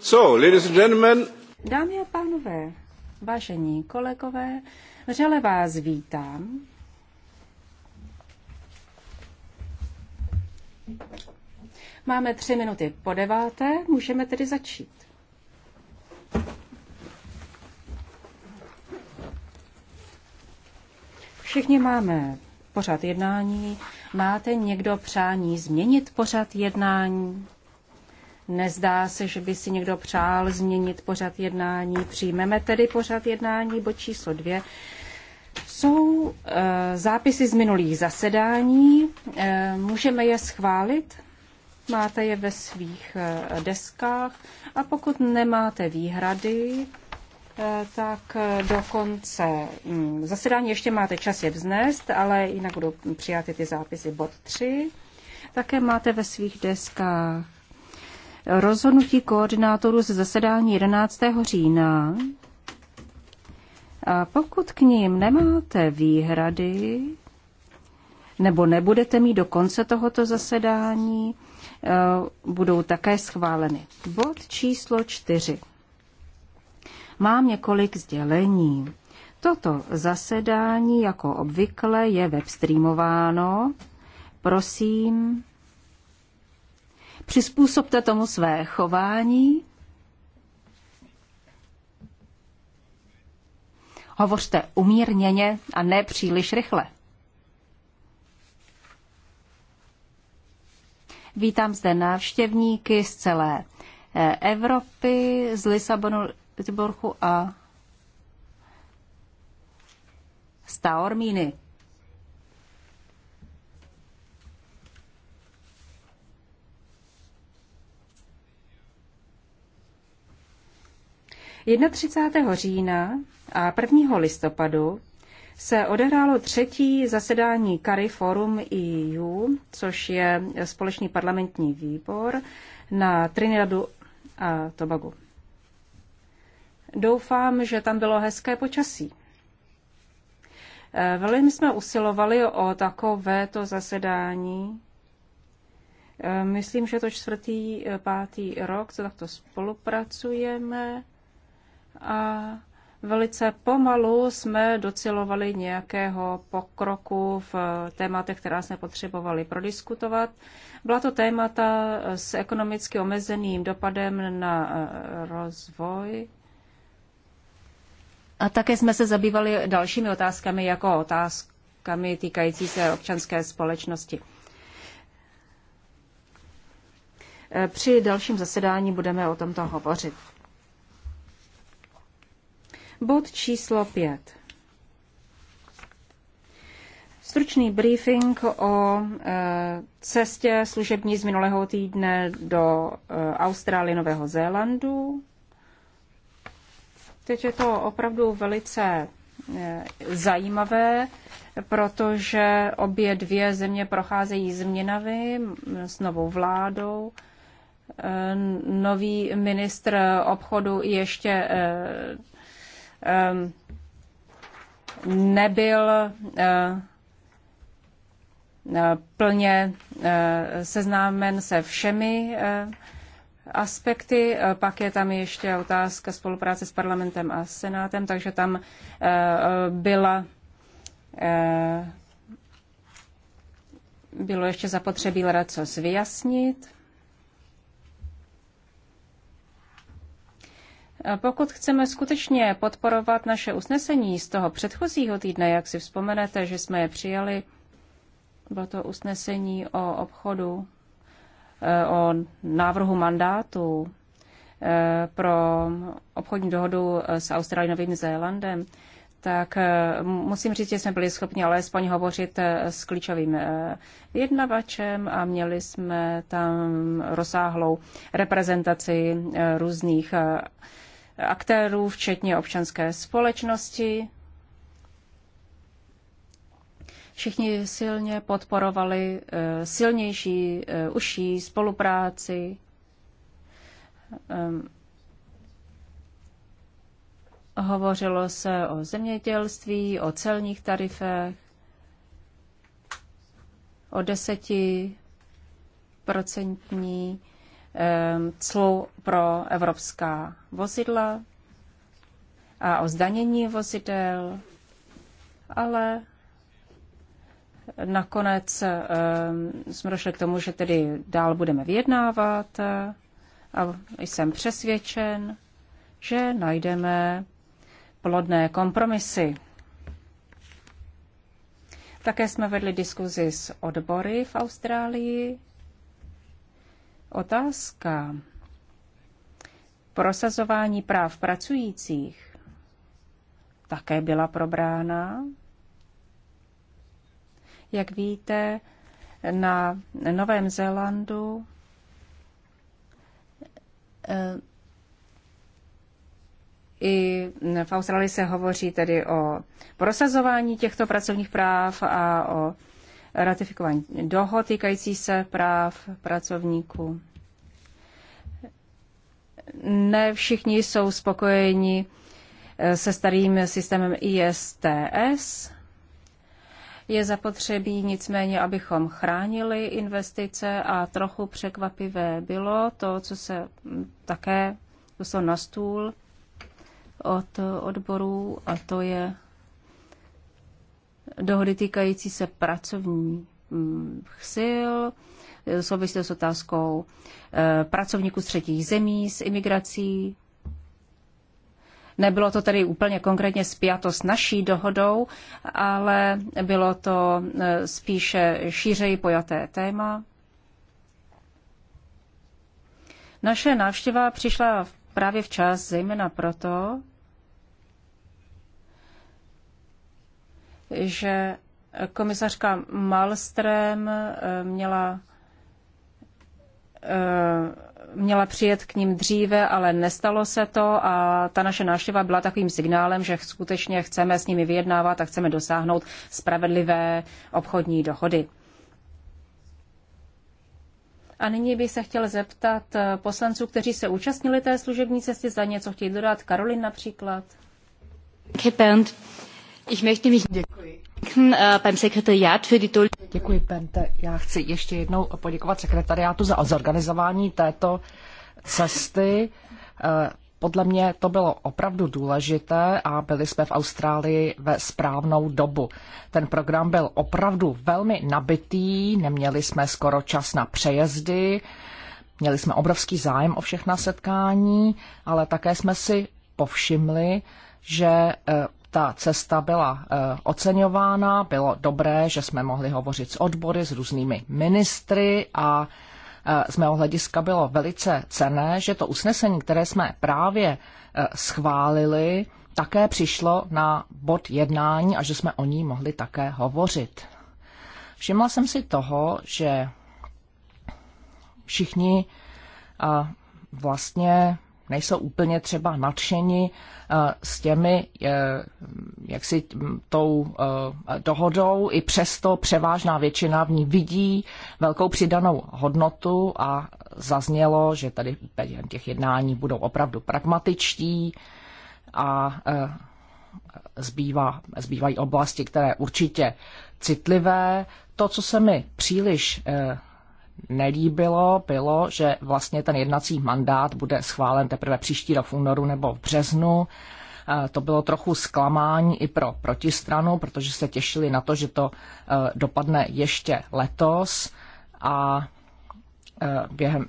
So, ladies and gentlemen. Dámy a pánové, vážení kolegové, řele vás vítám. Máme tři minuty po deváté, můžeme tedy začít. Všichni máme pořad jednání. Máte někdo přání změnit pořad jednání? Nezdá se, že by si někdo přál změnit pořad jednání. Přijmeme tedy pořad jednání, bod číslo dvě. Jsou e, zápisy z minulých zasedání, e, můžeme je schválit, máte je ve svých e, deskách a pokud nemáte výhrady, tak do konce hm, zasedání ještě máte čas je vznést, ale jinak budou přijaty ty zápisy bod 3. Také máte ve svých deskách rozhodnutí koordinátorů z zasedání 11. října. A pokud k ním nemáte výhrady, nebo nebudete mít do konce tohoto zasedání, eh, budou také schváleny. Bod číslo čtyři. Mám několik sdělení. Toto zasedání, jako obvykle, je webstreamováno. Prosím, Přizpůsobte tomu své chování. Hovořte umírněně a ne příliš rychle. Vítám zde návštěvníky z celé eh, Evropy, z Lisabonu, Tiborchu a z Taormíny. 31. října a 1. listopadu se odehrálo třetí zasedání CARI Forum EU, což je společný parlamentní výbor na Trinidadu a Tobagu. Doufám, že tam bylo hezké počasí. Velmi jsme usilovali o takovéto zasedání. Myslím, že to čtvrtý, pátý rok, co takto spolupracujeme a velice pomalu jsme docilovali nějakého pokroku v tématech, která jsme potřebovali prodiskutovat. Byla to témata s ekonomicky omezeným dopadem na e, rozvoj. A také jsme se zabývali dalšími otázkami, jako otázkami týkající se občanské společnosti. E, při dalším zasedání budeme o tomto hovořit. Bod číslo 5. Stručný briefing o e, cestě služební z minulého týdne do e, Austrálie, Nového Zélandu. Teď je to opravdu velice e, zajímavé, protože obě dvě země procházejí změnami s novou vládou. Nový ministr obchodu ještě Ehm, nebyl eh, eh, plně eh, seznámen se všemi aspekty. Pak je tam ještě otázka spolupráce s parlamentem a senátem, takže tam byla bylo ještě zapotřebí hledat co vyjasnit. Pokud chceme skutečně podporovat naše usnesení z toho předchozího týdne, jak si vzpomenete, že jsme je přijali, bylo to usnesení o obchodu, eh, o návrhu mandátu eh, pro obchodní dohodu eh, s Austrálií a Novým Zélandem, tak musím říct, že jsme byli schopni alespoň hovořit s klíčovým jednavačem a měli jsme tam rozsáhlou reprezentaci různých aktérů, včetně občanské společnosti. Všichni silně podporovali eh, silnější, eh, užší spolupráci. Ehm, hovořilo se o zemědělství, o celních tarifech, o deseti procentní Ehm, clu pro evropská vozidla a o zdanění vozidel, ale nakonec ehm, jsme došli k tomu, že tedy dál budeme vyjednávat a jsem přesvědčen, že najdeme plodné kompromisy. Také jsme vedli diskuzi s odbory v Austrálii Otázka prosazování práv pracujících také byla probrána. Jak víte, na Novém Zélandu eh, i v Austrálii se hovoří tedy o prosazování těchto pracovních práv a o ratifikování dohod týkající se práv pracovníků. Ne všichni jsou spokojeni eh, se starým systémem ISTS. Je zapotřebí nicméně, abychom chránili investice a trochu překvapivé bylo to, co se hm, také dostalo na stůl od odborů, a to je dohody týkající se pracovních sil, eh, souvisí s otázkou eh, pracovníků z třetích zemí, s imigrací. Nebylo to tedy úplně konkrétně spjato s naší dohodou, ale bylo to eh, spíše šířeji pojaté téma. Naše návštěva přišla právě včas, zejména proto, že komisařka Malström eh, měla, eh, měla přijet k ním dříve, ale nestalo se to a ta naše návštěva byla takovým signálem, že skutečně chceme s nimi vyjednávat a chceme dosáhnout spravedlivé obchodní dohody. A nyní bych se chtěl zeptat eh, poslanců, kteří se účastnili té služební cesty, za něco chtějí dodat. Karolin například. Děkuji. Děkuji, eh, Pente. Já chci ještě jednou poděkovat sekretariátu za zorganizování této cesty. Eh, podle mě to bylo opravdu důležité a byli jsme v Austrálii ve správnou dobu. Ten program byl opravdu velmi nabitý, neměli jsme skoro čas na přejezdy, měli jsme obrovský zájem o všechna setkání, ale také jsme si povšimli, že eh, ta cesta byla eh, oceňována. Bylo dobré, že jsme mohli hovořit s odbory, s různými ministry a eh, z mého hlediska bylo velice cené, že to usnesení, které jsme právě eh, schválili, také přišlo na bod jednání a že jsme o ní mohli také hovořit. Všimla jsem si toho, že všichni vlastně nejsou úplně třeba nadšeni eh, s těmi, eh, jak si tou eh, dohodou, i přesto převážná většina v ní vidí velkou přidanou hodnotu a zaznělo, že tady těch jednání budou opravdu pragmatičtí a zbývá, zbývají oblasti, které určitě citlivé. To, co se mi příliš nelíbilo, bylo, že vlastně ten jednací mandát bude schválen teprve příští rok v únoru nebo v březnu. Eh, to bylo trochu zklamání i pro protistranu, protože se těšili na to, že to eh, dopadne ještě letos a eh, během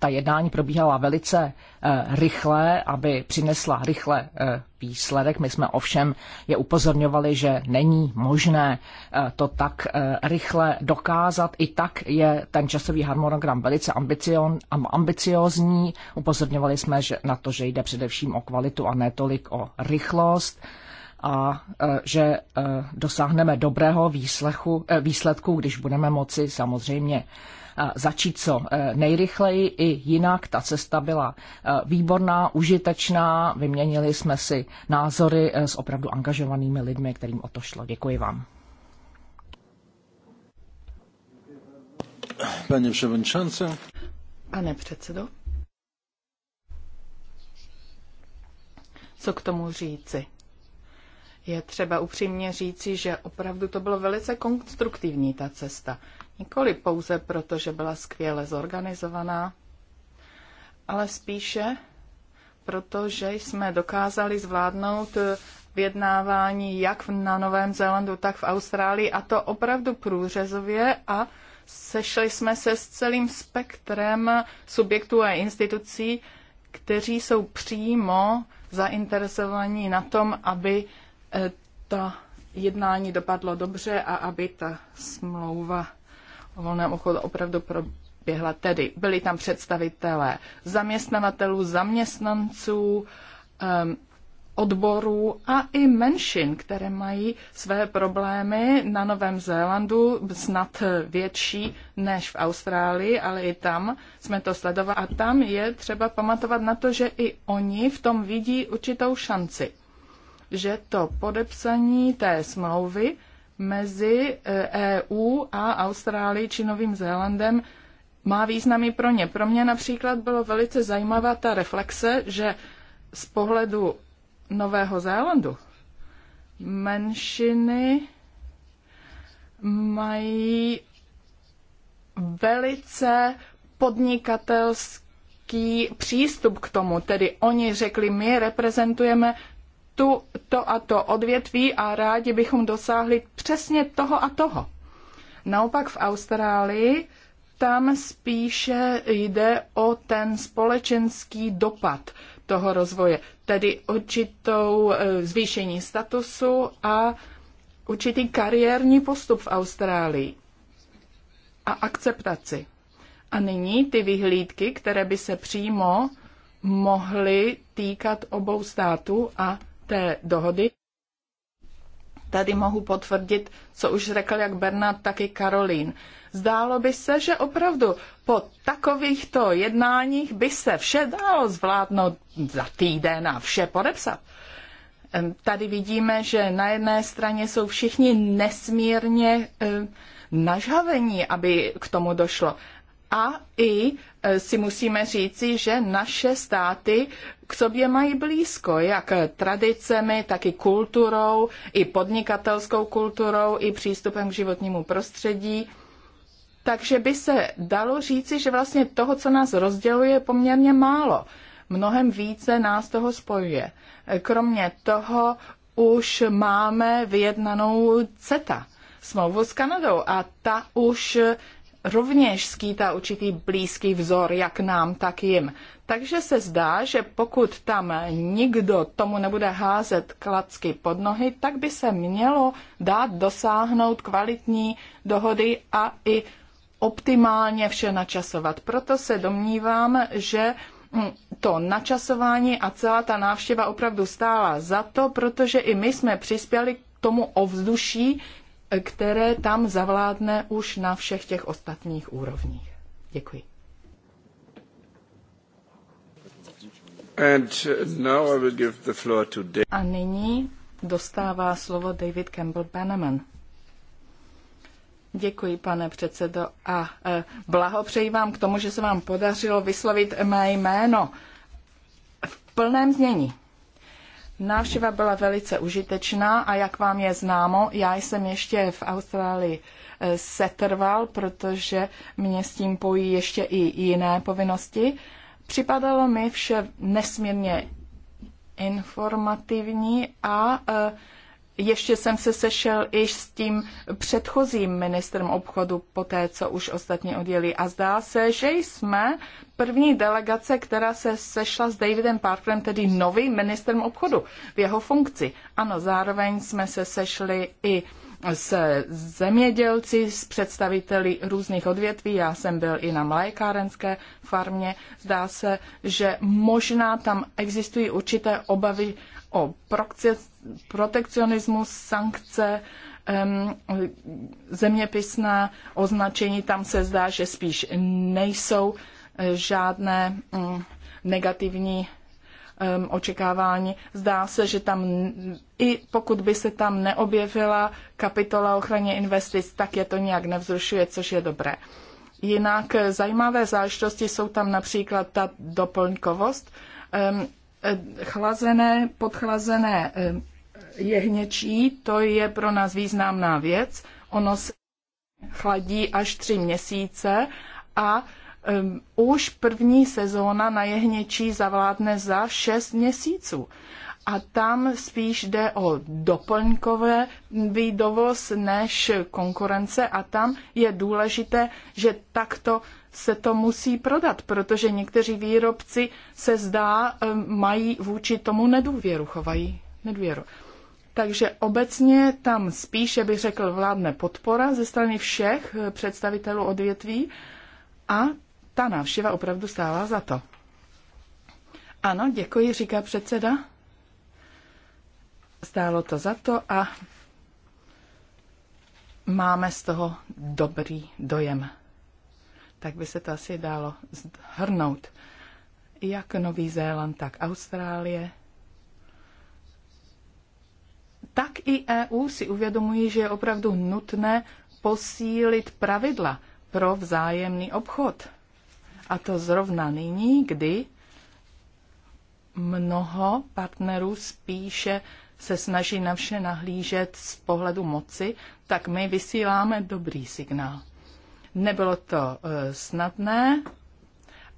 ta jednání probíhala velice eh, rychle, aby přinesla rychle eh, výsledek. My jsme ovšem je upozorňovali, že není možné eh, to tak rychle dokázat. I tak je ten časový harmonogram velice ambiciozní. ambiciózní. Upozorňovali jsme že na to, že jde především o kvalitu a ne tolik o rychlost a že dosáhneme dobrého výslechu, výsledku, když budeme moci samozřejmě začít co e, nejrychleji i jinak. Ta cesta byla e, výborná, užitečná, vyměnili jsme si názory e, s opravdu angažovanými lidmi, kterým o to šlo. Děkuji vám. Pane předsedající. Pane předsedo. Co k tomu říci? Je třeba upřímně říci, že opravdu to bylo velice konstruktivní ta cesta. Nikoli pouze proto, že byla skvěle zorganizovaná, ale spíše proto, že jsme dokázali zvládnout vyjednávání jak v, na Novém Zélandu, tak v Austrálii a to opravdu průřezově a sešli jsme se s celým spektrem subjektů a institucí, kteří jsou přímo zainteresovaní na tom, aby eh, ta jednání dopadlo dobře a aby ta smlouva o volném obchodu opravdu proběhla. Tedy byli tam představitelé zaměstnavatelů, zaměstnanců, um, odborů a i menšin, které mají své problémy na Novém Zélandu, snad větší než v Austrálii, ale i tam jsme to sledovali. A tam je třeba pamatovat na to, že i oni v tom vidí určitou šanci. Že to podepsaní té smlouvy mezi EU eh, e a Austrálií či Novým Zélandem má významy pro ně. Pro mě například bylo velice zajímavá ta reflexe, že z pohledu Nového Zélandu menšiny mají velice podnikatelský přístup k tomu. Tedy oni řekli, my reprezentujeme tu, to a to odvětví a rádi bychom dosáhli přesně toho a toho. Naopak v Austrálii tam spíše jde o ten společenský dopad toho rozvoje, tedy určitou eh, zvýšení statusu a určitý kariérní postup v Austrálii a akceptaci. A nyní ty vyhlídky, které by se přímo mohly týkat obou států a té dohody, tady mohu potvrdit, co už řekl jak Bernard, tak i Karolín. Zdálo by se, že opravdu po takovýchto jednáních by se vše dalo zvládnout za týden a vše podepsat. Tady vidíme, že na jedné straně jsou všichni nesmírně nažhavení, aby k tomu došlo. A i e, si musíme říci, že naše státy k sobě mají blízko, jak tradicemi, tak i kulturou, i podnikatelskou kulturou, i přístupem k životnímu prostředí. Takže by se dalo říci, že vlastně toho, co nás rozděluje, je poměrně málo. Mnohem více nás toho spojuje. Kromě toho už máme vyjednanou CETA, smlouvu s Kanadou a ta už rovněž skýtá určitý blízký vzor jak nám, tak jim. Takže se zdá, že pokud tam nikdo tomu nebude házet klacky pod nohy, tak by se mělo dát dosáhnout kvalitní dohody a i optimálně vše načasovat. Proto se domnívám, že hm, to načasování a celá ta návštěva opravdu stála za to, protože i my jsme přispěli k tomu ovzduší, které tam zavládne už na všech těch ostatních úrovních. Děkuji. And now I will give the floor to A nyní dostává slovo David Campbell Bannerman. Děkuji, pane předsedo, a e, blahopřeji vám k tomu, že se vám podařilo vyslovit mé jméno v plném znění. Návštěva byla velice užitečná a jak vám je známo, já jsem ještě v Austrálii eh, setrval, protože mě s tím pojí ještě i jiné povinnosti. Připadalo mi vše nesmírně informativní a uh, ještě jsem se sešel i s tím předchozím ministrem obchodu po té, co už ostatní odjeli. A zdá se, že jsme první delegace, která se sešla s Davidem Parkerem, tedy novým ministrem obchodu v jeho funkci. Ano, zároveň jsme se sešli i s zemědělci, s představiteli různých odvětví. Já jsem byl i na mlékárenské farmě. Zdá se, že možná tam existují určité obavy o proces protekcionismus, sankce, zeměpisná označení, tam se zdá, že spíš nejsou eh, žádné mm, negativní očekávání. Zdá se, že tam i pokud by se tam neobjevila kapitola ochraně investic, tak je to nějak nevzrušuje, což je dobré. Jinak eh, zajímavé záležitosti jsou tam například ta doplňkovost, eh, chlazené, podchlazené jehněčí, to je pro nás významná věc. Ono se chladí až tři měsíce a um, už první sezóna na jehněčí zavládne za šest měsíců. A tam spíš jde o doplňkové výdovoz než konkurence a tam je důležité, že takto se to musí prodat, protože někteří výrobci se zdá um, mají vůči tomu nedůvěru, chovají nedůvěru. Takže obecně tam spíše bych řekl vládne podpora ze strany všech eh, představitelů odvětví a ta návštěva opravdu stála za to. Ano, děkuji, říká předseda. Stálo to za to a máme z toho dobrý dojem. Tak by se to asi dalo zhrnout. Jak Nový Zéland, tak Austrálie, tak i EU si uvědomují, že je opravdu nutné posílit pravidla pro vzájemný obchod. A to zrovna nyní, kdy mnoho partnerů spíše se snaží na vše nahlížet z pohledu moci, tak my vysíláme dobrý signál. Nebylo to e, snadné,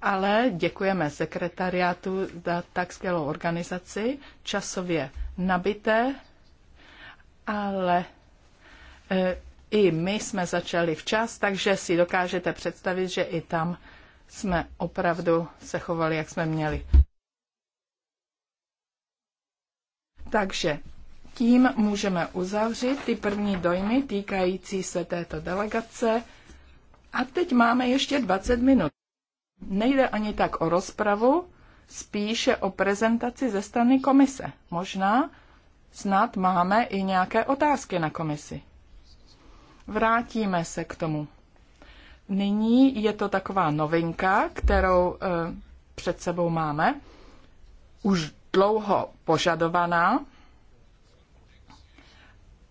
ale děkujeme sekretariátu za tak skvělou organizaci, časově nabité ale e, i my jsme začali včas, takže si dokážete představit, že i tam jsme opravdu se chovali, jak jsme měli. Takže tím můžeme uzavřít ty první dojmy týkající se této delegace. A teď máme ještě 20 minut. Nejde ani tak o rozpravu, spíše o prezentaci ze strany komise. Možná snad máme i nějaké otázky na komisi. Vrátíme se k tomu. Nyní je to taková novinka, kterou e, před sebou máme, už dlouho požadovaná.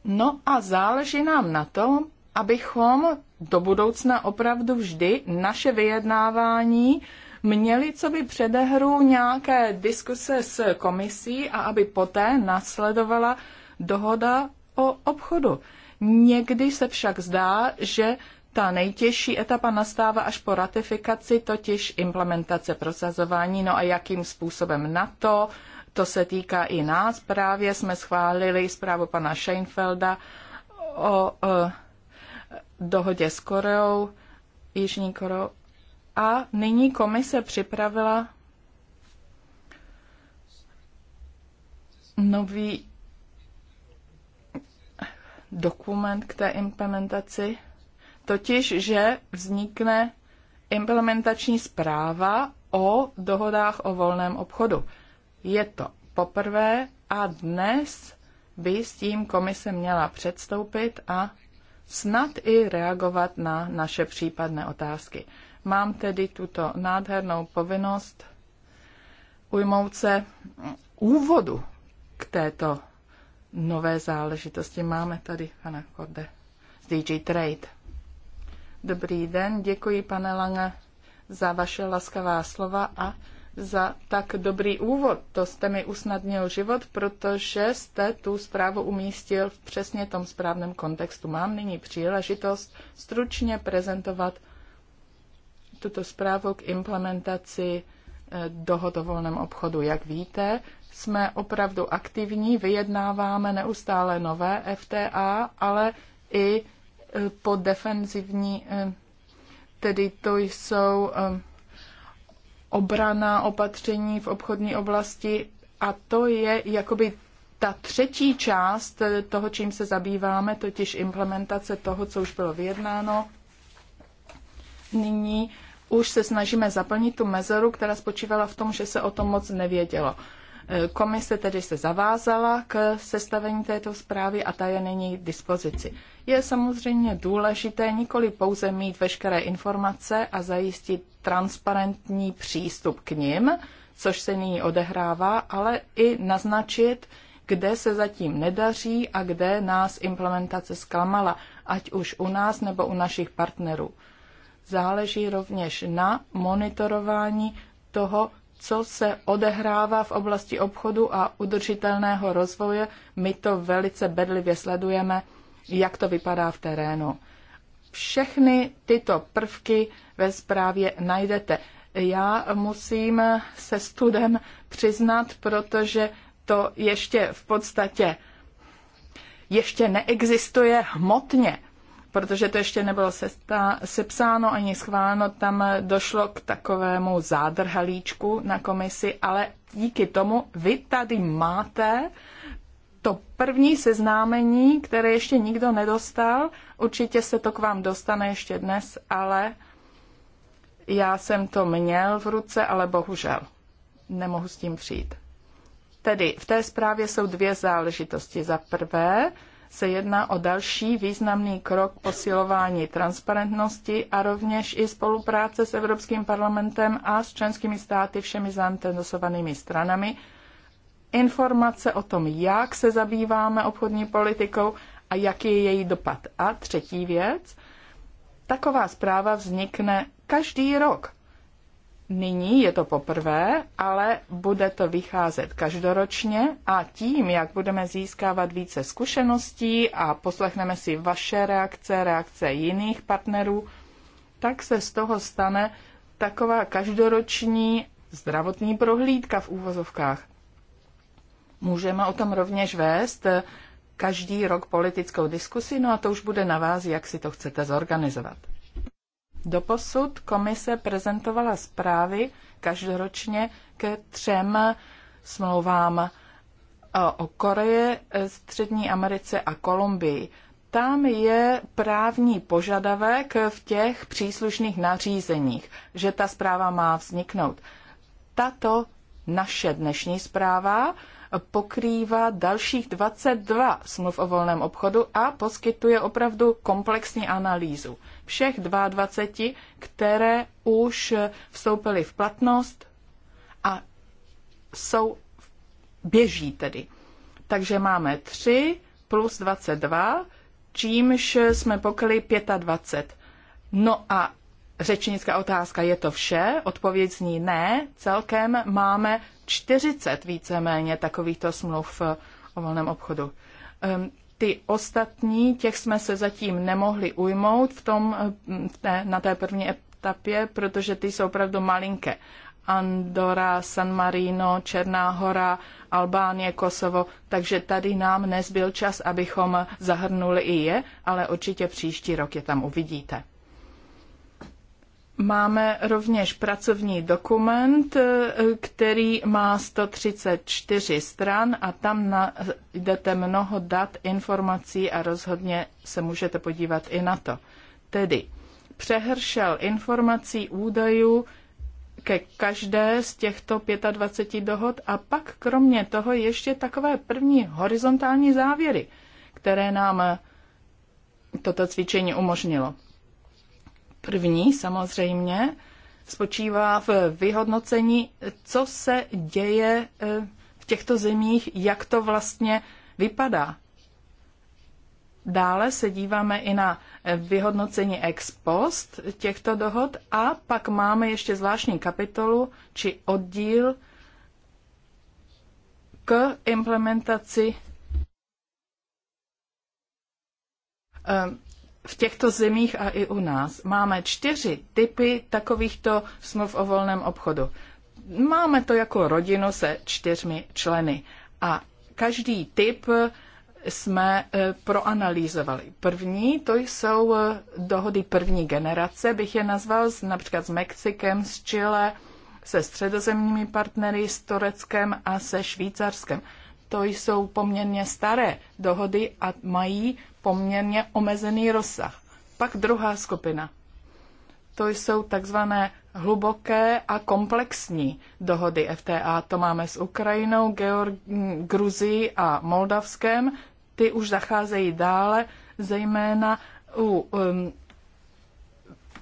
No a záleží nám na tom, abychom do budoucna opravdu vždy naše vyjednávání měli co by předehru nějaké diskuse s komisí a aby poté nasledovala dohoda o obchodu. Někdy se však zdá, že ta nejtěžší etapa nastává až po ratifikaci, totiž implementace prosazování. No a jakým způsobem na to? To se týká i nás. Právě jsme schválili zprávu pana Scheinfelda o, o eh, dohodě s Koreou, Jižní Koreou a nyní komise připravila nový dokument k té implementaci, totiž, že vznikne implementační zpráva o dohodách o volném obchodu. Je to poprvé a dnes by s tím komise měla předstoupit a snad i reagovat na naše případné otázky. Mám tedy tuto nádhernou povinnost ujmout se úvodu k této nové záležitosti. Máme tady pana Korde z DJ Trade. Dobrý den, děkuji pane Lange za vaše laskavá slova a za tak dobrý úvod. To jste mi usnadnil život, protože jste tu zprávu umístil v přesně tom správném kontextu. Mám nyní příležitost stručně prezentovat tuto zprávu k implementaci eh, dohod o volném obchodu. Jak víte, jsme opravdu aktivní, vyjednáváme neustále nové FTA, ale i eh, po defenzivní, eh, tedy to jsou obraná opatření v obchodní oblasti a to je jakoby ta třetí část toho, čím se zabýváme, totiž implementace toho, co už bylo vyjednáno, nyní už se snažíme zaplnit tu mezeru, která spočívala v tom, že se o tom moc nevědělo. E, komise tedy se zavázala k sestavení této zprávy a ta je nyní k dispozici. Je samozřejmě důležité nikoli pouze mít veškeré informace a zajistit transparentní přístup k ním, což se nyní odehrává, ale i naznačit, kde se zatím nedaří a kde nás implementace zklamala, ať už u nás nebo u našich partnerů záleží rovněž na monitorování toho, co se odehrává v oblasti obchodu a udržitelného rozvoje. My to velice bedlivě sledujeme, jak to vypadá v terénu. Všechny tyto prvky ve zprávě najdete. Já musím se studem přiznat, protože to ještě v podstatě ještě neexistuje hmotně protože to ještě nebylo sestá, sepsáno ani schváleno, tam došlo k takovému zádrhalíčku na komisi, ale díky tomu vy tady máte to první seznámení, které ještě nikdo nedostal. Určitě se to k vám dostane ještě dnes, ale já jsem to měl v ruce, ale bohužel nemohu s tím přijít. Tedy v té zprávě jsou dvě záležitosti. Za prvé, se jedná o další významný krok posilování transparentnosti a rovněž i spolupráce s Evropským parlamentem a s členskými státy všemi zainteresovanými stranami. Informace o tom, jak se zabýváme obchodní politikou a jaký je její dopad. A třetí věc, taková zpráva vznikne každý rok nyní, je to poprvé, ale bude to vycházet každoročně a tím, jak budeme získávat více zkušeností a poslechneme si vaše reakce, reakce jiných partnerů, tak se z toho stane taková každoroční zdravotní prohlídka v úvozovkách. Můžeme o tom rovněž vést každý rok politickou diskusi, no a to už bude na vás, jak si to chcete zorganizovat. Doposud komise prezentovala zprávy každoročně ke třem smlouvám e, o Koreje, Střední Americe a Kolumbii. Tam je právní požadavek v těch příslušných nařízeních, že ta zpráva má vzniknout. Tato naše dnešní zpráva pokrývá dalších 22 smluv o volném obchodu a poskytuje opravdu komplexní analýzu všech 22, které už vstoupily v platnost a jsou běží tedy. Takže máme 3 plus 22, čímž jsme pokryli 25. No a řečnická otázka, je to vše? Odpověď zní ne. Celkem máme 40 víceméně takovýchto smluv o volném obchodu. Um, ty ostatní, těch jsme se zatím nemohli ujmout v tom, ne, eh, na té první etapě, protože ty jsou opravdu malinké. Andora, San Marino, Černá hora, Albánie, Kosovo, takže tady nám nezbyl čas, abychom zahrnuli i je, ale určitě příští rok je tam uvidíte. Máme rovněž pracovní dokument, e, který má 134 stran a tam najdete mnoho dat, informací a rozhodně se můžete podívat i na to. Tedy přehršel informací, údajů ke každé z těchto 25 dohod a pak kromě toho ještě takové první horizontální závěry, které nám toto cvičení umožnilo. První samozřejmě spočívá v vyhodnocení, co se děje e, v těchto zemích, jak to vlastně vypadá. Dále se díváme i na vyhodnocení ex post těchto dohod a pak máme ještě zvláštní kapitolu či oddíl k implementaci e, v těchto zemích a i u nás máme čtyři typy takovýchto smluv o volném obchodu. Máme to jako rodinu se čtyřmi členy a každý typ jsme e, proanalýzovali. První, to jsou e, dohody první generace, bych je nazval například s Mexikem, s Chile, se středozemními partnery, s Tureckem a se Švýcarskem to jsou poměrně staré dohody a mají poměrně omezený rozsah. Pak druhá skupina. To jsou takzvané hluboké a komplexní dohody FTA. To máme s Ukrajinou, Georg- Gruzií a Moldavskem. Ty už zacházejí dále, zejména u um,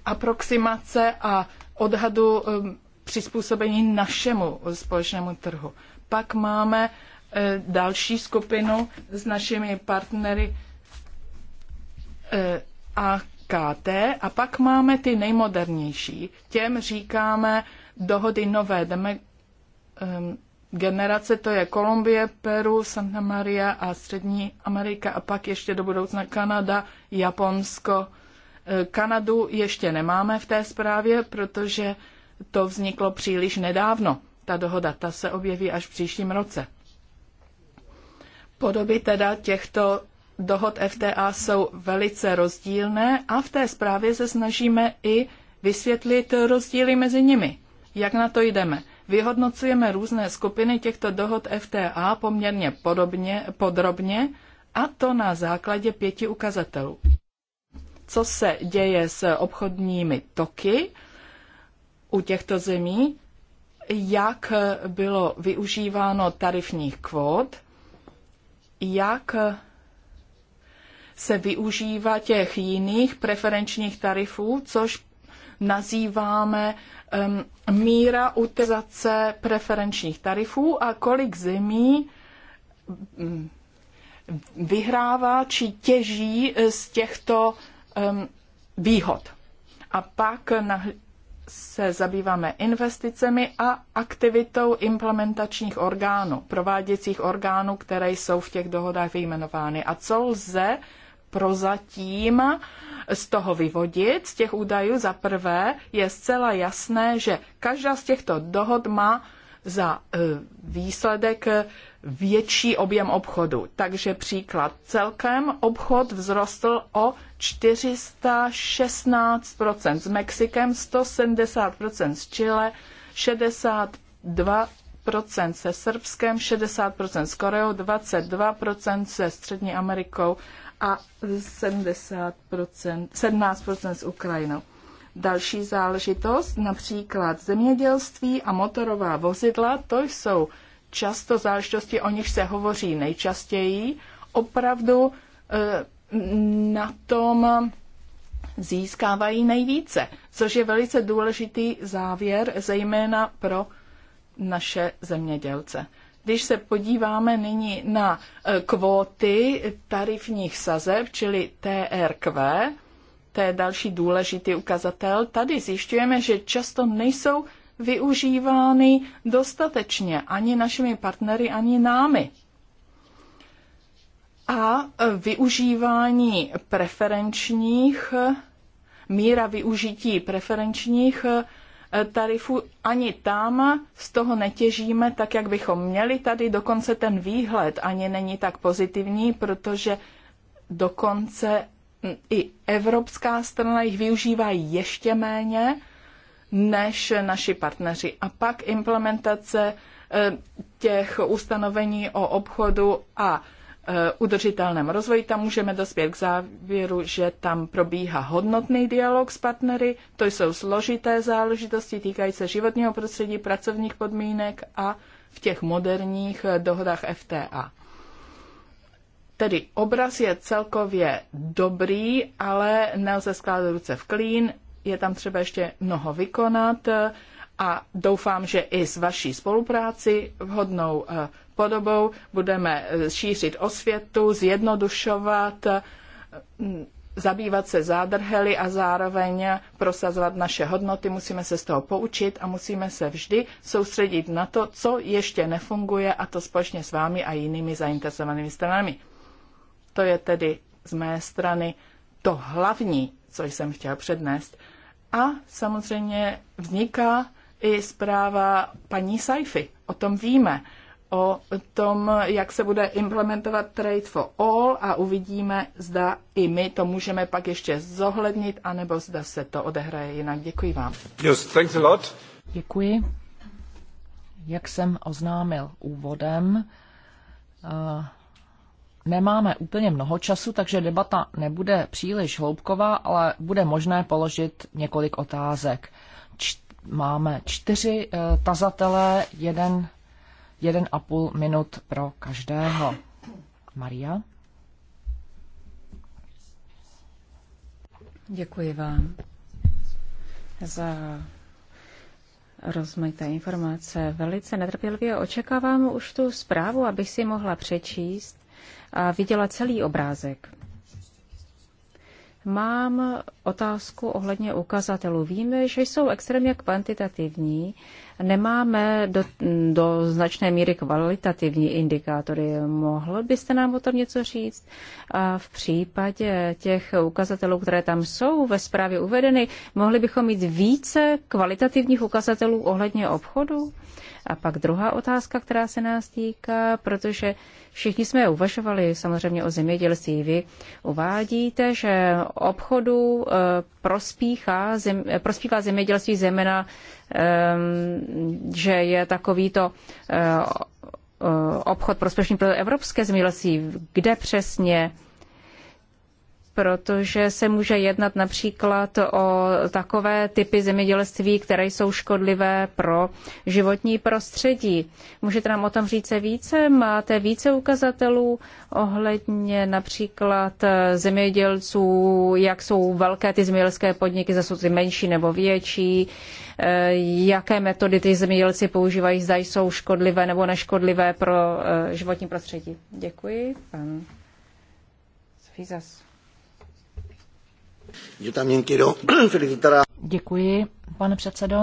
aproximace a odhadu um, přizpůsobení našemu společnému trhu. Pak máme Eh, další skupinu s našimi partnery eh, AKT a pak máme ty nejmodernější. Těm říkáme dohody nové deme, ehm, generace, to je Kolumbie, Peru, Santa Maria a Střední Amerika a pak ještě do budoucna Kanada, Japonsko. Eh, Kanadu ještě nemáme v té zprávě, protože to vzniklo příliš nedávno. Ta dohoda, ta se objeví až v příštím roce. Podoby teda těchto dohod FTA jsou velice rozdílné a v té zprávě se snažíme i vysvětlit rozdíly mezi nimi. Jak na to jdeme? Vyhodnocujeme různé skupiny těchto dohod FTA poměrně podobně, podrobně a to na základě pěti ukazatelů. Co se děje s obchodními toky u těchto zemí, jak bylo využíváno tarifních kvót, jak se využívá těch jiných preferenčních tarifů, což nazýváme um, míra utilizace preferenčních tarifů a kolik zemí vyhrává či těží z těchto um, výhod. A pak se zabýváme investicemi a aktivitou implementačních orgánů, prováděcích orgánů, které jsou v těch dohodách vyjmenovány. A co lze prozatím z toho vyvodit, z těch údajů za prvé, je zcela jasné, že každá z těchto dohod má za e, výsledek větší objem obchodu. Takže příklad. Celkem obchod vzrostl o 416%, s Mexikem 170%, s Chile 62% se Srbskem, 60% s Koreou, 22% se Střední Amerikou a 70%, 17% s Ukrajinou. Další záležitost, například zemědělství a motorová vozidla, to jsou často záležitosti, o nich se hovoří nejčastěji. Opravdu eh, na tom získávají nejvíce, což je velice důležitý závěr, zejména pro naše zemědělce. Když se podíváme nyní na eh, kvóty tarifních sazeb, čili TRQ, to je další důležitý ukazatel. Tady zjišťujeme, že často nejsou využívány dostatečně ani našimi partnery, ani námi. A využívání preferenčních, míra využití preferenčních eh, tarifů ani tam z toho netěžíme tak, jak bychom měli. Tady dokonce ten výhled ani není tak pozitivní, protože dokonce i evropská strana jich využívá ještě méně než naši partneři. A pak implementace eh, těch ustanovení o obchodu a eh, udržitelném rozvoji, tam můžeme dospět k závěru, že tam probíhá hodnotný dialog s partnery, to jsou složité záležitosti týkající se životního prostředí, pracovních podmínek a v těch moderních eh, dohodách FTA. Tedy obraz je celkově dobrý, ale nelze skládat ruce v klín, je tam třeba ještě mnoho vykonat eh, a doufám, že i s vaší spolupráci vhodnou eh, podobou budeme eh, šířit osvětu, zjednodušovat, zabývat se zádrhely a zároveň prosazovat naše hodnoty. Musíme se z toho poučit a musíme se vždy soustředit na to, co ještě nefunguje a to společně s vámi a jinými zainteresovanými stranami. To je tedy z mé strany to hlavní, co jsem chtěl přednést. A samozřejmě vzniká i zpráva paní Saifi. O tom víme. O tom, jak se bude implementovat Trade for All a uvidíme, zda i my to můžeme pak ještě zohlednit, anebo zda se to odehraje jinak. Děkuji vám. Yes, thanks a lot. Děkuji. Jak jsem oznámil úvodem, uh nemáme úplně mnoho času, takže debata nebude příliš hloubková, ale bude možné položit několik otázek. Č- máme čtyři e, eh, tazatele, jeden, jeden a půl minut pro každého. Maria? Děkuji vám za rozmanité informace. Velice netrpělivě očekávám už tu zprávu, abych si mohla přečíst a viděla celý obrázek. Mám otázku ohledně ukazatelů. Víme, že jsou extrémně kvantitativní, nemáme do, do značné míry kvalitativní indikátory. Mohl byste nám o tom něco říct? A v případě těch ukazatelů, které tam jsou ve zprávě uvedeny, mohli bychom mít více kvalitativních ukazatelů ohledně obchodu? A pak druhá otázka, která se nás týká, protože Všichni jsme uvažovali samozřejmě o zemědělství. Vy uvádíte, že obchodu eh, prospíchá, zem, eh, prospívá zemědělství zemena, eh, že je takovýto obchod prospěšný pro evropské zemědělství. Kde přesně protože se může jednat například o takové typy zemědělství, které jsou škodlivé pro životní prostředí. Můžete nám o tom říct více? Máte více ukazatelů ohledně například zemědělců, jak jsou velké ty zemědělské podniky, zase jsou ty menší nebo větší, eh, jaké metody ty zemědělci používají, zda jsou škodlivé nebo neškodlivé pro eh, životní prostředí. Děkuji. Pan Fizas. Děkuji, pane předsedo.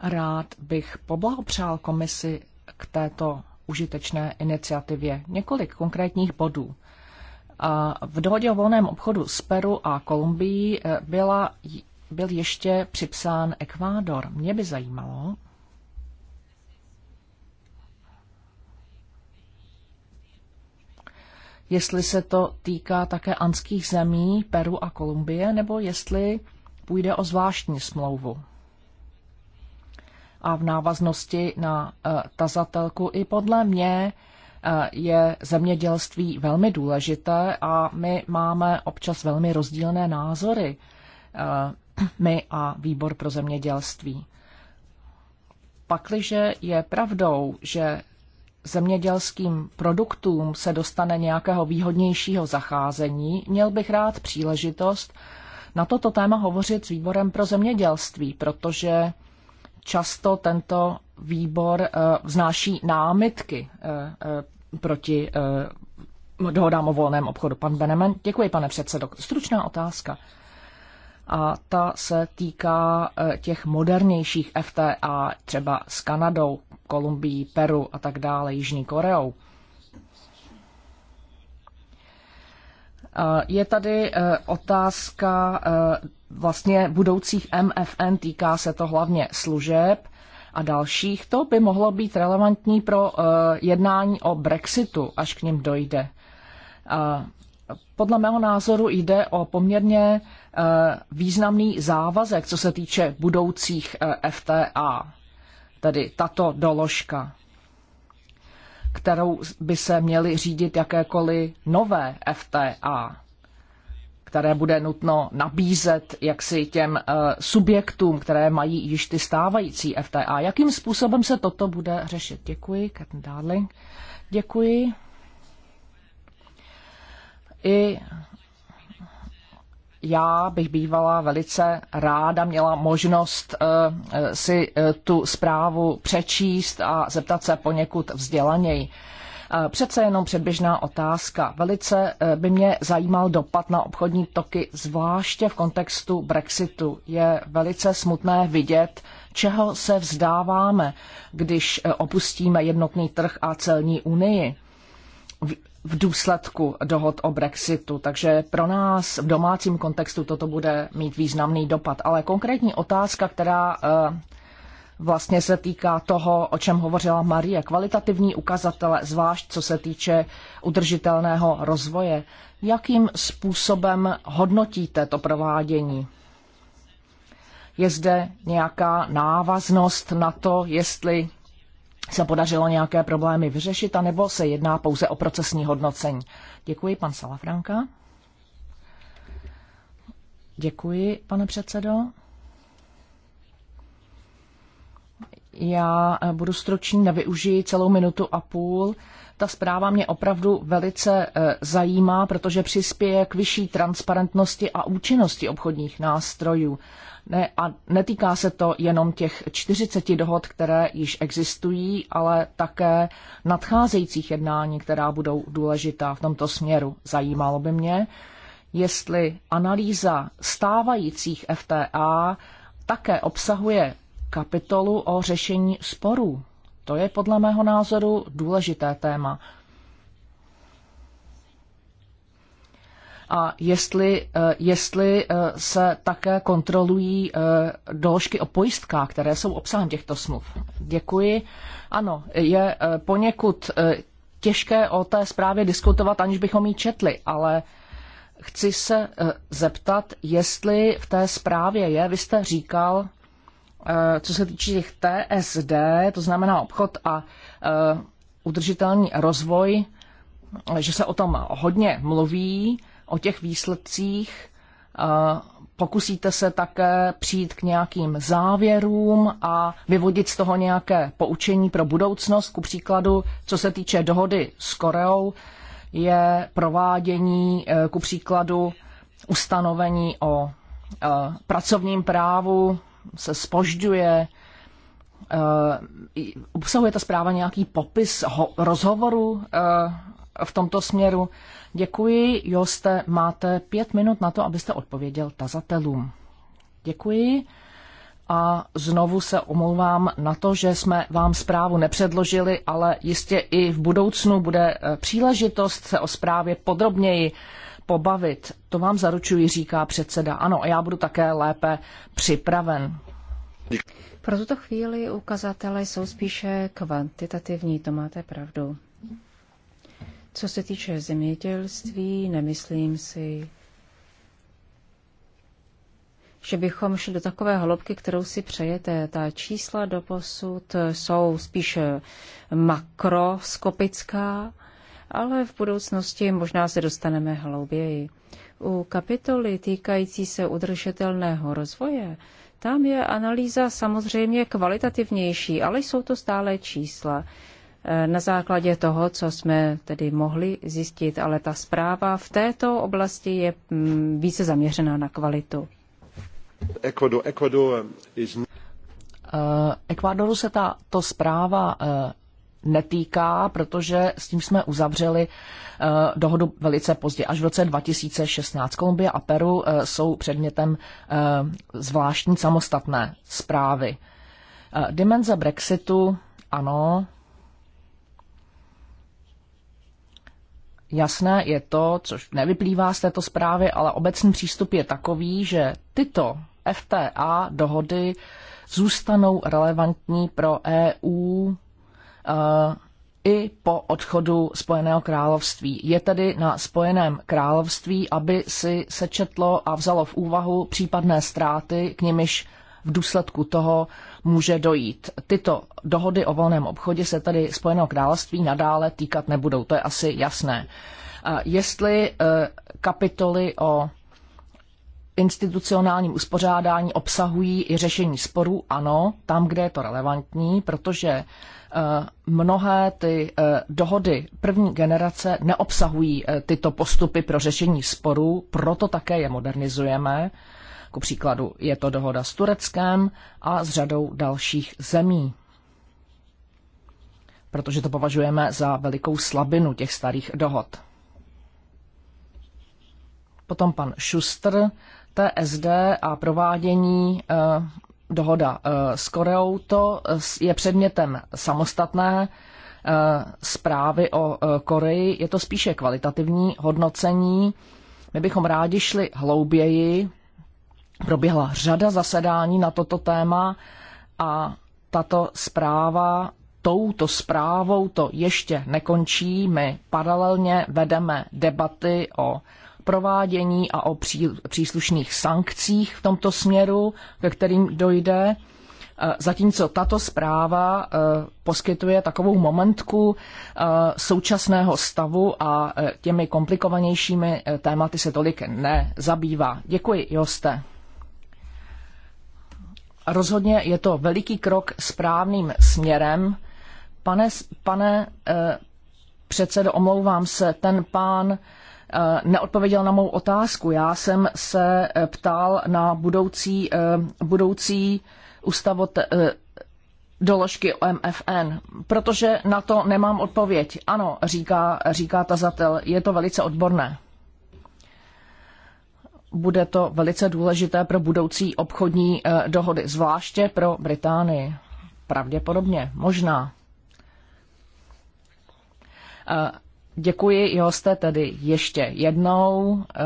Rád bych poblahopřál komisi k této užitečné iniciativě. Několik konkrétních bodů. V dohodě o volném obchodu s Peru a Kolumbií eh, byla, byl ještě připsán Ekvádor. Mě by zajímalo, jestli se to týká také anských zemí, Peru a Kolumbie, nebo jestli půjde o zvláštní smlouvu. A v návaznosti na eh, tazatelku i podle mě eh, je zemědělství velmi důležité a my máme občas velmi rozdílné názory, eh, my a výbor pro zemědělství. Pakliže je pravdou, že zemědělským produktům se dostane nějakého výhodnějšího zacházení, měl bych rád příležitost na toto téma hovořit s výborem pro zemědělství, protože často tento výbor eh, vznáší námitky eh, eh, proti dohodám o volném obchodu. Pan Benemen, děkuji, pane předsedo. Stručná otázka a ta se týká eh, těch modernějších FTA, třeba s Kanadou, Kolumbií, Peru a tak dále, Jižní Koreou. Eh, je tady eh, otázka vlastně budoucích MFN, týká se to hlavně služeb a dalších. To by mohlo být relevantní pro jednání o Brexitu, až k ním dojde. Podle mého názoru jde o poměrně Eh, významný závazek, co se týče budoucích eh, FTA, tedy tato doložka, kterou by se měly řídit jakékoliv nové FTA, které bude nutno nabízet jaksi těm eh, subjektům, které mají již ty stávající FTA. Jakým způsobem se toto bude řešit? Děkuji, Captain Darling. Děkuji. I já bych bývala velice ráda měla možnost eh, eh, si eh, tu zprávu přečíst a zeptat se poněkud vzdělaněji. Přece jenom předběžná otázka. Velice by mě zajímal dopad na obchodní toky, zvláště v kontextu Brexitu. Je velice smutné vidět, čeho se vzdáváme, když opustíme jednotný trh a celní unii v důsledku dohod o Brexitu. Takže pro nás v domácím kontextu toto bude mít významný dopad. Ale konkrétní otázka, která eh, vlastně se týká toho, o čem hovořila Marie, kvalitativní ukazatele, zvlášť co se týče udržitelného rozvoje. Jakým způsobem hodnotíte to provádění? Je zde nějaká návaznost na to, jestli se podařilo nějaké problémy vyřešit, anebo se jedná pouze o procesní hodnocení. Děkuji, pan Salafranka. Děkuji, pane předsedo. Já budu stručný, nevyužiji celou minutu a půl. Ta zpráva mě opravdu velice eh, zajímá, protože přispěje k vyšší transparentnosti a účinnosti obchodních nástrojů. Ne, a netýká se to jenom těch 40 dohod, které již existují, ale také nadcházejících jednání, která budou důležitá v tomto směru. Zajímalo by mě, jestli analýza stávajících FTA také obsahuje kapitolu o řešení sporů. To je podle mého názoru důležité téma. a jestli, eh, jestli eh, se také kontrolují eh, doložky o pojistkách, které jsou obsahem těchto smluv. Děkuji. Ano, je poněkud těžké o té zprávě diskutovat, aniž bychom ji četli, ale chci se zeptat, jestli v té zprávě je, vy jste říkal, co se týče těch TSD, to znamená obchod a udržitelný rozvoj, že se o tom hodně mluví, o těch výsledcích, eh, pokusíte se také přijít k nějakým závěrům a vyvodit z toho nějaké poučení pro budoucnost. Ku příkladu, co se týče dohody s Koreou, je provádění eh, ku příkladu ustanovení o eh, pracovním právu se spožďuje. Obsahuje ta zpráva nějaký popis rozhovoru v tomto směru. Děkuji, Joste, máte pět minut na to, abyste odpověděl tazatelům. Děkuji a znovu se omlouvám na to, že jsme vám zprávu nepředložili, ale jistě i v budoucnu bude eh, příležitost se o zprávě podrobněji pobavit. To vám zaručuji, říká předseda. Ano, a já budu také lépe připraven. Pro tuto chvíli ukazatele jsou spíše kvantitativní, to máte pravdu. Co se týče zemědělství, nemyslím si, že bychom šli do takové hloubky, kterou si přejete. Ta čísla do posud jsou spíš makroskopická, ale v budoucnosti možná se dostaneme hlouběji. U kapitoly týkající se udržitelného rozvoje, tam je analýza samozřejmě kvalitativnější, ale jsou to stále čísla na základě toho, co jsme tedy mohli zjistit, ale ta zpráva v této oblasti je mm, více zaměřená na kvalitu. Ecuador, Ecuador eh, is... Ecuadoru eh, se ta, to zpráva eh, netýká, protože s tím jsme uzavřeli dohodu velice pozdě, až v roce 2016. Kolumbie a Peru jsou předmětem zvláštní samostatné zprávy. Dimenze Brexitu, ano, jasné je to, což nevyplývá z této zprávy, ale obecný přístup je takový, že tyto FTA dohody zůstanou relevantní pro EU eh, i po odchodu Spojeného království. Je tedy na Spojeném království, aby si sečetlo a vzalo v úvahu případné ztráty, k nimiž v důsledku toho může dojít. Tyto dohody o volném obchodě se tedy Spojeného království nadále týkat nebudou, to je asi jasné. Jestli e, kapitoly o institucionálním uspořádání obsahují i řešení sporů, ano, tam, kde je to relevantní, protože e, mnohé ty e, dohody první generace neobsahují tyto postupy pro řešení sporů, proto také je modernizujeme ku příkladu je to dohoda s Tureckem a s řadou dalších zemí. Protože to považujeme za velikou slabinu těch starých dohod. Potom pan Šustr, TSD a provádění eh, dohoda eh, s Koreou, to eh, je předmětem samostatné eh, zprávy o eh, Koreji. Je to spíše kvalitativní hodnocení. My bychom rádi šli hlouběji proběhla řada zasedání na toto téma a tato zpráva touto zprávou to ještě nekončí. My paralelně vedeme debaty o provádění a o příslušných sankcích v tomto směru, ve kterým dojde. E, zatímco tato zpráva e, poskytuje takovou momentku e, současného stavu a těmi komplikovanějšími tématy se tolik nezabývá. Děkuji, Joste rozhodně je to veliký krok správným směrem. Pane, pane eh, předsedo, omlouvám se, ten pán eh, neodpověděl na mou otázku. Já jsem se eh, ptal na budoucí, eh, budoucí ustavot, doložky OMFN, protože na to nemám odpověď. Ano, říká, říká tazatel, je to velice odborné bude to velice důležité pro budoucí obchodní eh, dohody, zvláště pro Británii. Pravděpodobně, možná. Eh, děkuji, jste tedy ještě jednou. Eh,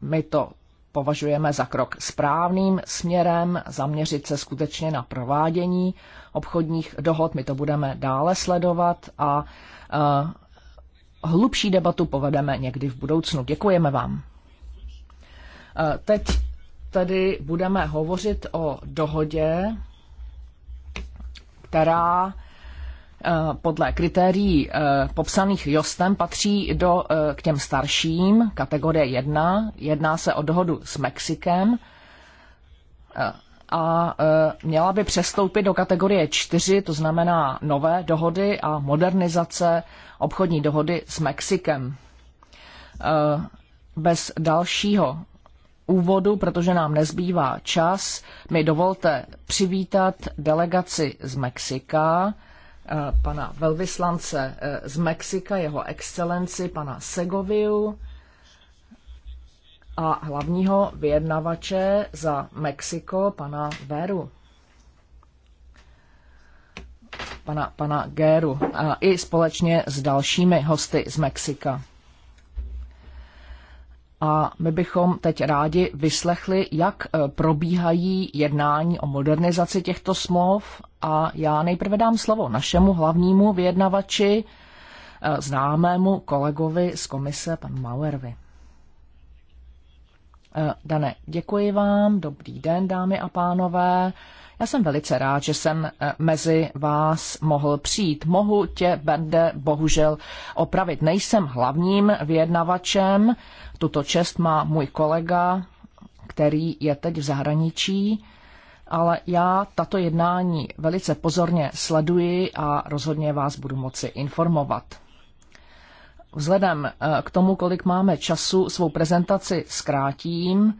my to považujeme za krok správným směrem, zaměřit se skutečně na provádění obchodních dohod. My to budeme dále sledovat a hlubší debatu povedeme někdy v budoucnu. Děkujeme vám. Eh, teď tedy budeme hovořit o dohodě, která eh, podle kritérií eh, popsaných Jostem patří do, k těm starším, kategorie 1. Jedná se o dohodu s Mexikem a měla by přestoupit do kategorie 4, to znamená nové dohody a modernizace obchodní dohody s Mexikem. Bez dalšího úvodu, protože nám nezbývá čas, mi dovolte přivítat delegaci z Mexika, eh, pana velvyslance eh, z Mexika, jeho excelenci, pana Segoviu a hlavního vyjednavače za Mexiko, pana Veru. Pana, pana Géru a eh, i společně s dalšími hosty z Mexika a my bychom teď rádi vyslechli, jak eh, probíhají jednání o modernizaci těchto smluv a já nejprve dám slovo našemu hlavnímu vyjednavači, eh, známému kolegovi z komise, panu Mauervi. Eh, Dane, děkuji vám, dobrý den, dámy a pánové. Já jsem velice rád, že jsem eh, mezi vás mohl přijít. Mohu tě, Bende, bohužel opravit. Nejsem hlavním vyjednavačem. Tuto čest má můj kolega, který je teď v zahraničí, ale já tato jednání velice pozorně sleduji a rozhodně vás budu moci informovat. Vzhledem eh, k tomu, kolik máme času, svou prezentaci zkrátím.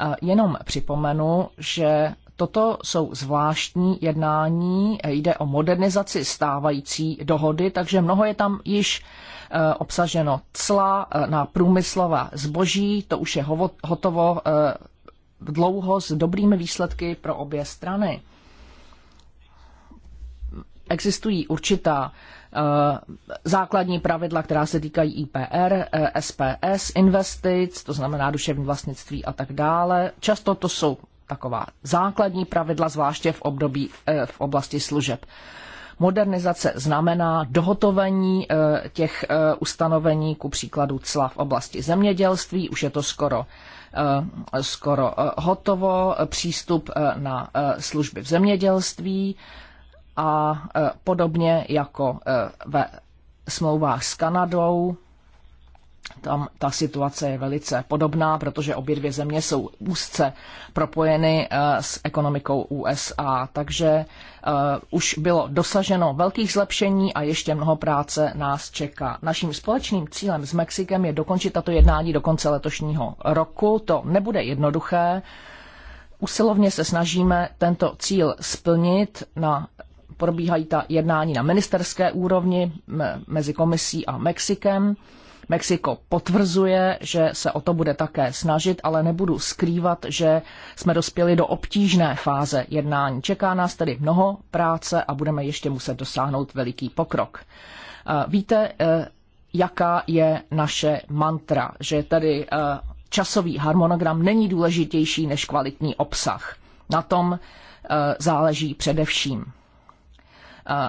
Eh, jenom připomenu, že Toto jsou zvláštní jednání, jde o modernizaci stávající dohody, takže mnoho je tam již e, obsaženo cla e, na průmyslová zboží, to už je hotovo e, dlouho s dobrými výsledky pro obě strany. Existují určitá základní pravidla, která se týkají IPR, SPS, investic, to znamená duševní vlastnictví a tak dále. Často to jsou taková základní pravidla, zvláště v, období, eh, v oblasti služeb. Modernizace znamená dohotovení eh, těch eh, ustanovení, ku příkladu cla v oblasti zemědělství, už je to skoro skoro hotovo, přístup na služby v zemědělství a podobně jako ve smlouvách s Kanadou tam ta situace je velice podobná, protože obě dvě země jsou úzce propojeny eh, s ekonomikou USA, takže eh, už bylo dosaženo velkých zlepšení a ještě mnoho práce nás čeká. Naším společným cílem s Mexikem je dokončit tato jednání do konce letošního roku. To nebude jednoduché. Usilovně se snažíme tento cíl splnit na probíhají ta jednání na ministerské úrovni mezi komisí a Mexikem. Mexiko potvrzuje, že se o to bude také snažit, ale nebudu skrývat, že jsme dospěli do obtížné fáze jednání. Čeká nás tedy mnoho práce a budeme ještě muset dosáhnout veliký pokrok. Eh, víte, eh, jaká je naše mantra, že tedy eh, časový harmonogram není důležitější než kvalitní obsah. Na tom záleží především.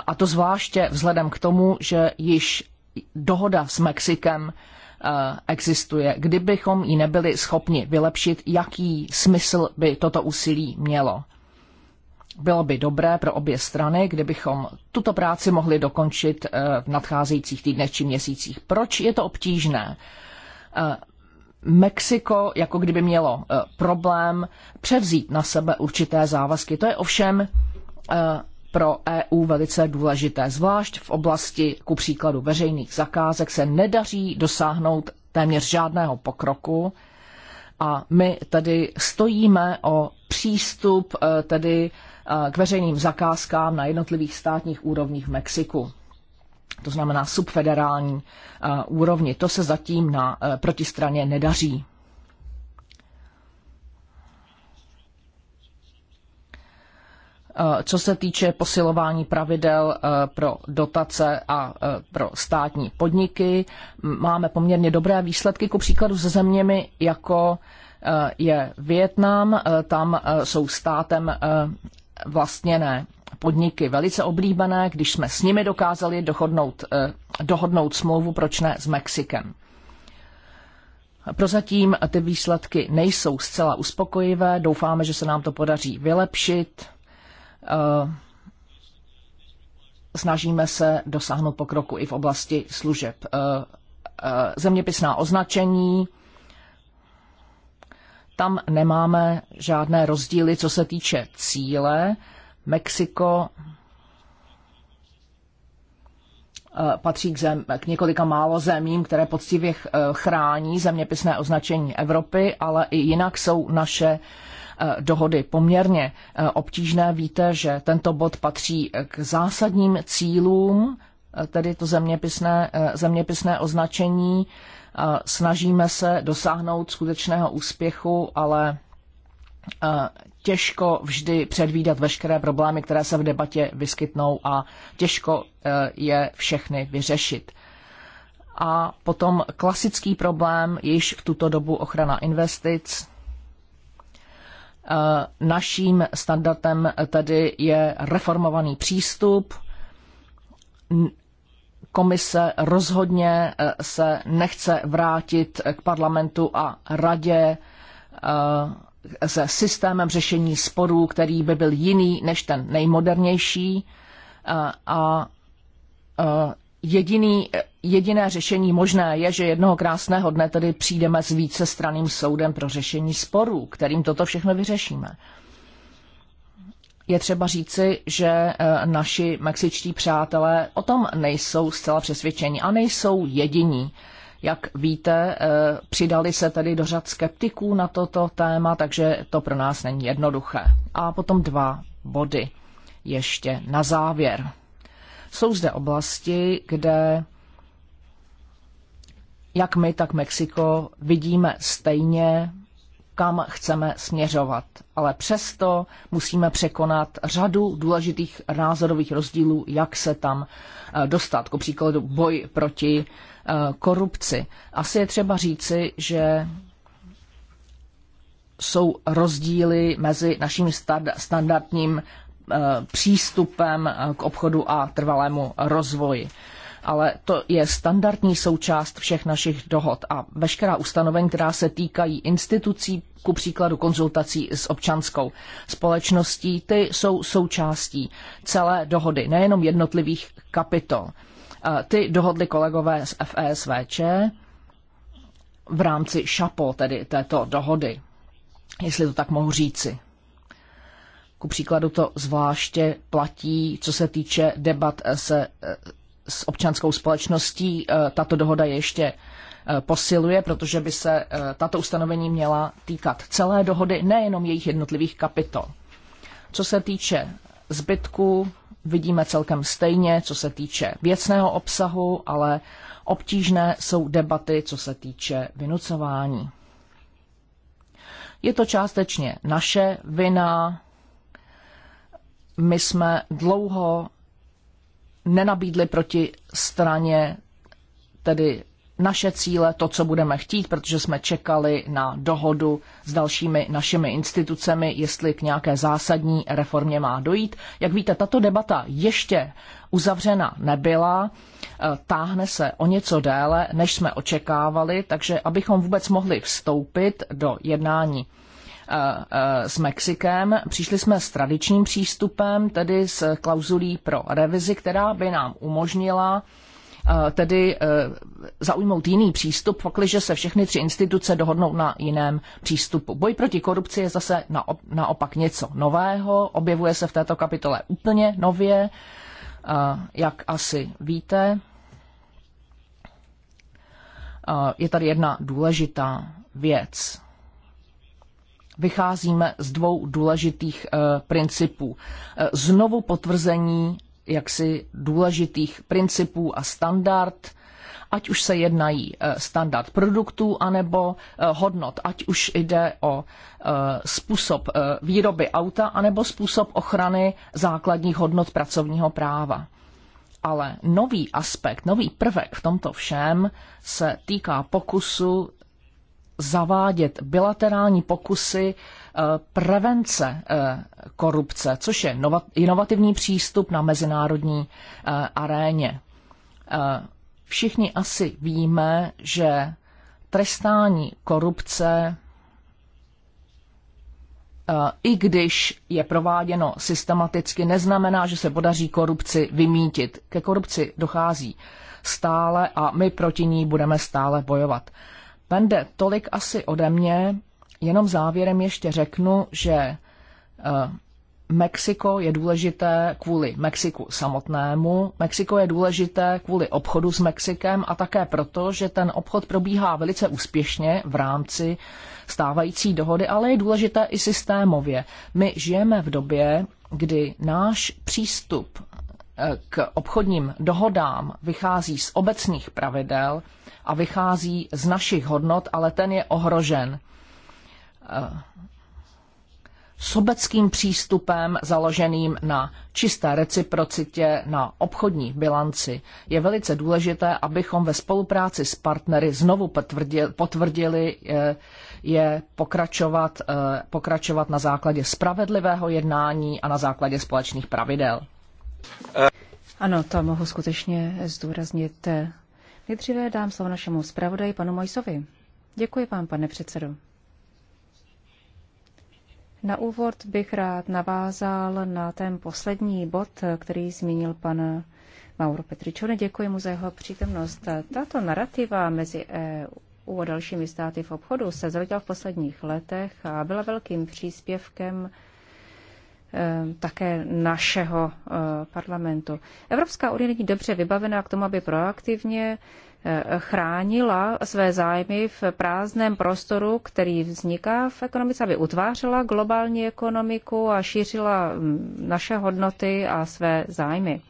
A to zvláště vzhledem k tomu, že již dohoda s Mexikem eh, existuje. Kdybychom ji nebyli schopni vylepšit, jaký smysl by toto úsilí mělo? Bylo by dobré pro obě strany, kdybychom tuto práci mohli dokončit eh, v nadcházejících týdnech či měsících. Proč je to obtížné? Eh, Mexiko jako kdyby mělo problém převzít na sebe určité závazky. To je ovšem pro EU velice důležité, zvlášť v oblasti ku příkladu veřejných zakázek se nedaří dosáhnout téměř žádného pokroku a my tedy stojíme o přístup e, tedy e, k veřejným zakázkám na jednotlivých státních úrovních v Mexiku. To znamená subfederální e, úrovni. To se zatím na protistraně nedaří. Eh, co se týče posilování pravidel eh, pro dotace a eh, pro státní podniky, máme poměrně dobré výsledky, ku příkladu se zeměmi jako je Vietnam, tam jsou státem vlastněné podniky velice oblíbené, když jsme s nimi dokázali dohodnout, dohodnout smlouvu, proč ne s Mexikem. Prozatím ty výsledky nejsou zcela uspokojivé, doufáme, že se nám to podaří vylepšit Eh, snažíme se dosáhnout pokroku i v oblasti služeb. Eh, eh, zeměpisná označení, tam nemáme žádné rozdíly, co se týče cíle. Mexiko patří k, zem, k několika málo zemím, které poctivě chrání zeměpisné označení Evropy, ale i jinak jsou naše uh, Eh, dohody poměrně eh, obtížné. Víte, že tento bod patří k zásadním cílům, eh, tedy to zeměpisné, zeměpisné označení. Snažíme se dosáhnout skutečného úspěchu, ale těžko vždy předvídat veškeré problémy, které se v debatě vyskytnou a těžko je všechny vyřešit. A potom klasický problém, již v tuto dobu ochrana investic, Eh, naším standardem tedy je reformovaný přístup. Komise rozhodně eh, se nechce vrátit k parlamentu a radě eh, se systémem řešení sporů, který by byl jiný než ten nejmodernější. A jediný jediné řešení možné je, že jednoho krásného dne tedy přijdeme s vícestranným soudem pro řešení sporů, kterým toto všechno vyřešíme. Je třeba říci, že e, naši mexičtí přátelé o tom nejsou zcela přesvědčeni a nejsou jediní. Jak víte, e, přidali se tedy do řad skeptiků na toto téma, takže to pro nás není jednoduché. A potom dva body ještě na závěr. Jsou zde oblasti, kde jak my, tak Mexiko vidíme stejně, kam chceme směřovat. Ale přesto musíme překonat řadu důležitých názorových rozdílů, jak se tam eh, dostat. Ku příkladu boj proti eh, korupci. Asi je třeba říci, že jsou rozdíly mezi naším standardním eh, přístupem k obchodu a trvalému rozvoji ale to je standardní součást všech našich dohod a veškerá ustanovení, která se týkají institucí, ku příkladu konzultací s občanskou společností, ty jsou součástí celé dohody, nejenom jednotlivých kapitol. Ty dohodly kolegové z FESVČ v rámci ŠAPO, tedy této dohody, jestli to tak mohu říci. Ku příkladu to zvláště platí, co se týče debat se s občanskou společností eh, tato dohoda ještě eh, posiluje, protože by se eh, tato ustanovení měla týkat celé dohody, nejenom jejich jednotlivých kapitol. Co se týče zbytku, vidíme celkem stejně, co se týče věcného obsahu, ale obtížné jsou debaty, co se týče vynucování. Je to částečně naše vina. My jsme dlouho nenabídli proti straně tedy naše cíle, to, co budeme chtít, protože jsme čekali na dohodu s dalšími našimi institucemi, jestli k nějaké zásadní reformě má dojít. Jak víte, tato debata ještě uzavřena nebyla, eh, táhne se o něco déle, než jsme očekávali, takže abychom vůbec mohli vstoupit do jednání Eh, eh, s Mexikem. Přišli jsme s tradičním přístupem, tedy s klauzulí pro revizi, která by nám umožnila eh, tedy zaujmout jiný přístup, pakliže se všechny tři instituce dohodnou na jiném přístupu. Boj proti korupci je zase naopak něco nového, objevuje se v této kapitole úplně nově, jak asi víte. Je tady jedna důležitá věc vycházíme z dvou důležitých eh, principů. Eh, znovu potvrzení jaksi důležitých principů a standard, ať už se jednají eh, standard produktů anebo hodnot, ať už jde o způsob výroby auta anebo způsob ochrany základních hodnot pracovního práva. Ale nový aspekt, nový prvek v tomto všem se týká pokusu zavádět bilaterální pokusy eh, prevence eh, korupce, což je inovativní přístup na mezinárodní eh, aréně. Všichni asi víme, že trestání korupce, i když je prováděno systematicky, neznamená, že se podaří korupci vymítit. Ke korupci dochází stále a my proti ní budeme stále bojovat. Vende, tolik asi ode mě. Jenom závěrem ještě řeknu, že eh, Mexiko je důležité kvůli Mexiku samotnému. Mexiko je důležité kvůli obchodu s Mexikem a také proto, že ten obchod probíhá velice úspěšně v rámci stávající dohody, ale je důležité i systémově. My žijeme v době, kdy náš přístup eh, k obchodním dohodám vychází z obecných pravidel, a vychází z našich hodnot, ale ten je ohrožen eh, sobeckým přístupem založeným na čisté reciprocitě, na obchodní bilanci. Je velice důležité, abychom ve spolupráci s partnery znovu potvrdili, potvrdili je, eh, je pokračovat, eh, pokračovat na základě spravedlivého jednání a na základě společných pravidel. Ano, to mohu skutečně zdůraznit Nejdříve dám slovo našemu zpravodaji panu Mojsovi. Děkuji vám, pane předsedo. Na úvod bych rád navázal na ten poslední bod, který zmínil pan Mauro Petričone. Děkuji mu za jeho přítomnost. Tato narrativa mezi EU a dalšími státy v obchodu se zrodila v posledních letech a byla velkým příspěvkem Eh, také našeho eh, parlamentu. Evropská unie není dobře vybavená k tomu, aby proaktivně eh, chránila své zájmy v prázdném prostoru, který vzniká v ekonomice, aby utvářela globální ekonomiku a šířila mm, naše hodnoty a své zájmy.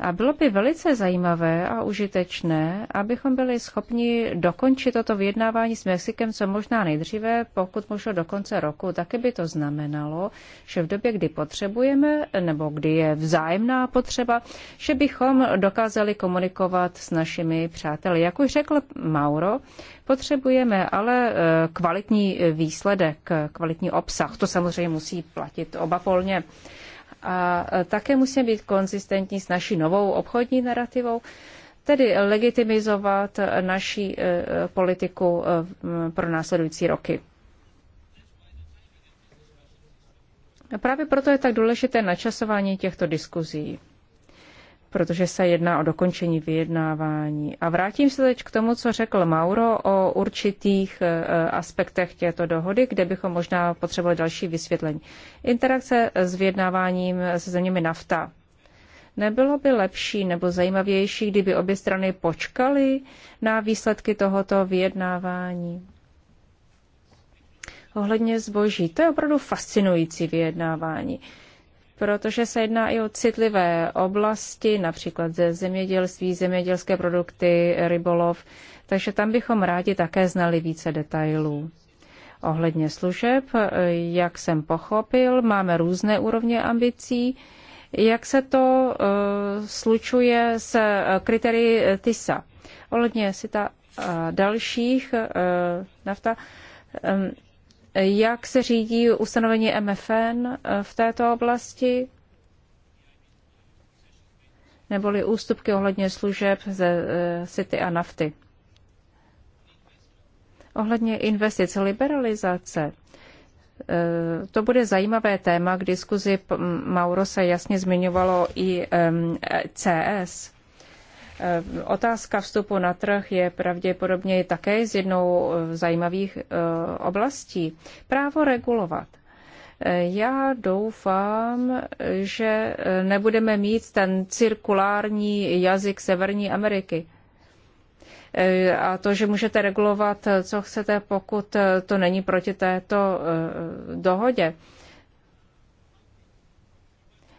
A bylo by velice zajímavé a užitečné, abychom byli schopni dokončit toto vyjednávání s Mexikem co možná nejdříve, pokud možno do konce roku. Taky by to znamenalo, že v době, kdy potřebujeme, nebo kdy je vzájemná potřeba, že bychom dokázali komunikovat s našimi přáteli. Jak už řekl Mauro, potřebujeme ale eh, kvalitní výsledek, kvalitní obsah. To samozřejmě musí platit oba polně a e, také musíme být konzistentní s naší novou obchodní narrativou, tedy legitimizovat e, naši e, politiku pro následující roky. Právě proto je tak důležité načasování těchto diskuzí protože se jedná o dokončení vyjednávání. A vrátím se teď k tomu, co řekl Mauro o určitých e, aspektech této dohody, kde bychom možná potřebovali další vysvětlení. Interakce s vyjednáváním se zeměmi NAFTA. Nebylo by lepší nebo zajímavější, kdyby obě strany počkaly na výsledky tohoto vyjednávání? Ohledně zboží, to je opravdu fascinující vyjednávání. Uh, protože se jedná i o citlivé oblasti, například zemědělství, zemědělské produkty, rybolov, takže tam bychom rádi také znali více detailů. Ohledně služeb, jak jsem pochopil, máme různé úrovně ambicí. Jak se to uh, slučuje s kritérii TISA? Ohledně ta uh, dalších uh, nafta. Um, jak se řídí ustanovení MFN eh, v této oblasti, neboli ústupky ohledně služeb ze eh, City a nafty. Ohledně investic liberalizace, eh, to bude zajímavé téma. K diskuzi Mauro se jasně zmiňovalo i e CS. Eh, otázka vstupu na trh je pravděpodobně také z jednou eh, zajímavých eh, oblastí. Právo regulovat. Já doufám, že nebudeme mít ten cirkulární jazyk Severní Ameriky. A to, že můžete regulovat, co chcete, pokud to není proti této dohodě.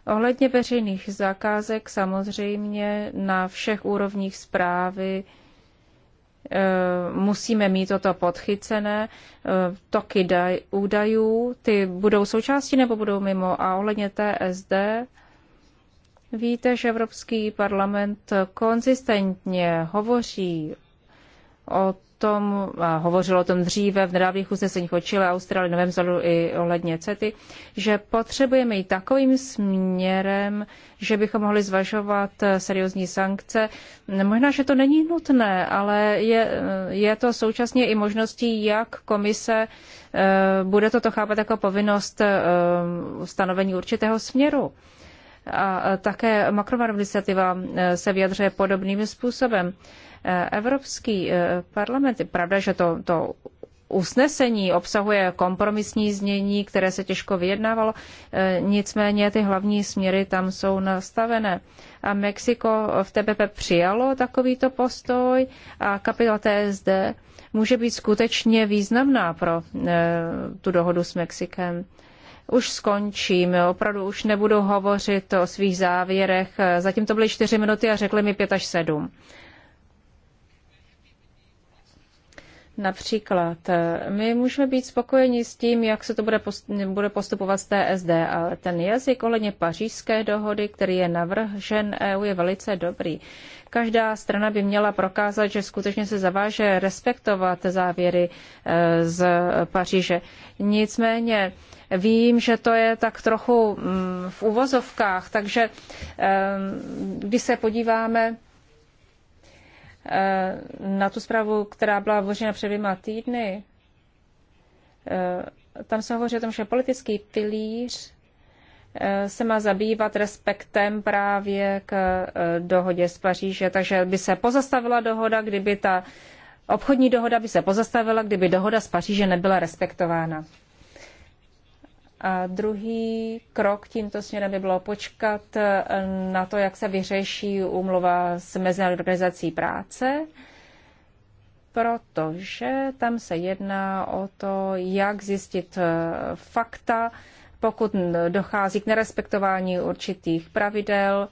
Ohledně veřejných zakázek samozřejmě na všech úrovních zprávy e, musíme mít toto podchycené, e, toky údajů, ty budou součástí nebo budou mimo. A ohledně TSD, víte, že Evropský parlament konzistentně hovoří o tom a hovořilo o tom dříve v nedávných usneseních o Chile, Austrálii, Novém Zelandu i ohledně CETY, že potřebujeme i takovým směrem, že bychom mohli zvažovat seriózní sankce. Možná, že to není nutné, ale je, je to současně i možností, jak komise eh, bude toto chápat jako povinnost eh, stanovení určitého směru. A eh, také makromarov se vyjadřuje podobným způsobem. Evropský eh, parlament, pravda, že to, to usnesení obsahuje kompromisní znění, které se těžko vyjednávalo, eh, nicméně ty hlavní směry tam jsou nastavené. A Mexiko v TPP přijalo takovýto postoj a kapitola TSD může být skutečně významná pro eh, tu dohodu s Mexikem. Už skončím, opravdu už nebudu hovořit o svých závěrech. Zatím to byly čtyři minuty a řekli mi pět až sedm. Například, eh, my můžeme být spokojeni s tím, jak se to bude postupovat z TSD, ale ten jazyk ohledně pařížské dohody, který je navržen EU, je velice dobrý. Každá strana by měla prokázat, že skutečně se zaváže respektovat závěry eh, z Paříže. Nicméně vím, že to je tak trochu mm, v uvozovkách, takže eh, když se podíváme Eh, na tu zprávu, která byla vložena před dvěma týdny, eh, tam se hovoří o tom, že politický pilíř eh, se má zabývat respektem právě k dohodě z Paříže, takže by se pozastavila dohoda, kdyby ta obchodní dohoda by se pozastavila, kdyby dohoda z Paříže nebyla respektována. A druhý krok tímto směrem by bylo počkat eh, na to, jak se vyřeší úmluva s Mezinárodní organizací práce, protože tam se jedná o to, jak zjistit eh, fakta, pokud dochází k nerespektování určitých pravidel,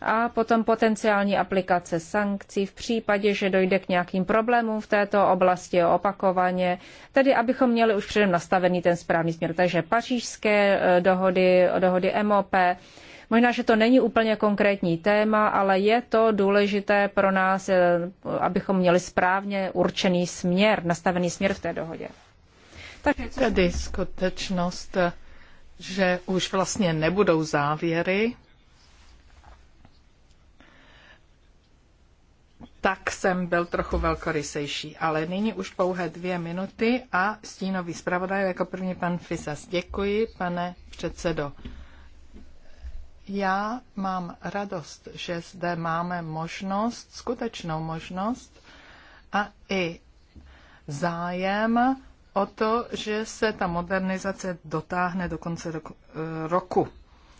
a potom potenciální aplikace sankcí v případě, že dojde k nějakým problémům v této oblasti opakovaně, tedy abychom měli už předem nastavený ten správný směr. Takže pařížské eh, dohody, dohody MOP, Možná, že to není úplně konkrétní téma, ale je to důležité pro nás, eh, abychom měli správně určený směr, nastavený směr v té dohodě. Takže tedy skutečnost, že už vlastně nebudou závěry, tak jsem byl trochu velkorysejší. Ale nyní už pouhé dvě minuty a stínový zpravodaj jako první pan Fisas. Děkuji, pane předsedo. Já mám radost, že zde máme možnost, skutečnou možnost a i zájem o to, že se ta modernizace dotáhne do konce roku.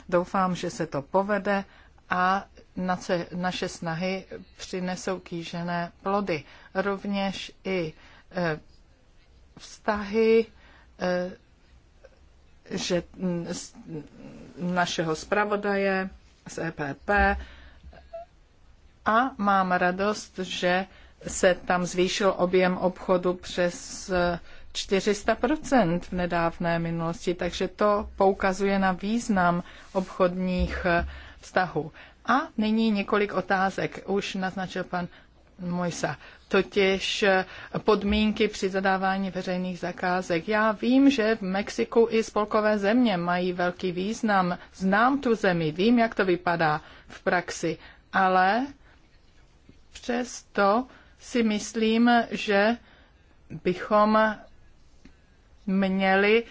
Doufám, že se to povede a naše, naše snahy přinesou kýžené plody. Rovněž i e, vztahy e, že našeho zpravodaje z EPP a mám radost, že se tam zvýšil objem obchodu přes 400% e, v nedávné minulosti, takže to poukazuje na význam obchodních vztahů. A nyní několik otázek. Už naznačil pan Mojsa, totiž eh, podmínky při zadávání veřejných zakázek. Já vím, že v Mexiku i spolkové země mají velký význam. Znám tu zemi, vím, jak to vypadá v praxi, ale přesto si myslím, že bychom měli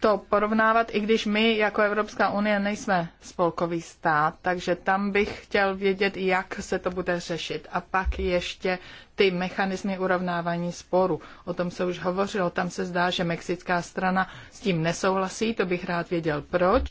to porovnávat, i když my jako Evropská unie nejsme spolkový stát, takže tam bych chtěl vědět, jak se to bude řešit. A pak ještě ty mechanismy urovnávání sporu. O tom se už hovořilo, tam se zdá, že mexická strana s tím nesouhlasí, to bych rád věděl proč.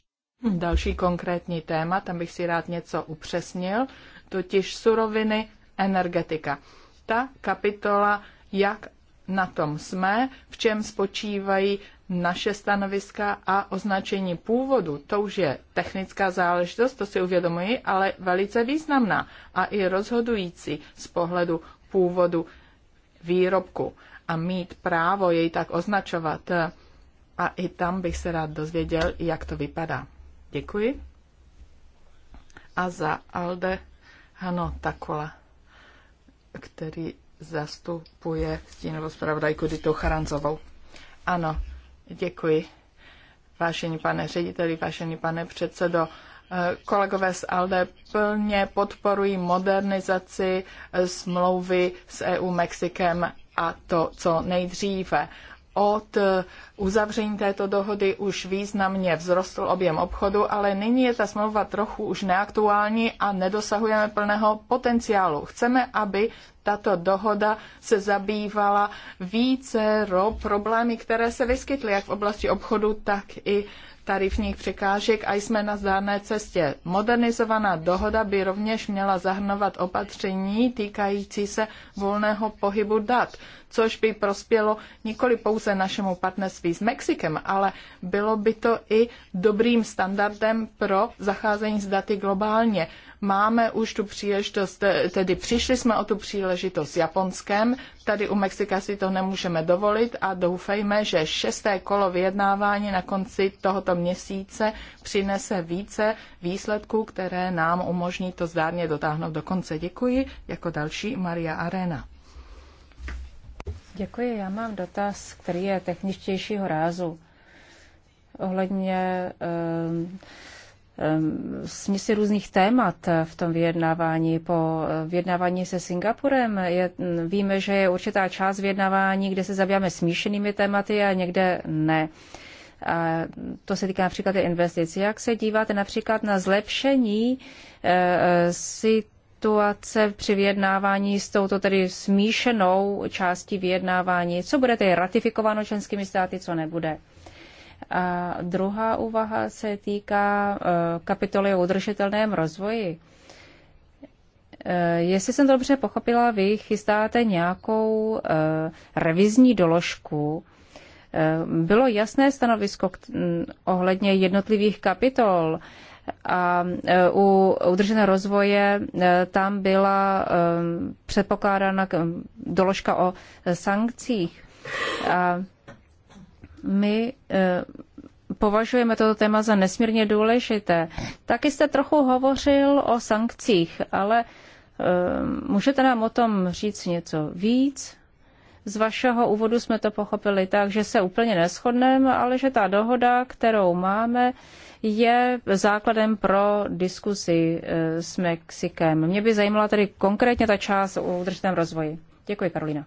Další konkrétní téma, tam bych si rád něco upřesnil, totiž suroviny, energetika. Ta kapitola, jak na tom jsme, v čem spočívají naše stanoviska a označení původu. To už je technická záležitost, to si uvědomuji, ale velice významná a i rozhodující z pohledu původu výrobku a mít právo jej tak označovat. Eh, a i tam bych se rád dozvěděl, jak to vypadá. Děkuji. A za Alde Hano Takola, který zastupuje stínovou zpravodajku Ditu Charanzovou. Ano, děkuji. Vážený pane řediteli, vážený pane předsedo, kolegové z ALDE plně podporují modernizaci smlouvy s EU Mexikem a to co nejdříve od eh, uzavření této dohody už významně vzrostl objem obchodu, ale nyní je ta smlouva trochu už neaktuální a nedosahujeme plného potenciálu. Chceme, aby tato dohoda se zabývala více ro problémy, které se vyskytly jak v oblasti obchodu, tak i tarifních překážek a jsme na zdárné cestě. Modernizovaná dohoda by rovněž měla zahrnovat opatření týkající se volného pohybu dat, což by prospělo nikoli pouze našemu partnerství s Mexikem, ale bylo by to i dobrým standardem pro zacházení s daty globálně máme už tu příležitost, eh, tedy přišli jsme o tu příležitost s Japonskem, tady u Mexika si to nemůžeme dovolit a doufejme, že šesté kolo vyjednávání na konci tohoto měsíce přinese více výsledků, které nám umožní to zdárně dotáhnout do konce. Děkuji. Jako další Maria Arena. Děkuji. Já mám dotaz, který je techničtějšího rázu ohledně ehm, Ehm, směsi různých témat v tom vyjednávání. Po eh, vyjednávání se Singapurem je, hm, víme, že je určitá část vyjednávání, kde se zabýváme smíšenými tématy a někde ne. A to se týká například investic. Jak se díváte například na zlepšení eh, eh, situace při vyjednávání s touto tedy smíšenou částí vyjednávání? Co bude tedy ratifikováno členskými státy, co nebude? A druhá úvaha se týká e, kapitoly o udržitelném rozvoji. E, jestli jsem dobře pochopila, vy chystáte nějakou e, revizní doložku. Bylo jasné stanovisko ohledně jednotlivých kapitol a u udrženého rozvoje tam byla předpokládána doložka o sankcích. A my eh, považujeme toto téma za nesmírně důležité. Taky jste trochu hovořil o sankcích, ale eh, můžete nám o tom říct něco víc? Z vašeho úvodu jsme to pochopili tak, že se úplně neschodneme, ale že ta dohoda, kterou máme, je základem pro diskusi eh, s Mexikem. Mě by zajímala tedy konkrétně ta část o udržitém rozvoji. Děkuji, Karolina.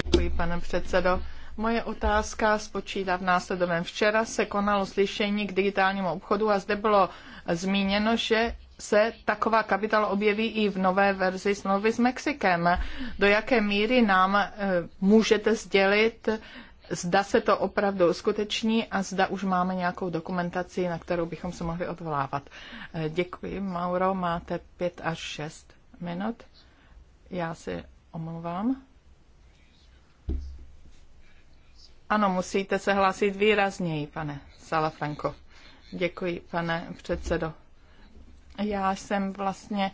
Děkuji, pane předsedo. Moje otázka spočívá v následovém. Včera se konalo slyšení k digitálnímu obchodu a zde bylo zmíněno, že se taková kapitál objeví i v nové verzi smlouvy s Mexikem. Do jaké míry nám eh, můžete sdělit, zda se to opravdu uskuteční a zda už máme nějakou dokumentaci, na kterou bychom se mohli odvolávat. Eh, děkuji, Mauro, máte pět až šest minut. Já si omlouvám. Ano, musíte se hlásit výrazněji, pane Salafranko. Děkuji, pane předsedo. Já jsem vlastně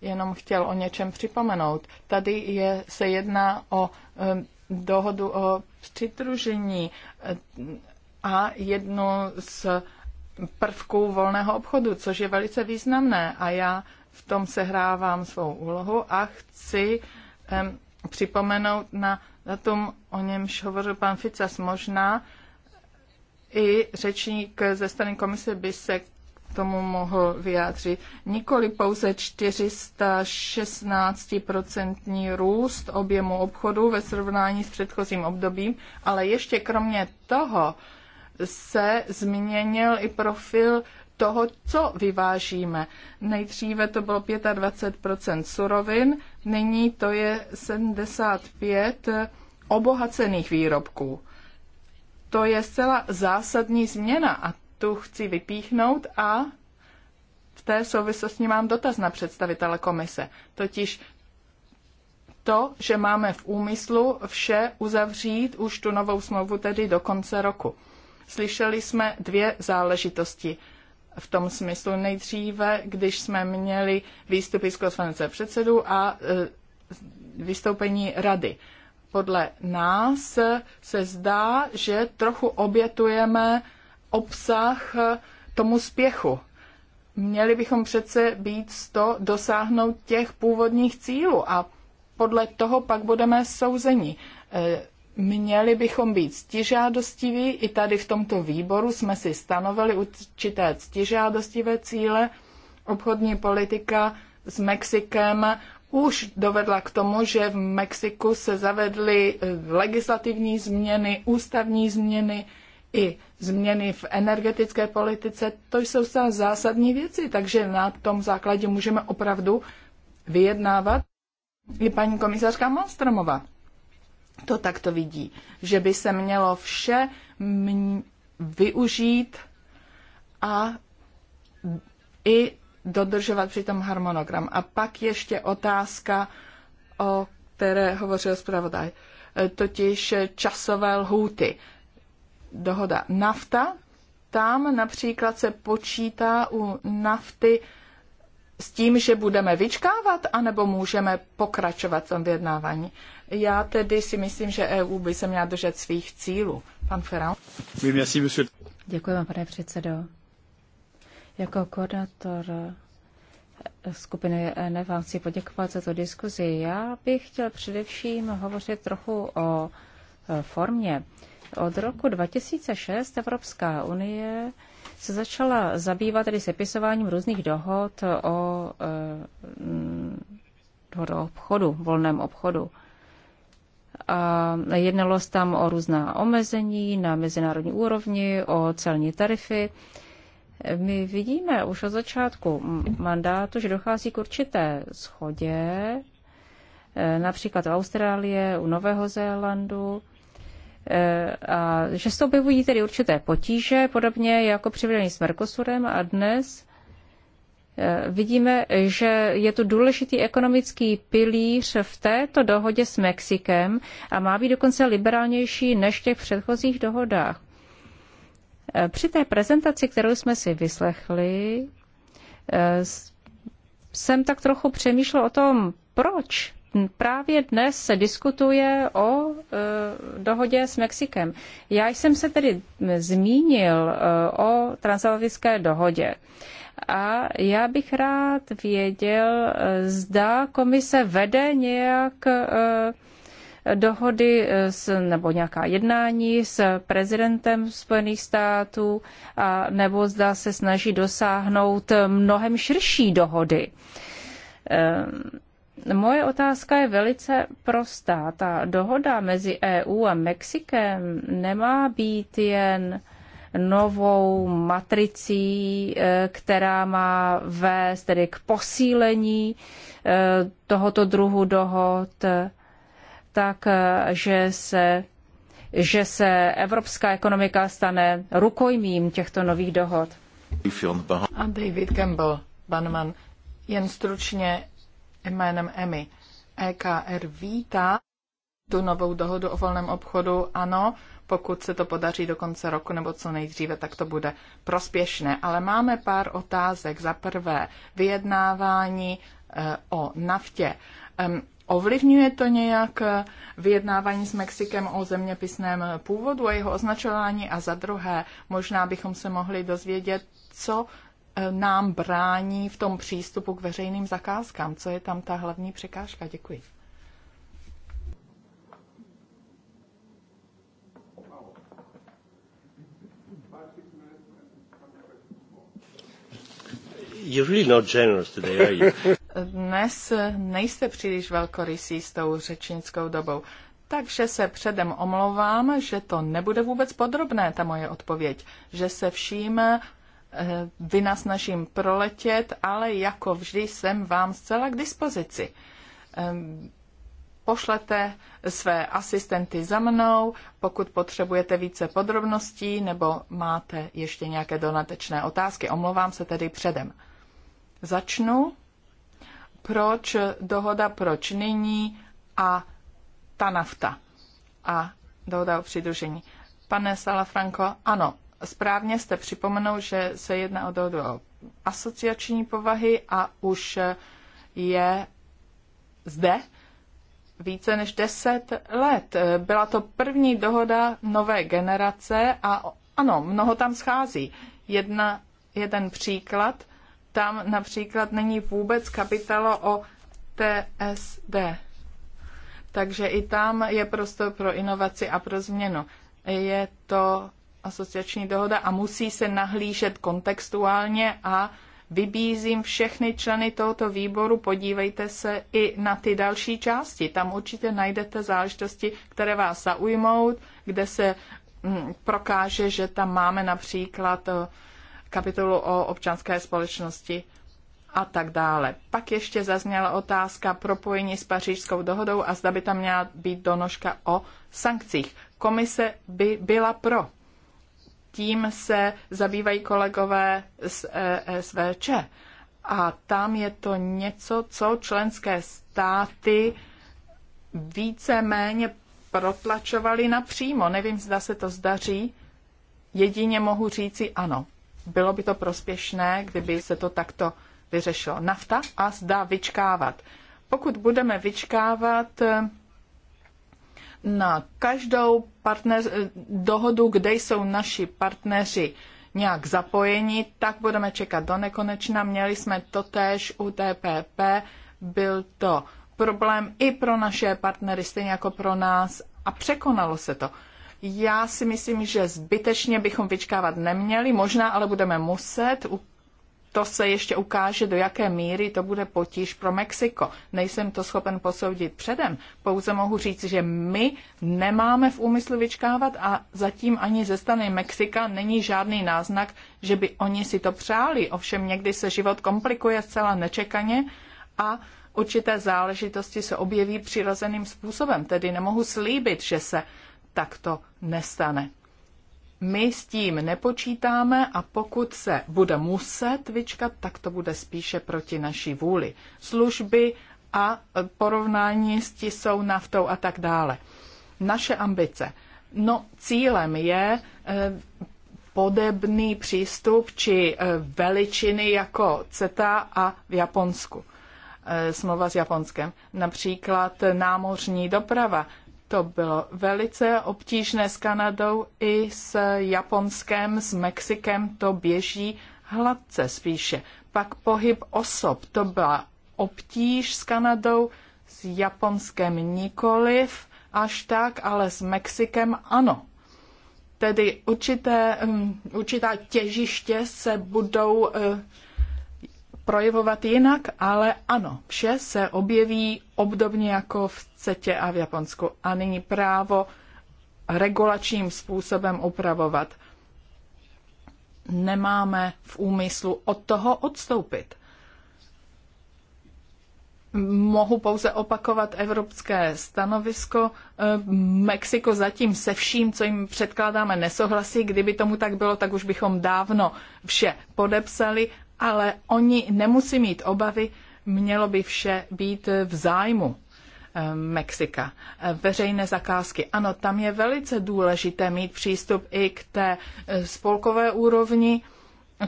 jenom chtěl o něčem připomenout. Tady je, se jedná o um, dohodu o přidružení eh, a jednu z prvků volného obchodu, což je velice významné a já v tom sehrávám svou úlohu a chci um, připomenout na tom o němž hovořil pan Ficas, možná i řečník ze strany komise by se k tomu mohl vyjádřit. Nikoli pouze 416% růst objemu obchodu ve srovnání s předchozím obdobím, ale ještě kromě toho se změnil i profil toho, co vyvážíme. Nejdříve to bylo 25 surovin, nyní to je 75 obohacených výrobků. To je zcela zásadní změna a tu chci vypíchnout a v té souvislosti mám dotaz na představitele komise. Totiž to, že máme v úmyslu vše uzavřít už tu novou smlouvu tedy do konce roku. Slyšeli jsme dvě záležitosti v tom smyslu nejdříve, když jsme měli výstupy z konference předsedů a e, vystoupení rady. Podle nás se zdá, že trochu obětujeme obsah tomu spěchu. Měli bychom přece být z to dosáhnout těch původních cílů a podle toho pak budeme souzeni. E, Měli bychom být ctižádostiví, i tady v tomto výboru jsme si stanovili určité ctižádostivé cíle. Obchodní politika s Mexikem už dovedla k tomu, že v Mexiku se zavedly eh, legislativní změny, ústavní změny i změny v energetické politice. To jsou zcela zásadní věci, takže na tom základě můžeme opravdu vyjednávat. I paní komisařka Malstromová to takto vidí, že by se mělo vše využít a i dodržovat přitom harmonogram. A pak ještě otázka, o které hovořil zpravodaj, e, totiž časové lhůty. Dohoda NAFTA, tam například se počítá u nafty s tím, že budeme vyčkávat, anebo můžeme pokračovat v tom vyjednávání. Já tedy si myslím, že EU by se měla držet svých cílů. Pan Ferrand. Děkuji vám, pane předsedo. Jako koordinátor eh, skupiny ENE vám chci poděkovat za tu diskuzi. Já bych chtěl především hovořit trochu o eh, formě. Od roku 2006 Evropská unie se začala zabývat tedy sepisováním různých dohod o, eh, dohod o obchodu, volném obchodu. A jednalo se tam o různá omezení na mezinárodní úrovni, o celní tarify. My vidíme už od začátku mandátu, že dochází k určité schodě, eh, například u Austrálie, u Nového Zélandu, Eh, a že se objevují tedy určité potíže, podobně jako při vedení s Mercosurem a dnes eh, vidíme, že je tu důležitý ekonomický pilíř v této dohodě s Mexikem a má být dokonce liberálnější než v těch předchozích dohodách. Eh, při té prezentaci, kterou jsme si vyslechli, jsem tak trochu přemýšlel o tom, proč právě dnes se diskutuje o e, dohodě s Mexikem. Já jsem se tedy zmínil e, o transatlantické dohodě. A já bych rád věděl, e, zda komise vede nějak dohody s, nebo nějaká jednání s prezidentem Spojených států, a, nebo zda se snaží dosáhnout mnohem širší dohody. Moje otázka je velice prostá. Ta dohoda mezi EU a Mexikem nemá být jen novou matricí, eh, která má vést tedy k posílení eh, tohoto druhu dohod, tak, eh, že se, že se evropská ekonomika stane rukojmím těchto nových dohod. A David Campbell, Banman, jen stručně jménem EMI. EKR vítá tu novou dohodu o volném obchodu, ano, pokud se to podaří do konce roku nebo co nejdříve, tak to bude prospěšné. Ale máme pár otázek. Za prvé, vyjednávání eh, o naftě. Ovlivňuje to nějak eh, vyjednávání s Mexikem o zeměpisném původu a jeho označování? A za druhé, možná bychom se mohli dozvědět, co nám brání v tom přístupu k veřejným zakázkám? Co je tam ta hlavní překážka? Děkuji. You're really not generous today, are you? Dnes nejste příliš velkorysý s tou řečnickou dobou. Takže se předem omlouvám, že to nebude vůbec podrobné, ta moje odpověď, že se vším naším proletět, ale jako vždy jsem vám zcela k dispozici. Ehm, pošlete své asistenty za mnou, pokud potřebujete více podrobností nebo máte ještě nějaké donatečné otázky. Omlouvám se tedy předem. Začnu. Proč dohoda, proč nyní a ta nafta a dohoda o přidružení. Pane Salafranco, ano, Správně jste připomenul, že se jedná o dohodu o asociační povahy a už je zde více než deset let. Byla to první dohoda nové generace a ano, mnoho tam schází. Jedna, jeden příklad, tam například není vůbec kapitalo o TSD. Takže i tam je prostor pro inovaci a pro změnu. Je to asociační dohoda a musí se nahlížet kontextuálně a vybízím všechny členy tohoto výboru, podívejte se i na ty další části. Tam určitě najdete záležitosti, které vás zaujmou, kde se mm, prokáže, že tam máme například eh, kapitolu o občanské společnosti a tak dále. Pak ještě zazněla otázka propojení s pařížskou dohodou a zda by tam měla být donožka o sankcích. Komise by byla pro tím se zabývají kolegové z ESVČ. Eh, a tam je to něco, co členské státy více-méně protlačovali napřímo. Nevím, zda se to zdaří. Jedině mohu říci ano. Bylo by to prospěšné, kdyby se to takto vyřešilo. Nafta a zda vyčkávat. Pokud budeme vyčkávat, eh, na každou partner, dohodu, kde jsou naši partneři nějak zapojeni, tak budeme čekat do nekonečna. Měli jsme to též u TPP, byl to problém i pro naše partnery, stejně jako pro nás a překonalo se to. Já si myslím, že zbytečně bychom vyčkávat neměli, možná ale budeme muset u to se ještě ukáže, do jaké míry to bude potíž pro Mexiko. Nejsem to schopen posoudit předem, pouze mohu říct, že my nemáme v úmyslu vyčkávat a zatím ani ze strany Mexika není žádný náznak, že by oni si to přáli. Ovšem někdy se život komplikuje zcela nečekaně a určité záležitosti se objeví přirozeným způsobem, tedy nemohu slíbit, že se takto nestane. My s tím nepočítáme a pokud se bude muset vyčkat, tak to bude spíše proti naší vůli. Služby a porovnání s tisou, naftou a tak dále. Naše ambice. No, cílem je eh, podobný přístup či eh, veličiny jako CETA a v Japonsku. Eh, smlouva s Japonskem. Například námořní doprava. To bylo velice obtížné s Kanadou i s Japonskem, s Mexikem to běží hladce spíše. Pak pohyb osob, to byla obtíž s Kanadou, s Japonskem nikoliv až tak, ale s Mexikem ano. Tedy určité, um, určitá těžiště se budou uh, projevovat jinak, ale ano, vše se objeví obdobně jako v CETě a v Japonsku. A nyní právo regulačním způsobem upravovat. Nemáme v úmyslu od toho odstoupit. Mohu pouze opakovat evropské stanovisko. Eh, Mexiko zatím se vším, co jim předkládáme, nesouhlasí. Kdyby tomu tak bylo, tak už bychom dávno vše podepsali ale oni nemusí mít obavy, mělo by vše být v zájmu eh, Mexika. Eh, veřejné zakázky. Ano, tam je velice důležité mít přístup i k té eh, spolkové úrovni,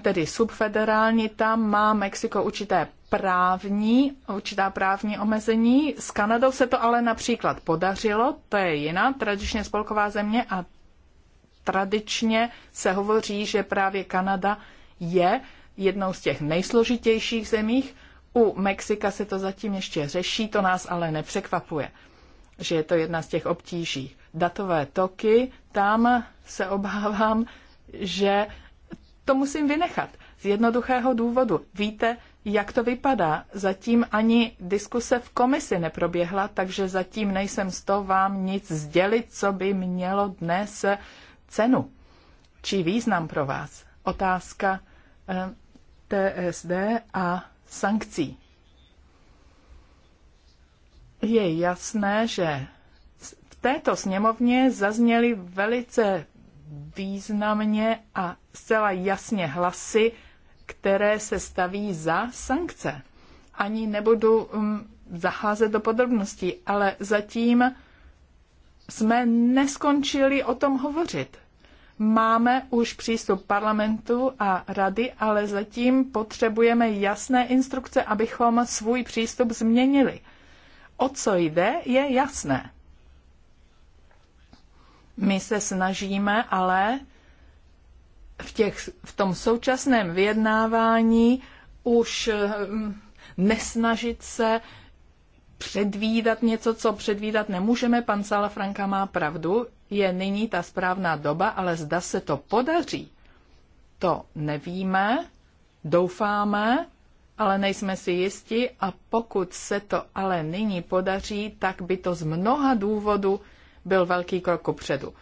tedy subfederální. Tam má Mexiko určité právní, určitá právní omezení. S Kanadou se to ale například podařilo, to je jiná tradičně spolková země a tradičně se hovoří, že právě Kanada je jednou z těch nejsložitějších zemích. U Mexika se to zatím ještě řeší, to nás ale nepřekvapuje, že je to jedna z těch obtíží. Datové toky, tam se obávám, že to musím vynechat. Z jednoduchého důvodu. Víte, jak to vypadá? Zatím ani diskuse v komisi neproběhla, takže zatím nejsem z toho vám nic sdělit, co by mělo dnes cenu či význam pro vás. Otázka eh, PTSD a sankcí. Je jasné, že v této sněmovně zazněly velice významně a zcela jasně hlasy, které se staví za sankce. Ani nebudu um, zacházet do podrobností, ale zatím jsme neskončili o tom hovořit. Máme už přístup parlamentu a rady, ale zatím potřebujeme jasné instrukce, abychom svůj přístup změnili. O co jde, je jasné. My se snažíme ale v, těch, v tom současném vyjednávání už hm, nesnažit se předvídat něco, co předvídat nemůžeme. Pan Salafranka má pravdu, je nyní ta správná doba, ale zda se to podaří, to nevíme, doufáme, ale nejsme si jisti a pokud se to ale nyní podaří, tak by to z mnoha důvodů byl velký krok kupředu.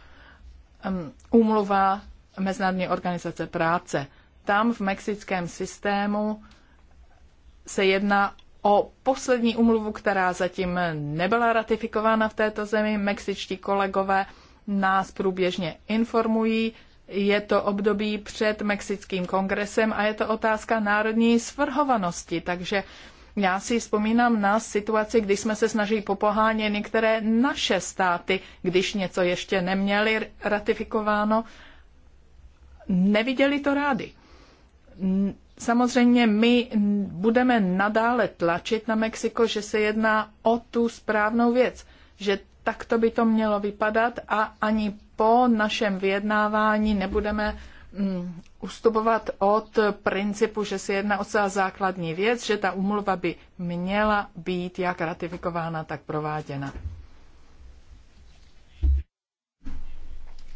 Úmluva Mezinárodní organizace práce. Tam v mexickém systému se jedná o poslední umluvu, která zatím nebyla ratifikována v této zemi. Mexičtí kolegové nás průběžně informují. Je to období před Mexickým kongresem a je to otázka národní svrhovanosti, takže já si vzpomínám na situaci, kdy jsme se snažili popohánět některé naše státy, když něco ještě neměli ratifikováno, neviděli to rádi. Samozřejmě my budeme nadále tlačit na Mexiko, že se jedná o tu správnou věc, že takto by to mělo vypadat a ani po našem vyjednávání nebudeme mm, ustupovat od principu, že se jedná o celá základní věc, že ta umluva by měla být jak ratifikována, tak prováděna.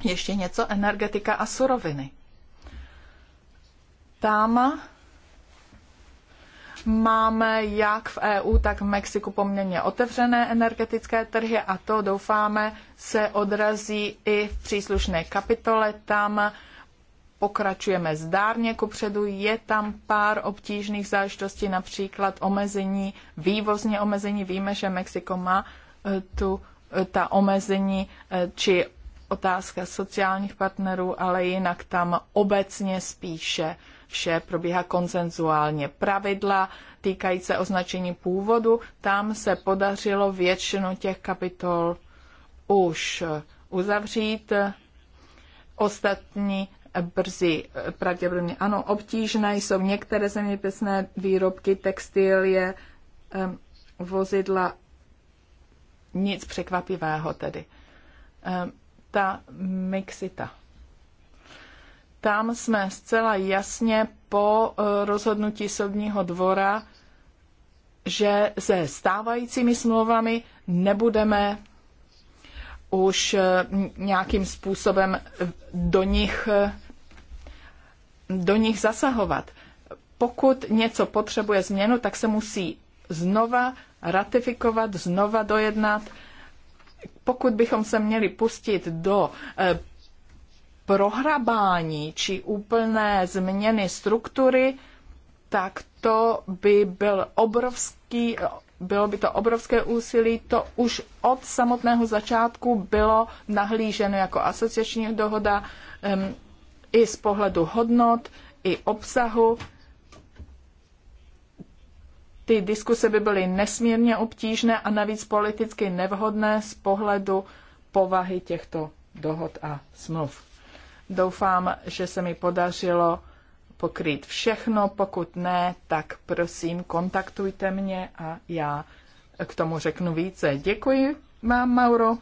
Ještě něco energetika a suroviny. Tam máme jak v EU, tak v Mexiku poměrně otevřené energetické trhy a to doufáme se odrazí i v příslušné kapitole. Tam pokračujeme zdárně kupředu. Je tam pár obtížných záležitostí, například omezení, vývozně omezení. Víme, že Mexiko má e, tu, e, ta omezení e, či otázka sociálních partnerů, ale jinak tam obecně spíše Vše probíhá konsenzuálně. Pravidla týkající se označení původu, tam se podařilo většinu těch kapitol už uzavřít. Ostatní brzy, pravděpodobně ano, obtížné jsou některé zeměpisné výrobky, textilie, vozidla, nic překvapivého tedy. Ta mixita tam jsme zcela jasně po eh, rozhodnutí soudního dvora, že se stávajícími smlouvami nebudeme už eh, nějakým způsobem eh, do nich, do nich zasahovat. Pokud něco potřebuje změnu, tak se musí znova ratifikovat, znova dojednat. Pokud bychom se měli pustit do prohrabání či úplné změny struktury, tak to by byl obrovský, bylo by to obrovské úsilí. To už od samotného začátku bylo nahlíženo jako asociační dohoda um, i z pohledu hodnot, i obsahu. Ty diskuse by byly nesmírně obtížné a navíc politicky nevhodné z pohledu povahy těchto dohod a smluv. Doufám, že se mi podařilo pokrýt všechno. Pokud ne, tak prosím, kontaktujte mě a já k tomu řeknu více. Děkuji vám, Mauro.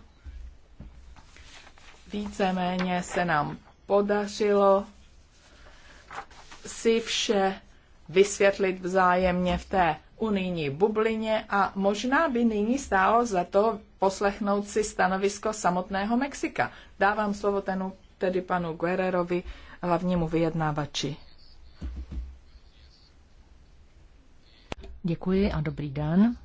Víceméně se nám podařilo si vše vysvětlit vzájemně v té unijní bublině a možná by nyní stálo za to poslechnout si stanovisko samotného Mexika. Dávám slovo tenu tedy panu Guerrerovi, hlavnímu vyjednávači. Děkuji a dobrý den.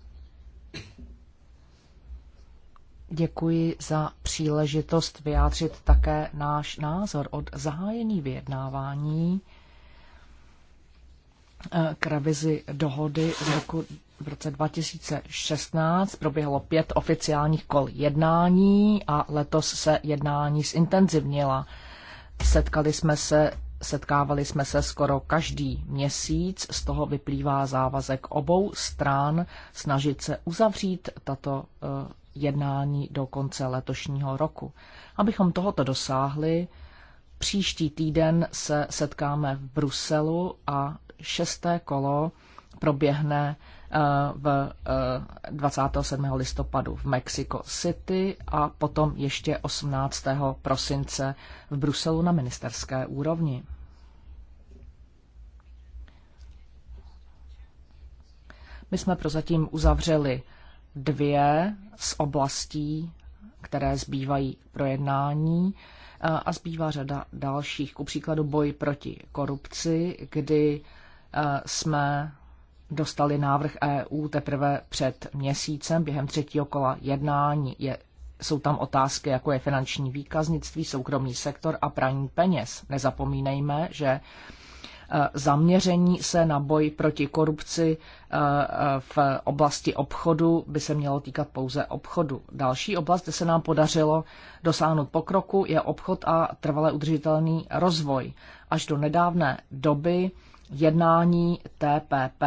Děkuji za příležitost vyjádřit také náš názor od zahájení vyjednávání Eh, k revizi dohody z roku v roce 2016 proběhlo pět oficiálních kol jednání a letos se jednání zintenzivnila. Setkali jsme se, setkávali jsme se skoro každý měsíc, z toho vyplývá závazek obou stran snažit se uzavřít tato eh, jednání do konce letošního roku. Abychom tohoto dosáhli, příští týden se setkáme v Bruselu a šesté kolo proběhne eh, v 27. Eh, listopadu v Mexico City a potom ještě 18. prosince v Bruselu na ministerské úrovni. My jsme prozatím uzavřeli dvě z oblastí, které zbývají projednání eh, a zbývá řada dalších. Ku příkladu boj proti korupci, kdy Eh, jsme dostali návrh EU teprve před měsícem během třetího kola jednání. Je, jsou tam otázky, jako je finanční výkaznictví, soukromý sektor a praní peněz. Nezapomínejme, že eh, zaměření se na boj proti korupci eh, v oblasti obchodu by se mělo týkat pouze obchodu. Další oblast, kde se nám podařilo dosáhnout pokroku, je obchod a trvale udržitelný rozvoj. Až do nedávné doby jednání TPP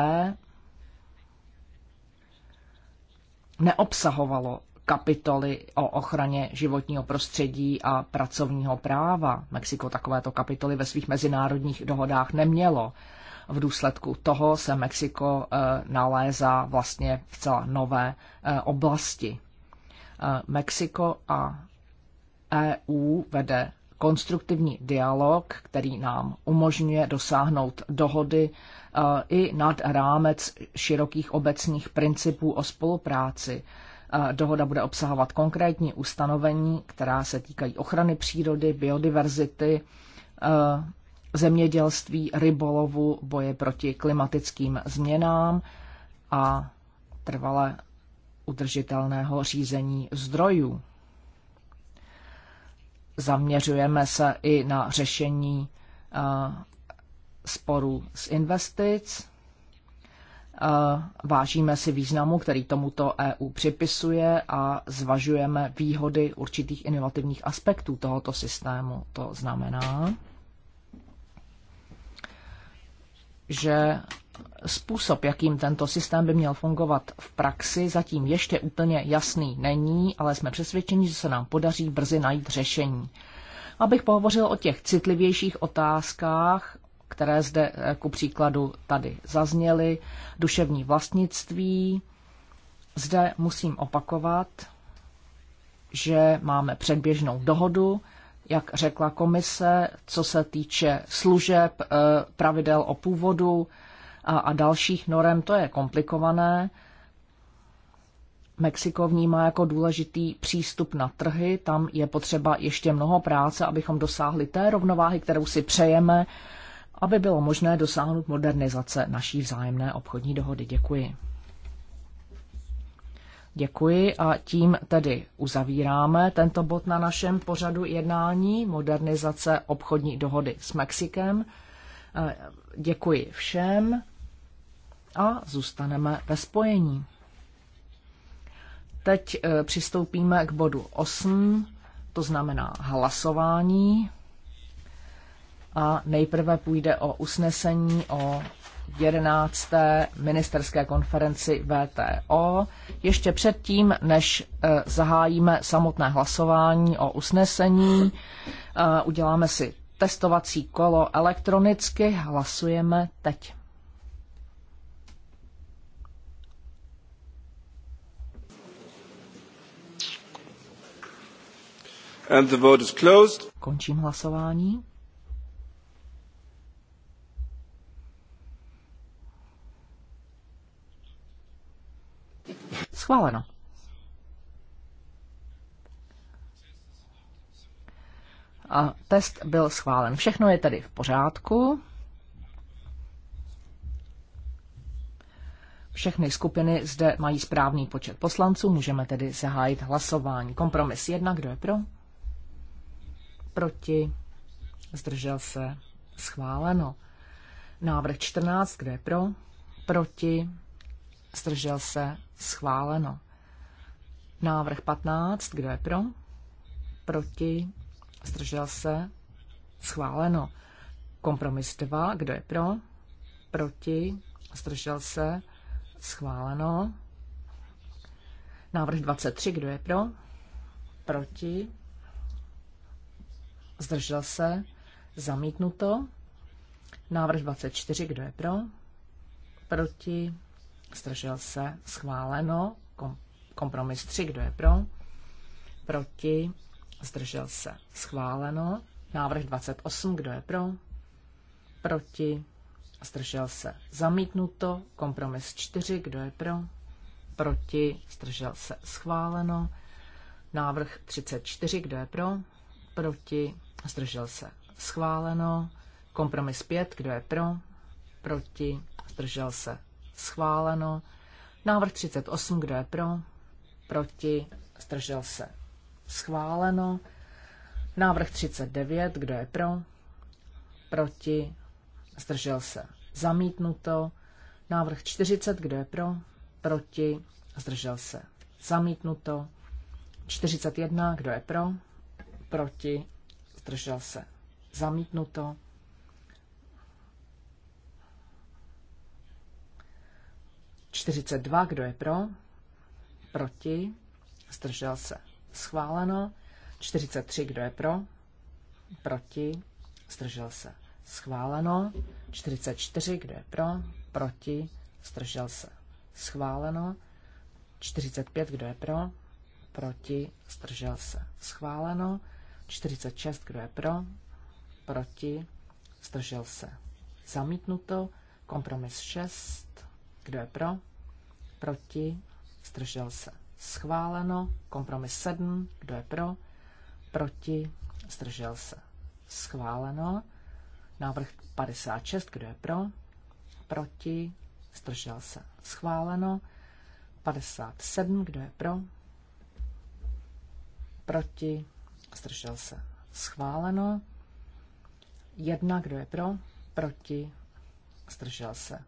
neobsahovalo kapitoly o ochraně životního prostředí a pracovního práva. Mexiko takovéto kapitoly ve svých mezinárodních dohodách nemělo. V důsledku toho se Mexiko eh, nalézá vlastně v celé nové eh, oblasti. Eh, Mexiko a EU vede konstruktivní dialog, který nám umožňuje dosáhnout dohody eh, i nad rámec širokých obecných principů o spolupráci. Eh, dohoda bude obsahovat konkrétní ustanovení, která se týkají ochrany přírody, biodiverzity, eh, zemědělství, rybolovu, boje proti klimatickým změnám a trvale udržitelného řízení zdrojů zaměřujeme se i na řešení eh, sporů z investic. Eh, vážíme si významu, který tomuto EU připisuje a zvažujeme výhody určitých inovativních aspektů tohoto systému. To znamená, že Způsob, jakým tento systém by měl fungovat v praxi, zatím ještě úplně jasný není, ale jsme přesvědčeni, že se nám podaří brzy najít řešení. Abych pohovořil o těch citlivějších otázkách, které zde eh, ku příkladu tady zazněly, duševní vlastnictví. Zde musím opakovat, že máme předběžnou dohodu, jak řekla komise, co se týče služeb, eh, pravidel o původu, a, a dalších norem, to je komplikované. Mexiko vnímá jako důležitý přístup na trhy, tam je potřeba ještě mnoho práce, abychom dosáhli té rovnováhy, kterou si přejeme, aby bylo možné dosáhnout modernizace naší vzájemné obchodní dohody. Děkuji. Děkuji a tím tedy uzavíráme tento bod na našem pořadu jednání modernizace obchodní dohody s Mexikem. Eh, děkuji všem a zůstaneme ve spojení. Teď e, přistoupíme k bodu 8, to znamená hlasování. A nejprve půjde o usnesení o 11. ministerské konferenci VTO. Ještě předtím, než e, zahájíme samotné hlasování o usnesení, e, uděláme si testovací kolo elektronicky, hlasujeme teď. And the vote is closed. Končím hlasování. Schváleno. A test byl schválen. Všechno je tedy v pořádku. Všechny skupiny zde mají správný počet poslanců, můžeme tedy zahájit hlasování. Kompromis jedna, kdo je pro? proti, zdržel se, schváleno. Návrh 14, kde je pro, proti, zdržel se, schváleno. Návrh 15, kde je pro, proti, zdržel se, schváleno. Kompromis 2, kdo je pro, proti, zdržel se, schváleno. Návrh 23, kdo je pro, proti, zdržel se, zamítnuto. Návrh 24, kdo je pro, proti, zdržel se, schváleno. Kompromis 3, kdo je pro, proti, zdržel se, schváleno. Návrh 28, kdo je pro, proti, zdržel se, zamítnuto. Kompromis 4, kdo je pro, proti, zdržel se, schváleno. Návrh 34, kdo je pro, proti, zdržel se schváleno. Kompromis 5, kdo je pro, proti, zdržel se schváleno. Návrh 38, kdo je pro, proti, zdržel se schváleno. Návrh 39, kdo je pro, proti, zdržel se zamítnuto. Návrh 40, kdo je pro, proti, zdržel se zamítnuto. 41, kdo je pro, proti, zdržel se zamítnuto. Čtyřicet dva, kdo je pro, proti, zdržel se schváleno. 43, kdo je pro, proti, zdržel se schváleno. 44, kdo je pro, proti, zdržel se schváleno. 45, kdo je pro, proti, zdržel se schváleno. 46, kdo je pro, proti, zdržel se. Zamítnuto, kompromis 6, kdo je pro, proti, zdržel se. Schváleno, kompromis 7, kdo je pro, proti, zdržel se. Schváleno, návrh 56, kdo je pro, proti, zdržel se. Schváleno, 57, kdo je pro, proti, Zdržel se. Schváleno. Jedna, kdo je pro? Proti. Zdržel se.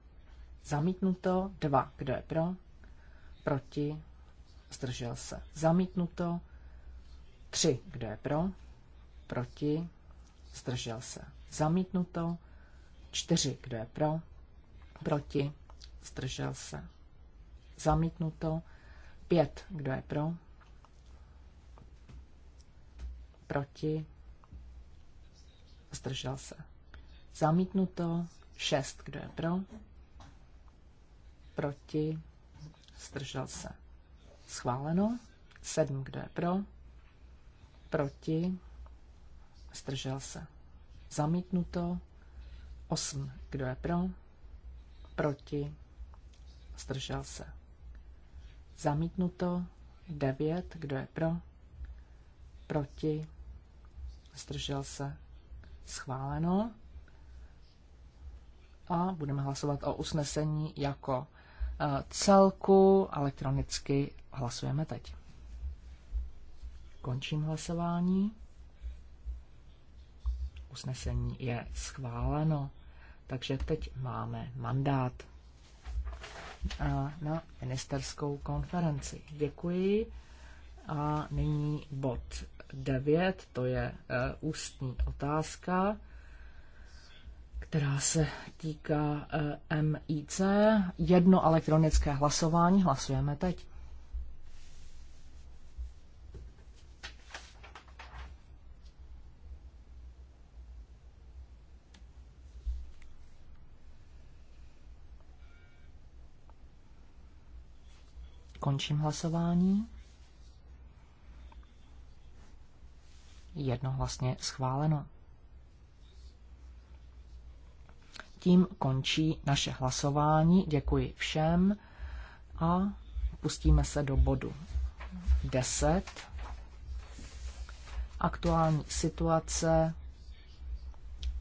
Zamítnuto. Dva, kdo je pro? Proti. Zdržel se. Zamítnuto. Tři, kdo je pro? Proti. Zdržel se. Zamítnuto. Čtyři, kdo je pro? Proti. Zdržel se. Zamítnuto. Pět, kdo je pro? proti, zdržel se. Zamítnuto, šest kdo je pro, proti, zdržel se. Schváleno, sedm kdo je pro, proti, zdržel se. Zamítnuto, osm kdo je pro, proti, zdržel se. Zamítnuto, devět kdo je pro, proti, zdržel se, schváleno. A budeme hlasovat o usnesení jako e, celku. Elektronicky hlasujeme teď. Končím hlasování. Usnesení je schváleno, takže teď máme mandát e, na ministerskou konferenci. Děkuji. A nyní bod 9, to je eh, ústní otázka, která se týká eh, MIC. Jedno elektronické hlasování, hlasujeme teď. Končím hlasování. jednohlasně schváleno. Tím končí naše hlasování. Děkuji všem a pustíme se do bodu 10. Aktuální situace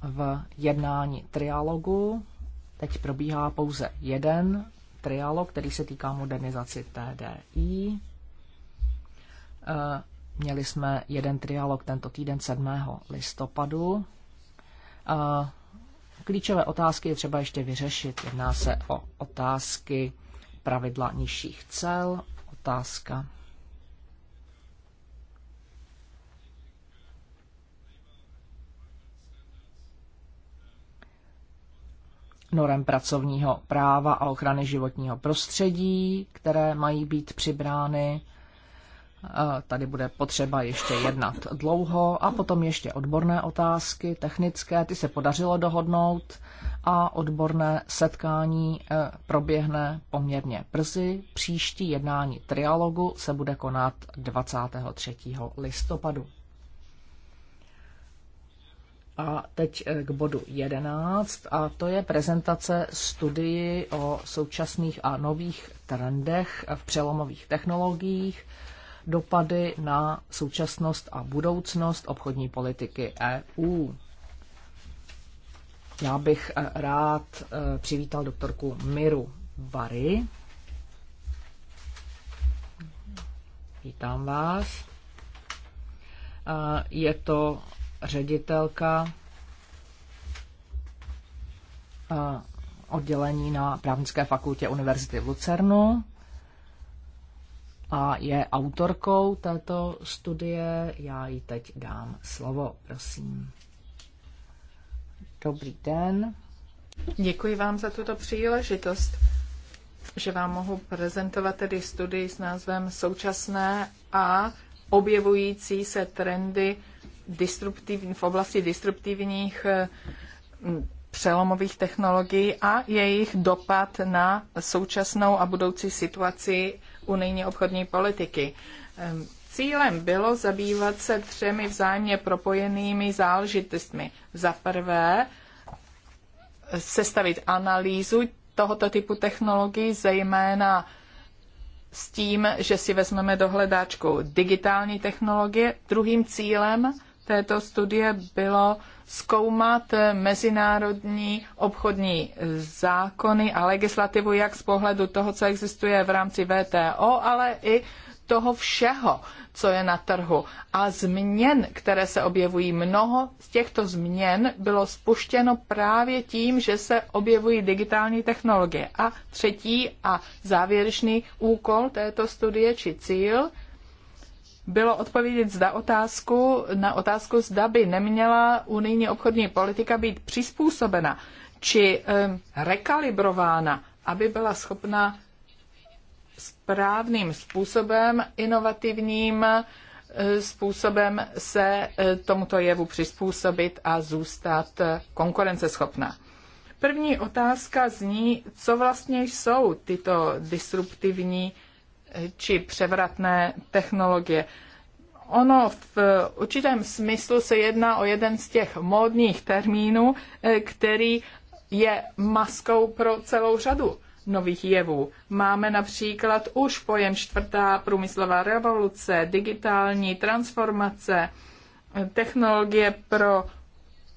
v jednání trialogu. Teď probíhá pouze jeden trialog, který se týká modernizaci TDI. Eh, Měli jsme jeden trialog tento týden 7. listopadu. Klíčové otázky je třeba ještě vyřešit. Jedná se o otázky pravidla nižších cel, otázka norem pracovního práva a ochrany životního prostředí, které mají být přibrány Eh, tady bude potřeba ještě jednat dlouho a potom ještě odborné otázky, technické, ty se podařilo dohodnout a odborné setkání eh, proběhne poměrně brzy. Příští jednání trialogu se bude konat 23. listopadu. A teď eh, k bodu 11 a to je prezentace studii o současných a nových trendech v přelomových technologiích dopady na současnost a budoucnost obchodní politiky EU. Já bych eh, rád eh, přivítal doktorku Miru Vary. Vítám vás. Eh, je to ředitelka oddělení na právnické fakultě Univerzity v Lucernu a je autorkou této studie. Já jí teď dám slovo, prosím. Dobrý den. Děkuji vám za tuto příležitost, že vám mohu prezentovat tedy studii s názvem Současné a objevující se trendy v oblasti disruptivních eh, přelomových technologií a jejich dopad na současnou a budoucí situaci unijní obchodní politiky. Ehm, cílem bylo zabývat se třemi vzájemně propojenými záležitostmi. Za prvé, sestavit analýzu tohoto typu technologií, zejména s tím, že si vezmeme dohledáčku digitální technologie. Druhým cílem této studie bylo zkoumat mezinárodní obchodní zákony a legislativu jak z pohledu toho, co existuje v rámci VTO, ale i toho všeho, co je na trhu a změn, které se objevují. Mnoho z těchto změn bylo spuštěno právě tím, že se objevují digitální technologie. A třetí a závěrečný úkol této studie či cíl bylo odpovědět zda otázku, na otázku, zda by neměla unijní obchodní politika být přizpůsobena či rekalibrována, aby byla schopna správným způsobem, inovativním eh, způsobem se eh, tomuto jevu přizpůsobit a zůstat eh, konkurenceschopná. První otázka zní, co vlastně jsou tyto disruptivní či převratné technologie. Ono v určitém smyslu se jedná o jeden z těch módních termínů, eh, který je maskou pro celou řadu nových jevů. Máme například už pojem čtvrtá průmyslová revoluce, digitální transformace, eh, technologie pro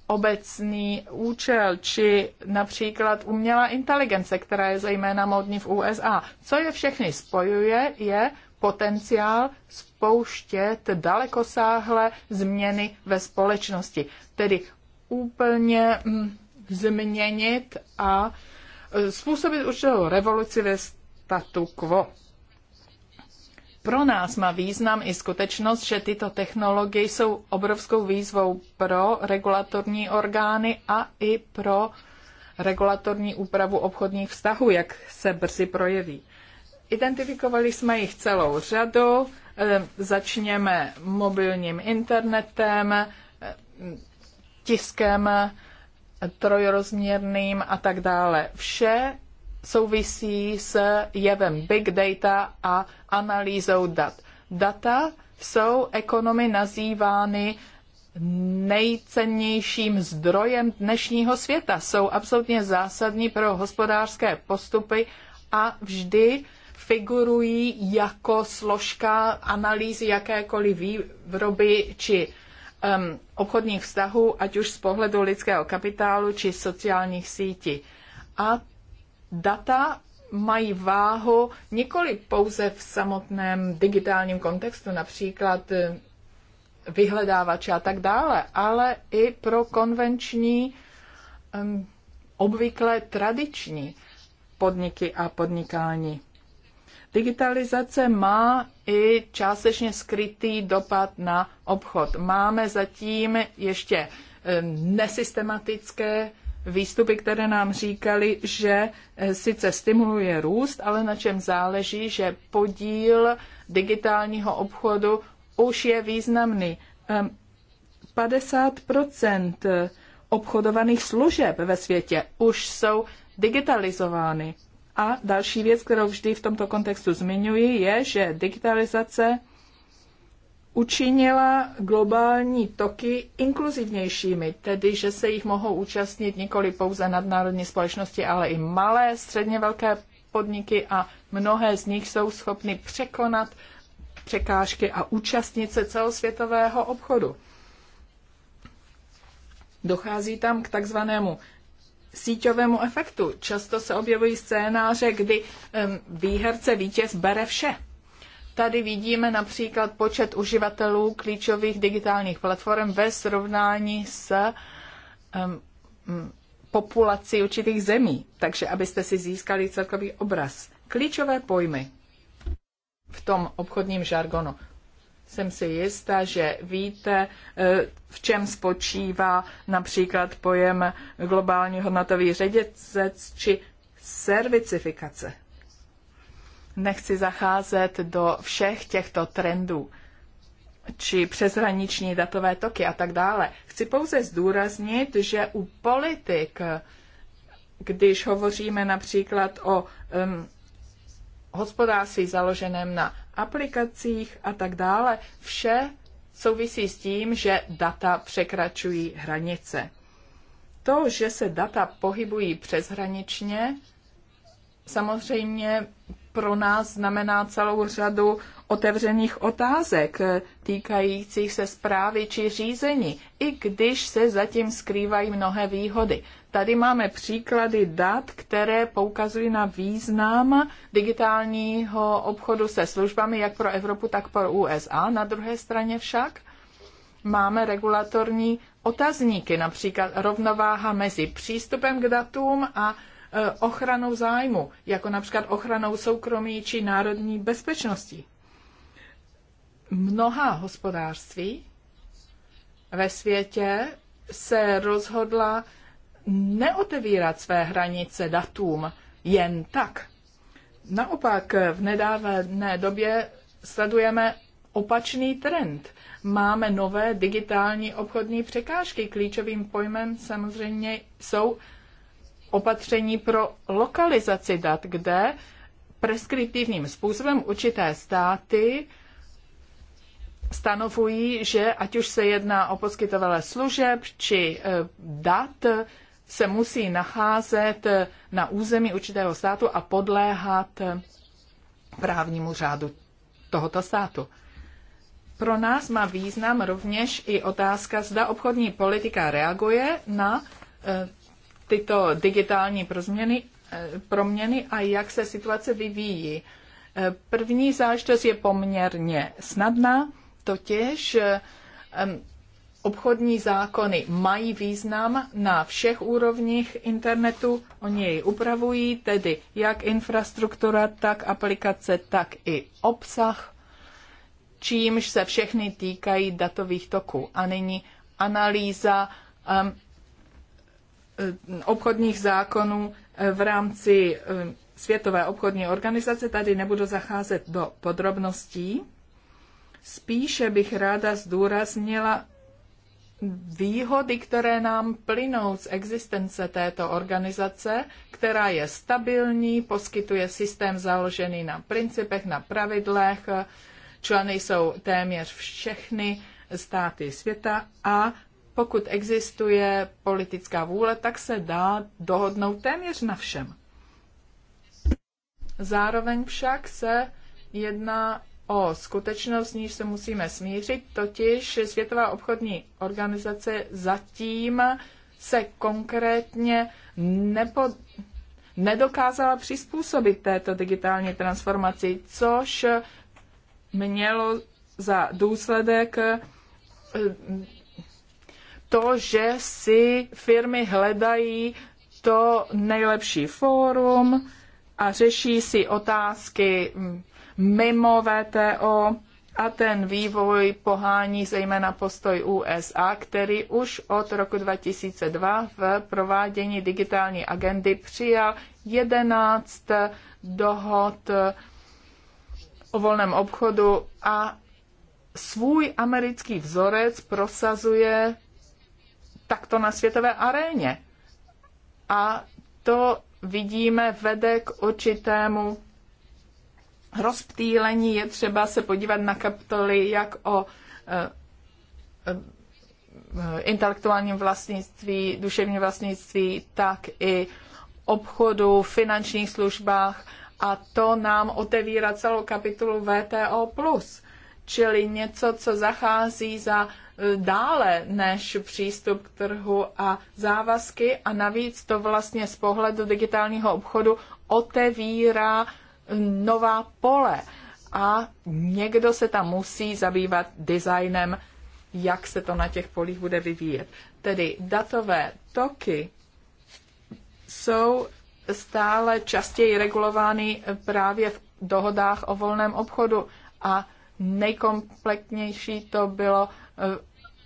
obecný účel, či například umělá inteligence, která je zejména módní v USA. Co je všechny spojuje, je potenciál spouštět dalekosáhlé změny ve společnosti. Tedy úplně mm, změnit a e, způsobit určitou revoluci ve statu quo. Pro nás má význam i skutečnost, že tyto technologie jsou obrovskou výzvou pro regulatorní orgány a i pro regulatorní úpravu obchodních vztahů, jak se brzy projeví. Identifikovali jsme jich celou řadu. Eh, začněme mobilním internetem, eh, tiskem eh, trojrozměrným a tak dále. Vše souvisí s jevem big data a analýzou dat. Data jsou ekonomy nazývány nejcennějším zdrojem dnešního světa. Jsou absolutně zásadní pro hospodářské postupy a vždy figurují jako složka analýzy jakékoliv výroby či um, obchodních vztahů, ať už z pohledu lidského kapitálu či sociálních sítí. A data mají váhu nikoli pouze v samotném digitálním kontextu, například eh, vyhledávače a tak dále, ale i pro konvenční, obvykle tradiční podniky a podnikání. Digitalizace má i částečně skrytý dopad na obchod. Máme zatím ještě nesystematické výstupy, které nám říkali, že eh, sice stimuluje růst, ale na čem záleží, že podíl digitálního obchodu už je významný. 50 ehm, eh, obchodovaných služeb ve světě už jsou digitalizovány. A další věc, kterou vždy v tomto kontextu zmiňuji, je, že digitalizace učinila globální toky inkluzivnějšími, tedy že se jich mohou účastnit nikoli pouze nadnárodní společnosti, ale i malé, středně velké podniky a mnohé z nich jsou schopny překonat překážky a účastnit se celosvětového obchodu. Dochází tam k takzvanému síťovému efektu. Často se objevují scénáře, kdy výherce vítěz bere vše Tady vidíme například počet uživatelů klíčových digitálních platform ve srovnání s um, populací určitých zemí. Takže abyste si získali celkový obraz. Klíčové pojmy v tom obchodním žargonu. Jsem si jistá, že víte, e, v čem spočívá například pojem globální hodnotový řetězec či servicifikace. Nechci zacházet do všech těchto trendů či přeshraniční datové toky a tak dále. Chci pouze zdůraznit, že u politik, když hovoříme například o um, hospodářství založeném na aplikacích a tak dále, vše souvisí s tím, že data překračují hranice. To, že se data pohybují přeshraničně, samozřejmě pro nás znamená celou řadu otevřených otázek eh, týkajících se zprávy či řízení, i když se zatím skrývají mnohé výhody. Tady máme příklady dat, které poukazují na význam digitálního obchodu se službami jak pro Evropu, tak pro USA. Na druhé straně však máme regulatorní otazníky, například rovnováha mezi přístupem k datům a Eh, ochranou zájmu, jako například ochranou soukromí či národní bezpečnosti. Mnoha hospodářství ve světě se rozhodla neotevírat své hranice datům jen tak. Naopak v nedávné době sledujeme opačný trend. Máme nové digitální obchodní překážky. Klíčovým pojmem samozřejmě jsou opatření pro lokalizaci dat, kde preskriptivním způsobem určité státy stanovují, že ať už se jedná o poskytovatele služeb či e, dat, se musí nacházet na území určitého státu a podléhat právnímu řádu tohoto státu. Pro nás má význam rovněž i otázka, zda obchodní politika reaguje na e, tyto digitální prozměny, eh, proměny a jak se situace vyvíjí. Eh, první záležitost je poměrně snadná, totiž eh, obchodní zákony mají význam na všech úrovních internetu, oni jej upravují, tedy jak infrastruktura, tak aplikace, tak i obsah, čímž se všechny týkají datových toků. A nyní analýza Eh, obchodních zákonů eh, v rámci eh, Světové obchodní organizace. Tady nebudu zacházet do podrobností. Spíše bych ráda zdůraznila výhody, které nám plynou z existence této organizace, která je stabilní, poskytuje systém založený na principech, na pravidlech, členy jsou téměř všechny státy světa a pokud existuje politická vůle, tak se dá dohodnout téměř na všem. Zároveň však se jedná o skutečnost, s níž se musíme smířit, totiž Světová obchodní organizace zatím se konkrétně nepo, nedokázala přizpůsobit této digitální transformaci, což mělo za důsledek eh, to, že si firmy hledají to nejlepší fórum a řeší si otázky mm, mimo VTO a ten vývoj pohání zejména postoj USA, který už od roku 2002 v provádění digitální agendy přijal 11 dohod o volném obchodu a svůj americký vzorec prosazuje takto na světové aréně. A to vidíme vede k určitému rozptýlení. Je třeba se podívat na kapitoly jak o e, e, intelektuálním vlastnictví, duševním vlastnictví, tak i obchodu, finančních službách a to nám otevírá celou kapitolu VTO+. Čili něco, co zachází za dále než přístup k trhu a závazky a navíc to vlastně z pohledu digitálního obchodu otevírá nová pole a někdo se tam musí zabývat designem, jak se to na těch polích bude vyvíjet. Tedy datové toky jsou stále častěji regulovány právě v dohodách o volném obchodu a nejkompletnější to bylo Eh,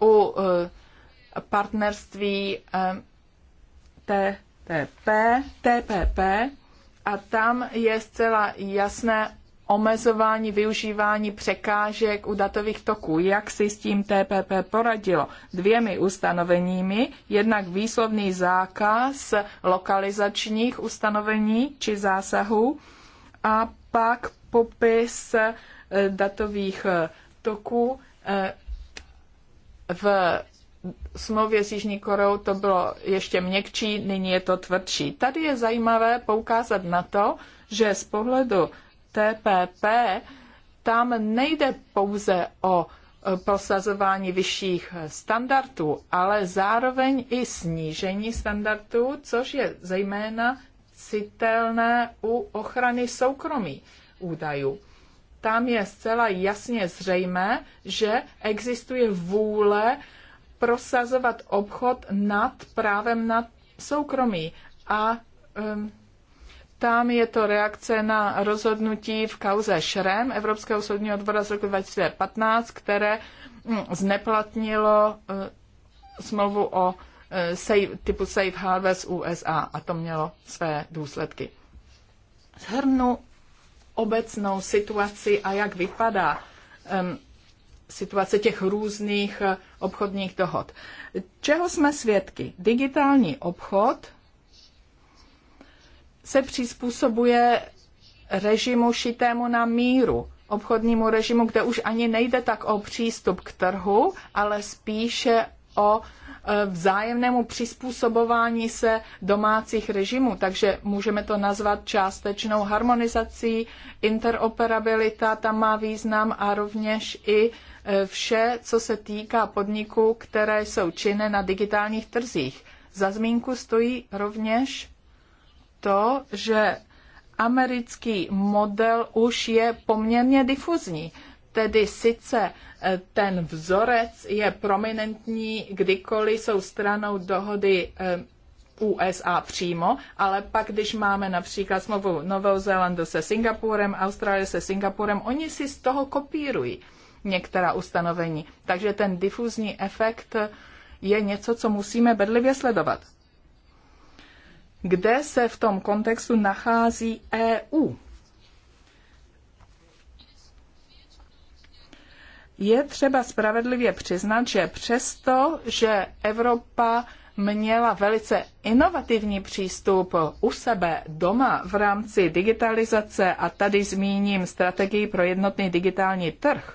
u eh, partnerství eh, TPP TPP a tam je zcela jasné omezování využívání překážek u datových toků. Jak si s tím TPP poradilo? Dvěmi ustanoveními, jednak výslovný zákaz lokalizačních ustanovení či zásahů a pak popis datových toků v smlouvě s Jižní Korou to bylo ještě měkčí, nyní je to tvrdší. Tady je zajímavé poukázat na to, že z pohledu TPP tam nejde pouze o prosazování vyšších standardů, ale zároveň i snížení standardů, což je zejména citelné u ochrany soukromí údajů tam je zcela jasně zřejmé, že existuje vůle prosazovat obchod nad právem na soukromí. A um, tam je to reakce na rozhodnutí v kauze Šrem Evropského soudního dvora z roku 2015, které hm, zneplatnilo eh, smlouvu o eh, safe, typu Safe Harvest USA a to mělo své důsledky. Zhrnu obecnou situaci a jak vypadá um, situace těch různých eh, obchodních dohod. Čeho jsme svědky? Digitální obchod se přizpůsobuje režimu šitému na míru, obchodnímu režimu, kde už ani nejde tak o přístup k trhu, ale spíše o Eh, vzájemnému přizpůsobování se domácích režimů. Takže můžeme to nazvat částečnou harmonizací, interoperabilita tam má význam a rovněž i eh, vše, co se týká podniků, které jsou činné na digitálních trzích. Za zmínku stojí rovněž to, že americký model už je poměrně difuzní. Tedy sice eh, ten vzorec je prominentní, kdykoliv jsou stranou dohody eh, USA přímo, ale pak, když máme například smlouvu Novou Zélandu se Singapurem, Austrálie se Singapurem, oni si z toho kopírují některá ustanovení. Takže ten difuzní efekt eh, je něco, co musíme bedlivě sledovat. Kde se v tom kontextu nachází EU? je třeba spravedlivě přiznat, že přesto, že Evropa měla velice inovativní přístup u sebe doma v rámci digitalizace a tady zmíním strategii pro jednotný digitální trh,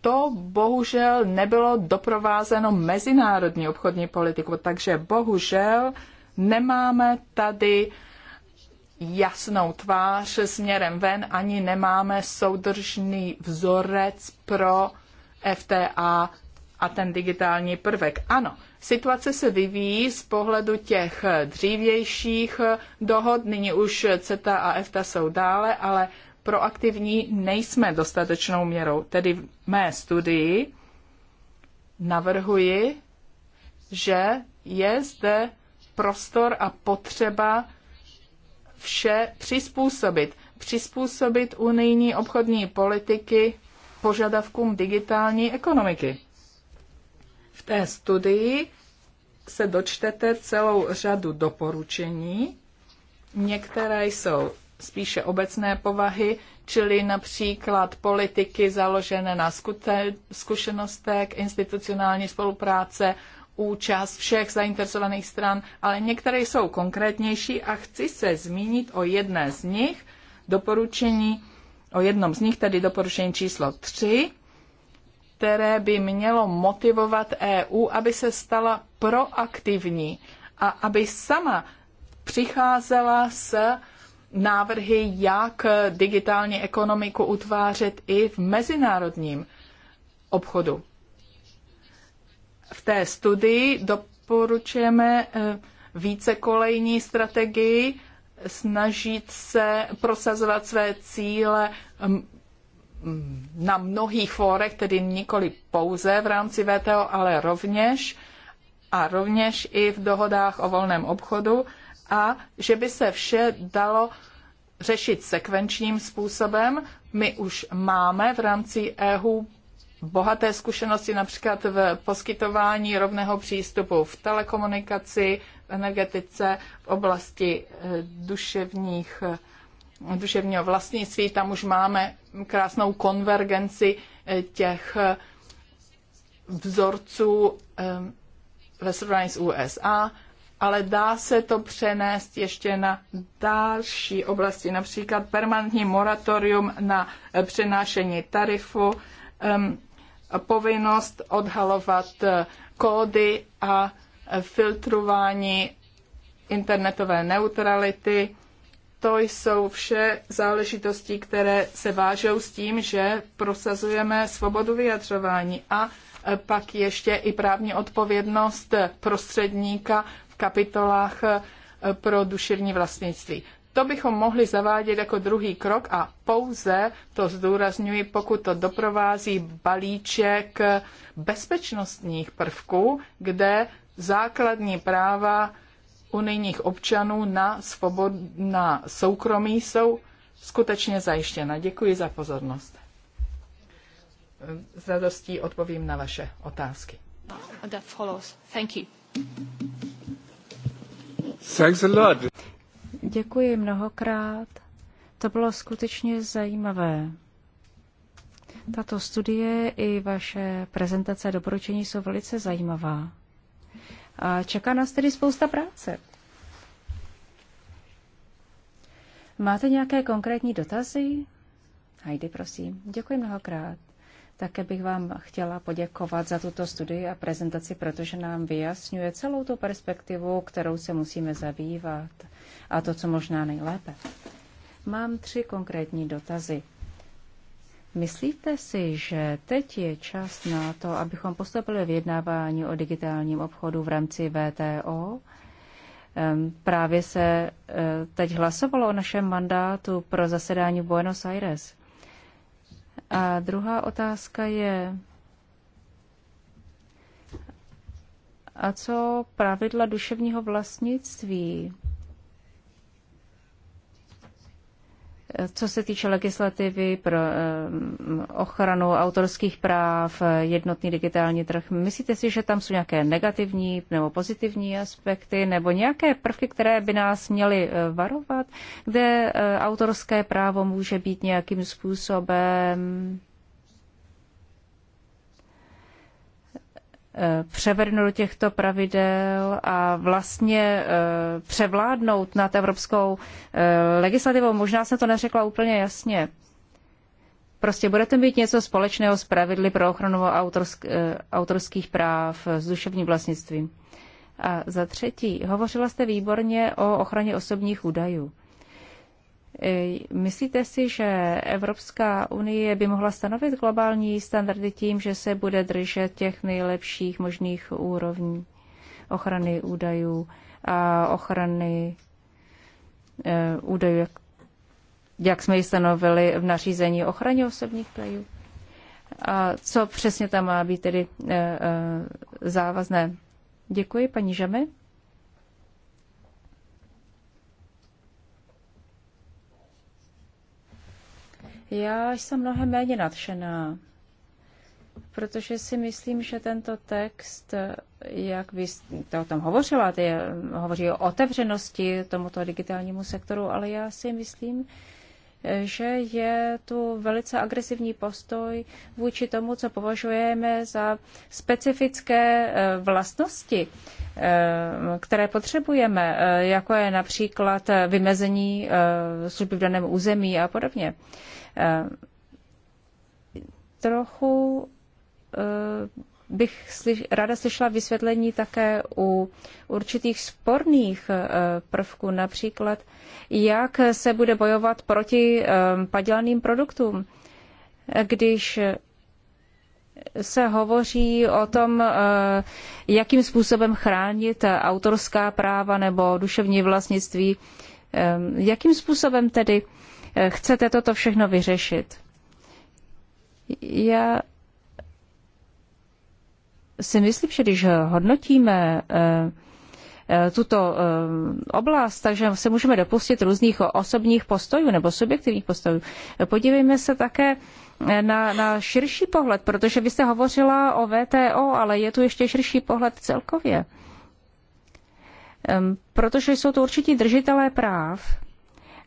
to bohužel nebylo doprovázeno mezinárodní obchodní politikou, takže bohužel nemáme tady jasnou tvář směrem ven, ani nemáme soudržný vzorec pro FTA a ten digitální prvek. Ano, situace se vyvíjí z pohledu těch dřívějších dohod, nyní už CETA a EFTA jsou dále, ale proaktivní nejsme dostatečnou měrou. Tedy v mé studii navrhuji, že je zde prostor a potřeba vše přizpůsobit. Přizpůsobit unijní obchodní politiky požadavkům digitální ekonomiky. V té studii se dočtete celou řadu doporučení. Některé jsou spíše obecné povahy, čili například politiky založené na zkušenostech, institucionální spolupráce, účast všech zainteresovaných stran, ale některé jsou konkrétnější a chci se zmínit o jedné z nich, doporučení, o jednom z nich, tedy doporučení číslo 3, které by mělo motivovat EU, aby se stala proaktivní a aby sama přicházela s návrhy, jak digitální ekonomiku utvářet i v mezinárodním obchodu v té studii doporučujeme eh, více kolejní strategii, snažit se prosazovat své cíle mm, mm, na mnohých fórech, tedy nikoli pouze v rámci VTO, ale rovněž a rovněž i v dohodách o volném obchodu a že by se vše dalo řešit sekvenčním způsobem. My už máme v rámci EU bohaté zkušenosti například v poskytování rovného přístupu v telekomunikaci, v energetice, v oblasti eh, duševních, eh, duševního vlastnictví. Tam už máme krásnou konvergenci eh, těch vzorců ve srovnání s USA, ale dá se to přenést ještě na další oblasti, například permanentní moratorium na přenášení tarifu, Um, povinnost odhalovat uh, kódy a filtrování internetové neutrality. To jsou vše záležitosti, které se vážou s tím, že prosazujeme svobodu vyjadřování a uh, pak ještě i právní odpovědnost prostředníka v kapitolách uh, pro duševní vlastnictví. To bychom mohli zavádět jako druhý krok a pouze, to zdůrazňuji, pokud to doprovází balíček bezpečnostních prvků, kde základní práva unijních občanů na, svobod, na soukromí jsou skutečně zajištěna. Děkuji za pozornost. S radostí odpovím na vaše otázky. That follows. Thank you. Thanks a lot. Děkuji mnohokrát. To bylo skutečně zajímavé. Tato studie i vaše prezentace a doporučení jsou velice zajímavá. A čeká nás tedy spousta práce. Máte nějaké konkrétní dotazy? Hajdy, prosím. Děkuji mnohokrát. Také bych vám chtěla poděkovat za tuto studii a prezentaci, protože nám vyjasňuje celou tu perspektivu, kterou se musíme zabývat a to, co možná nejlépe. Mám tři konkrétní dotazy. Myslíte si, že teď je čas na to, abychom v jednávání o digitálním obchodu v rámci VTO? Ehm, právě se eh, teď hlasovalo o našem mandátu pro zasedání v Buenos Aires. A druhá otázka je, a co pravidla duševního vlastnictví? Co se týče legislativy pro eh, ochranu autorských práv, jednotný digitální trh, myslíte si, že tam jsou nějaké negativní nebo pozitivní aspekty nebo nějaké prvky, které by nás měly eh, varovat, kde eh, autorské právo může být nějakým způsobem Eh, převrhnout do těchto pravidel a vlastně eh, převládnout nad evropskou eh, legislativou. Možná jsem to neřekla úplně jasně. Prostě budete mít něco společného s pravidly pro ochranu autorsk, autorských práv s duševním vlastnictvím. A za třetí, hovořila jste výborně o ochraně osobních údajů. E, myslíte si, že Evropská unie by mohla stanovit globální standardy tím, že se bude držet těch nejlepších možných úrovní ochrany údajů a ochrany e, údajů, jak, jsme ji stanovili v nařízení ochraně osobních údajů? A co přesně tam má být tedy e, závazné? Děkuji, paní Žamy. Já jsem mnohem méně nadšená, protože si myslím, že tento text, jak vy to o tom hovořila, hovoří o otevřenosti tomuto digitálnímu sektoru, ale já si myslím, že je tu velice agresivní postoj vůči tomu, co považujeme za specifické eh, vlastnosti, eh, které potřebujeme, eh, jako je například vymezení služby v daném území a podobně. Trochu bych slyš, ráda slyšela vysvětlení také u určitých sporných eh, prvků, například jak se bude bojovat proti eh, padělaným produktům, když se hovoří o tom, eh, jakým způsobem chránit autorská práva nebo duševní vlastnictví. Jakým způsobem tedy chcete toto všechno vyřešit? Já si myslím, že když hodnotíme eh, eh, tuto eh, oblast, takže se můžeme dopustit různých osobních postojů nebo subjektivních postojů. Podívejme se také na, na širší pohled, protože vy jste hovořila o VTO, ale je tu ještě širší pohled celkově. Ehm, protože jsou to určití držitelé práv.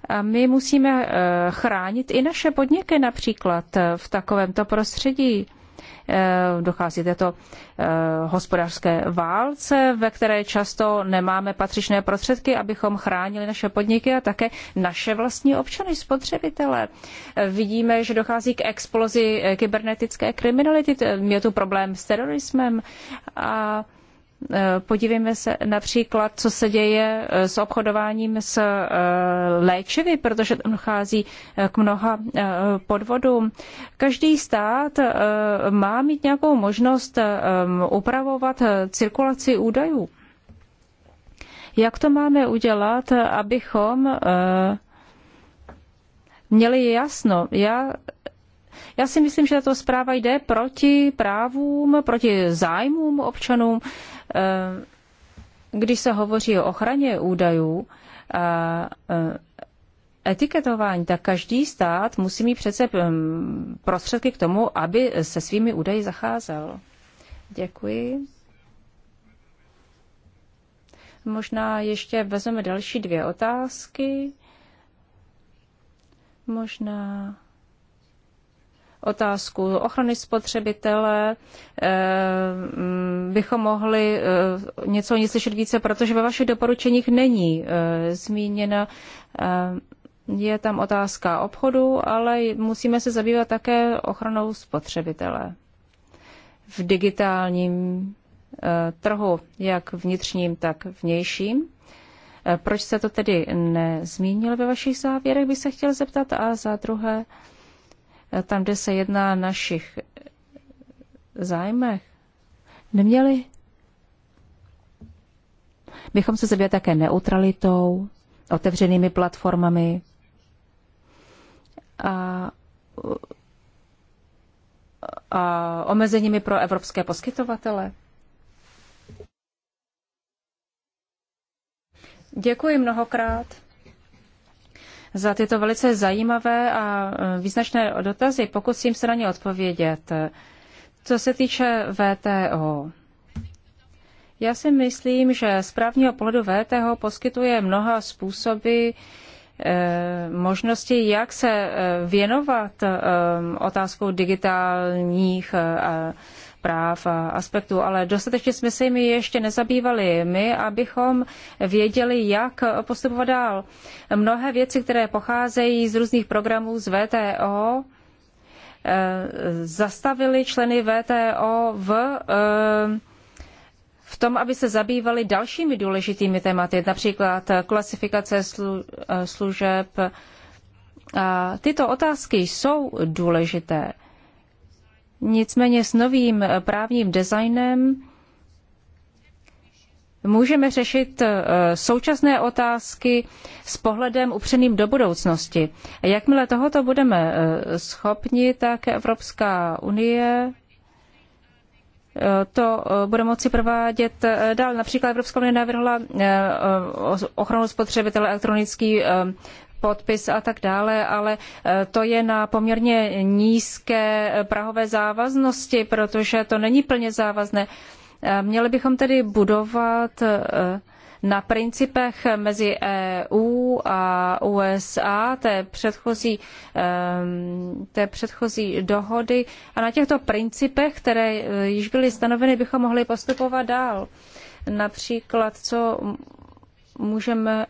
A my musíme chránit i naše podniky například v takovémto prostředí Eh, dochází této eh, hospodářské válce, ve které často nemáme patřičné prostředky, abychom chránili naše podniky a také naše vlastní občany, spotřebitele. Eh, vidíme, že dochází k explozi kybernetické kriminality, je tu problém s terorismem a Eh, podívejme se například, co se děje eh, s obchodováním s eh, léčivy, protože tam dochází k mnoha podvodům. Každý stát má mít nějakou možnost upravovat cirkulaci údajů. Jak to máme udělat, abychom měli jasno? Já já si myslím, že tato zpráva jde proti právům, proti zájmům občanům. Eh, když se hovoří o ochraně údajů a eh, etiketování, tak každý stát musí mít přece eh, prostředky k tomu, aby se svými údaji zacházel. Děkuji. Možná ještě vezmeme další dvě otázky. Možná otázku ochrany spotřebitele eh, mm, bychom mohli eh, něco o ní slyšet více, protože ve vašich doporučeních není eh, zmíněna. Je tam otázka obchodu, ale musíme se zabývat také ochranou spotřebitele v digitálním trhu, jak vnitřním, tak vnějším. Proč se to tedy nezmínil ve vašich závěrech, bych se chtěl zeptat. A za druhé, tam, kde se jedná o našich zájmech, neměli bychom se zabývali také neutralitou, otevřenými platformami a, a omezeními pro evropské poskytovatele. Děkuji mnohokrát za tyto velice zajímavé a e, význačné dotazy. Pokusím se na ně odpovědět. Co se týče VTO, já si myslím, že z právního pohledu VTO poskytuje mnoha způsoby e, možnosti, jak se e, věnovat otázkou digitálních práv a aspektů, ale dostatečně jsme se jimi ještě nezabývali my, abychom věděli, jak postupovat dál. Mnohé věci, které pocházejí z různých programů z VTO, eh, zastavili členy VTO v eh, v tom, aby se zabývali dalšími důležitými tématy, například klasifikace slu, eh, služeb. A tyto otázky jsou důležité. Nicméně s novým právním designem můžeme řešit eh, současné otázky s pohledem upřeným do budoucnosti. Jakmile tohoto budeme eh, schopni, tak Evropská unie eh, to bude moci provádět dál. Například Evropská unie navrhla ochranu spotřebitele elektronický podpis a tak dále, ale e, to je na poměrně nízké e, prahové závaznosti, protože to není plně závazné. E, měli bychom tedy budovat na principech mezi EU a USA, té předchozí, té předchozí dohody. A na těchto principech, které již byly stanoveny, bychom mohli postupovat dál. Například, co můžeme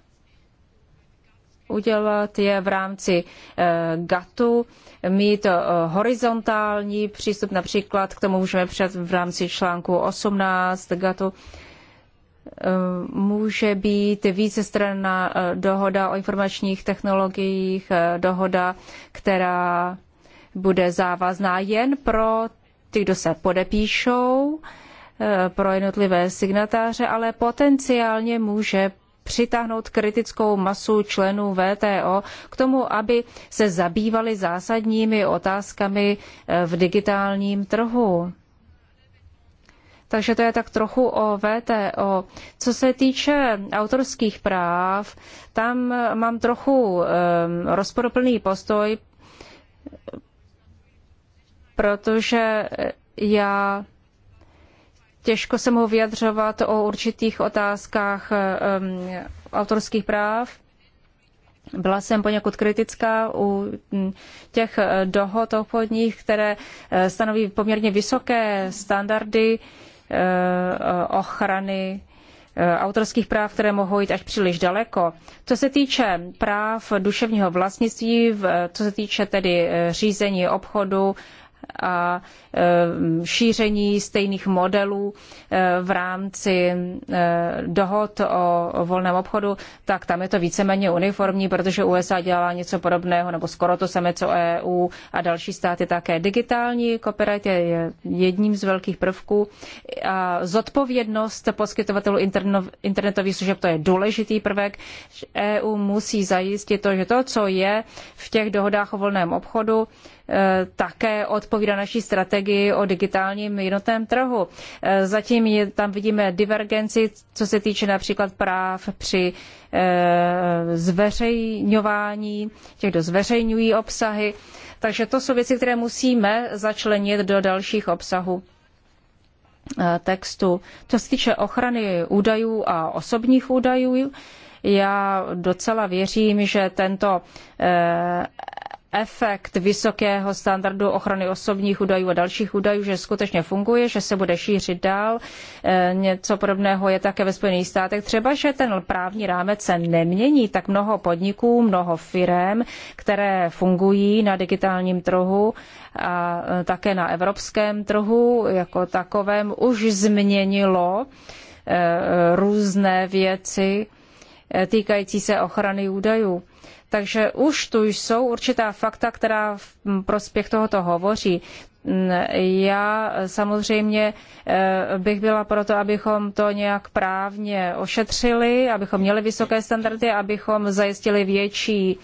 udělat, je v rámci eh, GATu mít eh, horizontální přístup, například k tomu můžeme přijat v rámci článku 18 GATu, eh, může být vícestranná dohoda o informačních technologiích, dohoda, která bude závazná jen pro ty, kdo se podepíšou, pro jednotlivé signatáře, ale potenciálně může přitáhnout kritickou masu členů VTO k tomu, aby se zabývali zásadními otázkami eh, v digitálním trhu. Takže to je tak trochu o VTO. Co se týče autorských práv, tam eh, mám trochu um, rozporuplný postoj, protože já těžko se mohu vyjadřovat o určitých otázkách um, autorských práv. Byla jsem poněkud kritická u mm, těch eh, dohod obchodních, které eh, stanoví poměrně vysoké standardy eh, ochrany autorských práv, které mohou jít až příliš daleko. Co se týče práv duševního vlastnictví, co se týče tedy řízení obchodu a e, šíření stejných modelů e, v rámci e, dohod o volném obchodu, tak tam je to víceméně uniformní, protože USA dělá něco podobného, nebo skoro to samé, co EU a další státy také. Digitální copyright je jedním z velkých prvků. A zodpovědnost poskytovatelů internetových služeb, to je důležitý prvek. EU musí zajistit to, že to, co je v těch dohodách o volném obchodu, Eh, také odpovídá naší strategii o digitálním jednotném trhu. Eh, zatím je, tam vidíme divergenci, co se týče například práv při eh, zveřejňování, těch, kdo zveřejňují obsahy. Takže to jsou věci, které musíme začlenit do dalších obsahů textu. Co se týče ochrany údajů a osobních údajů, já docela věřím, že tento efekt vysokého standardu ochrany osobních údajů a dalších údajů, že skutečně funguje, že se bude šířit dál. E, něco podobného je také ve Spojených státech. Třeba, že ten právní rámec se nemění, tak mnoho podniků, mnoho firm, které fungují na digitálním trhu a e, také na evropském trhu jako takovém, už změnilo e, různé věci týkající se ochrany údajů takže už tu jsou určitá fakta, která v prospěch tohoto hovoří. Mm, Já samozřejmě eh, bych byla proto, abychom to nějak právně ošetřili, abychom měli vysoké standardy, abychom zajistili větší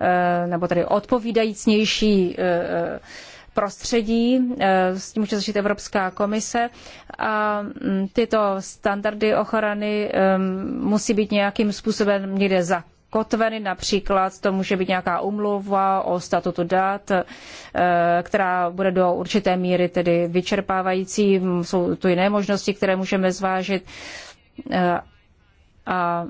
eh, nebo tedy odpovídajícnější eh, prostředí, s tím může začít Evropská komise a mm, tyto standardy ochrany musí být nějakým způsobem někde za kotveny, například to může být nějaká umluva o statutu dat, eh, která bude do určité míry tedy vyčerpávající, jsou tu jiné možnosti, které můžeme zvážit. Eh, a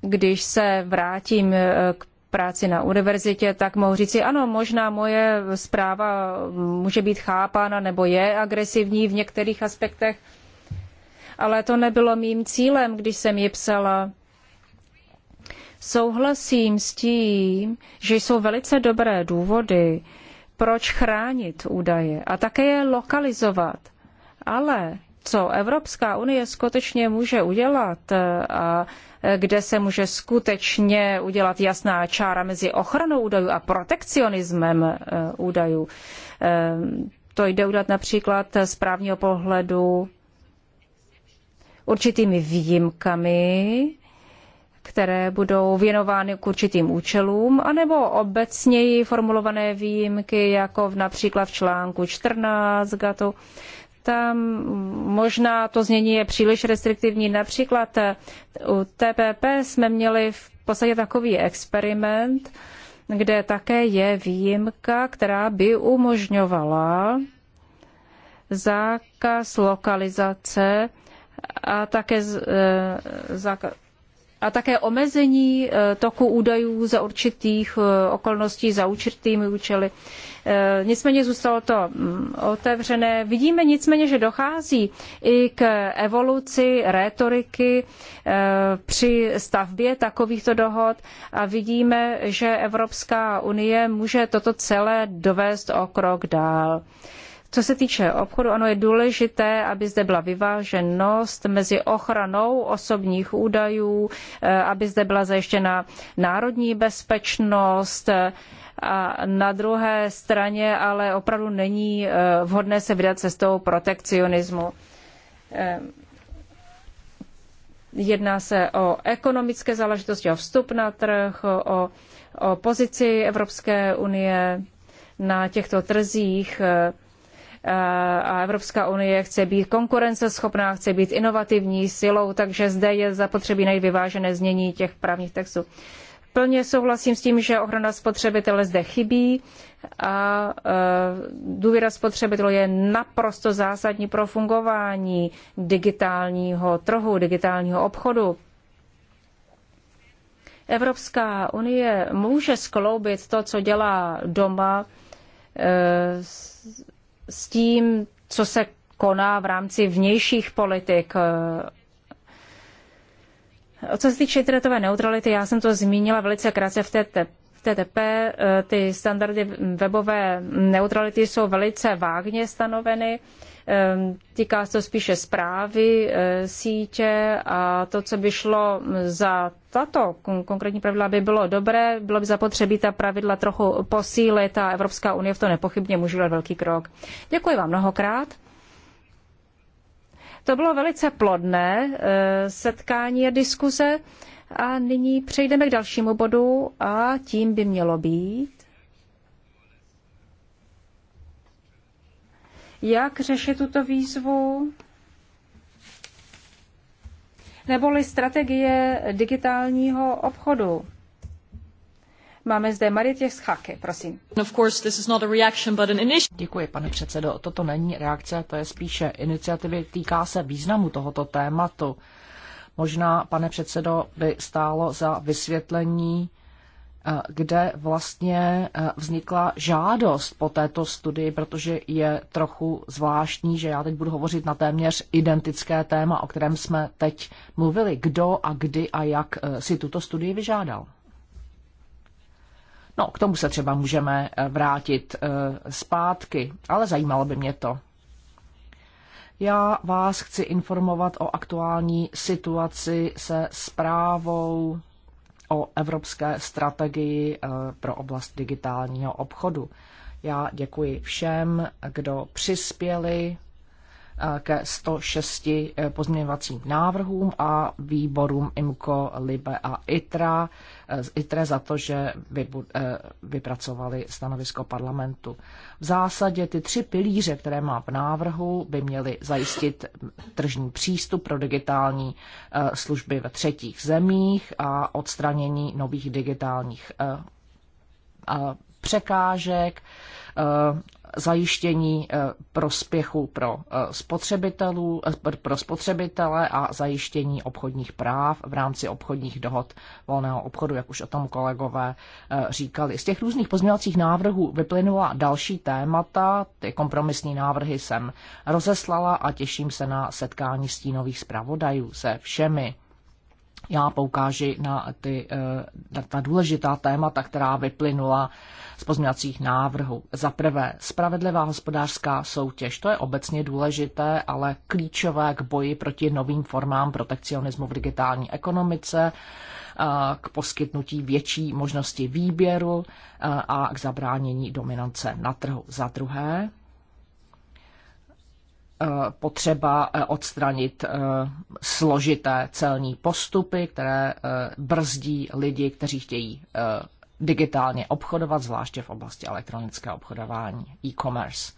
když se vrátím eh, k práci na univerzitě, tak mohu říci, ano, možná moje zpráva může být chápána nebo je agresivní v některých aspektech, ale to nebylo mým cílem, když jsem ji psala Souhlasím s tím, že jsou velice dobré důvody, proč chránit údaje a také je lokalizovat. Ale co Evropská unie skutečně může udělat eh, a eh, kde se může skutečně udělat jasná čára mezi ochranou údajů a protekcionismem eh, údajů. To jde udělat například z právního pohledu určitými výjimkami které budou věnovány k určitým účelům, anebo obecněji formulované výjimky, jako v, například v článku 14 GATU. Tam možná to znění je příliš restriktivní. Například eh, u TPP jsme měli v podstatě takový experiment, kde také je výjimka, která by umožňovala zákaz lokalizace a také eh, zákaz a také omezení eh, toku údajů za určitých eh, okolností, za určitými účely. Eh, nicméně zůstalo to mm, otevřené. Vidíme nicméně, že dochází i k evoluci rétoriky při stavbě takovýchto dohod a vidíme, že Evropská unie může toto celé dovést o krok dál. Co se týče obchodu, ano, je důležité, aby zde byla vyváženost mezi ochranou osobních údajů, eh, aby zde byla zajištěna národní bezpečnost, eh, a na druhé straně ale opravdu není eh, vhodné se vydat cestou protekcionismu. Jedná se o ekonomické záležitosti, o vstup na trh, o, o pozici Evropské unie na těchto trzích a Evropská unie chce být konkurenceschopná, chce být inovativní silou, takže zde je zapotřebí najít vyvážené znění těch právních textů. Plně souhlasím s tím, že ochrana spotřebitele zde chybí a e, důvěra spotřebitelů je naprosto zásadní pro fungování digitálního trhu, digitálního obchodu. Evropská unie může skloubit to, co dělá doma, e, s tím, co se koná v rámci vnějších politik. O co se týče internetové neutrality, já jsem to zmínila velice krátce v té TTP ty standardy webové neutrality jsou velice vágně stanoveny. Ehm, týká se to spíše zprávy eh, sítě a to, co by šlo za tato konkrétní pravidla, by bylo dobré, bylo by zapotřebí ta pravidla trochu posílit a Evropská unie v to nepochybně může dělat velký krok. Děkuji vám mnohokrát. To bylo velice plodné eh, setkání a diskuze a nyní přejdeme k dalšímu bodu a tím by mělo být jak řešit tuto výzvu, neboli strategie digitálního obchodu. Máme zde Marie Schaky, prosím. Děkuji, pane předsedo. Toto není reakce, to je spíše iniciativy. Týká se významu tohoto tématu. Možná, pane předsedo, by stálo za vysvětlení kde vlastně e, vznikla žádost po této studii, protože je trochu zvláštní, že já teď budu hovořit na téměř identické téma, o kterém jsme teď mluvili. Kdo a kdy a jak e, si tuto studii vyžádal? No, k tomu se třeba můžeme e, vrátit zpátky, ale zajímalo by mě to. Já vás chci informovat o aktuální situaci se zprávou o evropské strategii eh, pro oblast digitálního obchodu. Já děkuji všem, kdo přispěli Eh, ke 106 eh, pozměňovacím návrhům a výborům IMCO, LIBE a ITRA. Eh, ITRE za to, že vypracovali stanovisko parlamentu. V zásadě ty tři pilíře, které má v návrhu, by měly zajistit tržní přístup pro digitální služby ve třetích zemích a odstranění nových digitálních překážek, zajištění eh, prospěchu pro, eh, spotřebitelů, eh, pro spotřebitele a zajištění obchodních práv v rámci obchodních dohod volného obchodu, jak už o tom kolegové říkali. Z těch různých pozměňovacích návrhů vyplynula další témata, ty kompromisní návrhy jsem rozeslala a těším se na setkání stínových zpravodajů se všemi já poukáži na, ty, na ta důležitá témata, která vyplynula z pozměňovacích návrhů. Za prvé, spravedlivá hospodářská soutěž. To je obecně důležité, ale klíčové k boji proti novým formám protekcionismu v digitální ekonomice, k poskytnutí větší možnosti výběru a k zabránění dominance na trhu. Za druhé, potřeba e, odstranit e, složité celní postupy, které e, brzdí lidi, kteří chtějí digitálně obchodovat, zvláště v oblasti elektronického obchodování, e-commerce.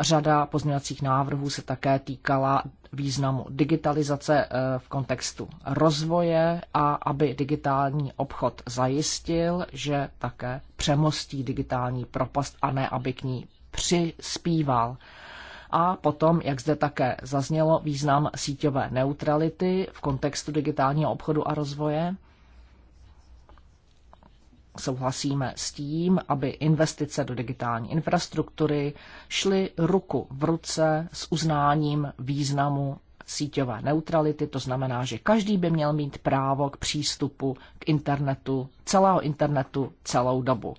Řada pozměňovacích návrhů se také týkala významu digitalizace eh, v kontextu rozvoje a aby digitální obchod zajistil, že také přemostí digitální propast a ne aby k ní přispíval. A potom, jak zde také zaznělo, význam síťové neutrality v kontextu digitálního obchodu a rozvoje Souhlasíme s tím, aby investice do digitální infrastruktury šly ruku v ruce s uznáním významu síťové neutrality, to znamená, že každý by měl mít právo k přístupu k internetu, celého internetu celou dobu.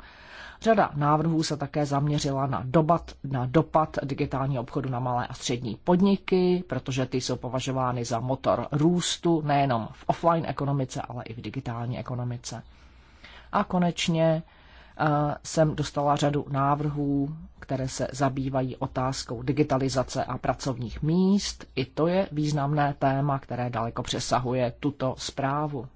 Řada návrhů se také zaměřila na, dobat, na dopad digitálního obchodu na malé a střední podniky, protože ty jsou považovány za motor růstu nejenom v offline ekonomice, ale i v digitální ekonomice. A konečně eh, jsem dostala řadu návrhů, které se zabývají otázkou digitalizace a pracovních míst. I to je významné téma, které daleko přesahuje tuto zprávu.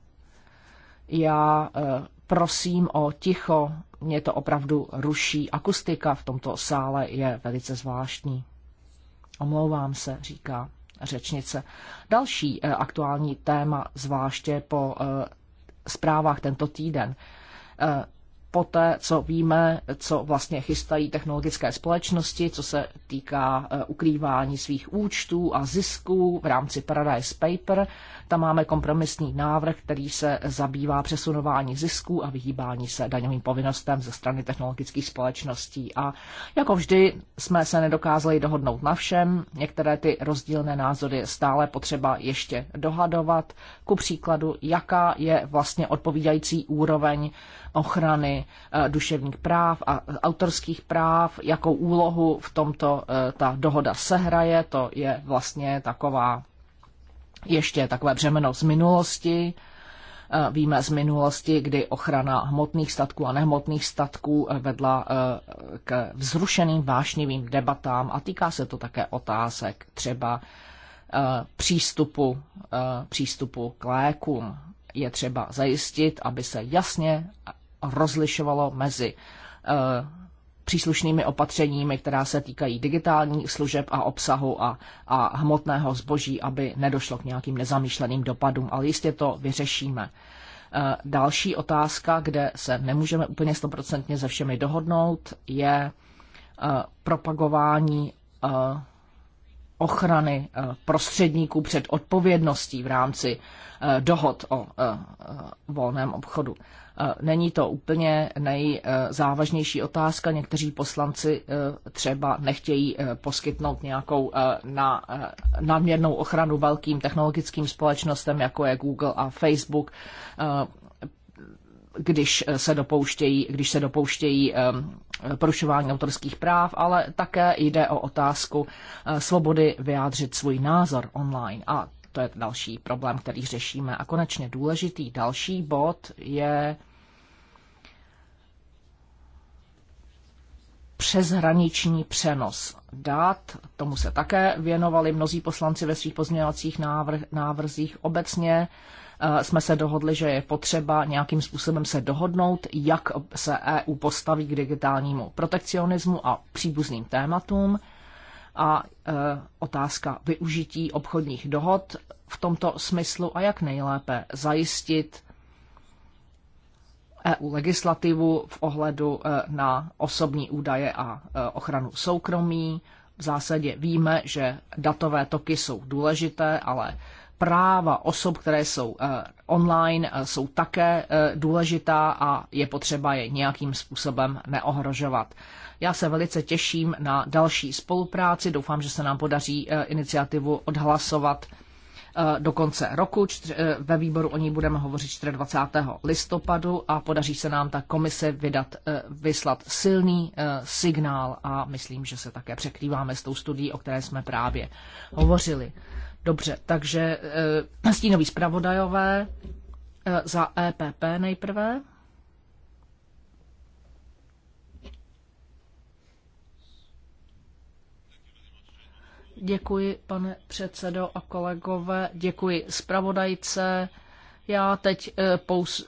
Já eh, prosím o ticho, mě to opravdu ruší. Akustika v tomto sále je velice zvláštní. Omlouvám se, říká řečnice. Další eh, aktuální téma, zvláště po zprávách tento týden, Eh, poté, co víme, co vlastně chystají technologické společnosti, co se týká eh, ukrývání svých účtů a zisků v rámci Paradise Paper. Tam máme kompromisní návrh, který se zabývá přesunování zisků a vyhýbání se daňovým povinnostem ze strany technologických společností. A jako vždy jsme se nedokázali dohodnout na všem. Některé ty rozdílné názory stále potřeba ještě dohadovat. Ku příkladu, jaká je vlastně odpovídající úroveň ochrany eh, duševních práv a autorských práv, jakou úlohu v tomto eh, ta dohoda sehraje, to je vlastně taková ještě takové břemeno z minulosti. Eh, víme z minulosti, kdy ochrana hmotných statků a nehmotných statků vedla k vzrušeným vášnivým debatám a týká se to také otázek třeba přístupu, přístupu k lékům. Je třeba zajistit, aby se jasně rozlišovalo mezi eh, příslušnými opatřeními, která se týkají digitálních služeb a obsahu a, a hmotného zboží, aby nedošlo k nějakým nezamýšleným dopadům, ale jistě to vyřešíme. Eh, další otázka, kde se nemůžeme úplně stoprocentně se všemi dohodnout, je eh, propagování ochrany prostředníků před odpovědností v rámci dohod o volném obchodu. Eh, není to úplně nejzávažnější otázka. Někteří poslanci eh, třeba nechtějí eh, poskytnout nějakou na, nadměrnou ochranu velkým technologickým společnostem, jako je Google a Facebook, když se dopouštějí, když se dopouštějí porušování autorských práv, ale také jde o otázku svobody vyjádřit svůj názor online. A to je další problém, který řešíme. A konečně důležitý další bod je přeshraniční přenos dat. Tomu se také věnovali mnozí poslanci ve svých pozměňovacích návrh, návrzích. Obecně eh, jsme se dohodli, že je potřeba nějakým způsobem se dohodnout, jak se EU postaví k digitálnímu protekcionismu a příbuzným tématům a e, otázka využití obchodních dohod v tomto smyslu a jak nejlépe zajistit EU legislativu v ohledu e, na osobní údaje a e, ochranu soukromí. V zásadě víme, že datové toky jsou důležité, ale práva osob, které jsou online, jsou také důležitá a je potřeba je nějakým způsobem neohrožovat. Já se velice těším na další spolupráci. Doufám, že se nám podaří eh, iniciativu odhlasovat eh, do konce roku. Eh, ve výboru o ní budeme hovořit 24. listopadu a podaří se nám ta komise vydat, vyslat silný signál a myslím, že se také překrýváme s tou studií, o které jsme právě hovořili. Dobře, takže stínoví zpravodajové za EPP nejprve. Děkuji, pane předsedo a kolegové, děkuji zpravodajce. Já teď eh,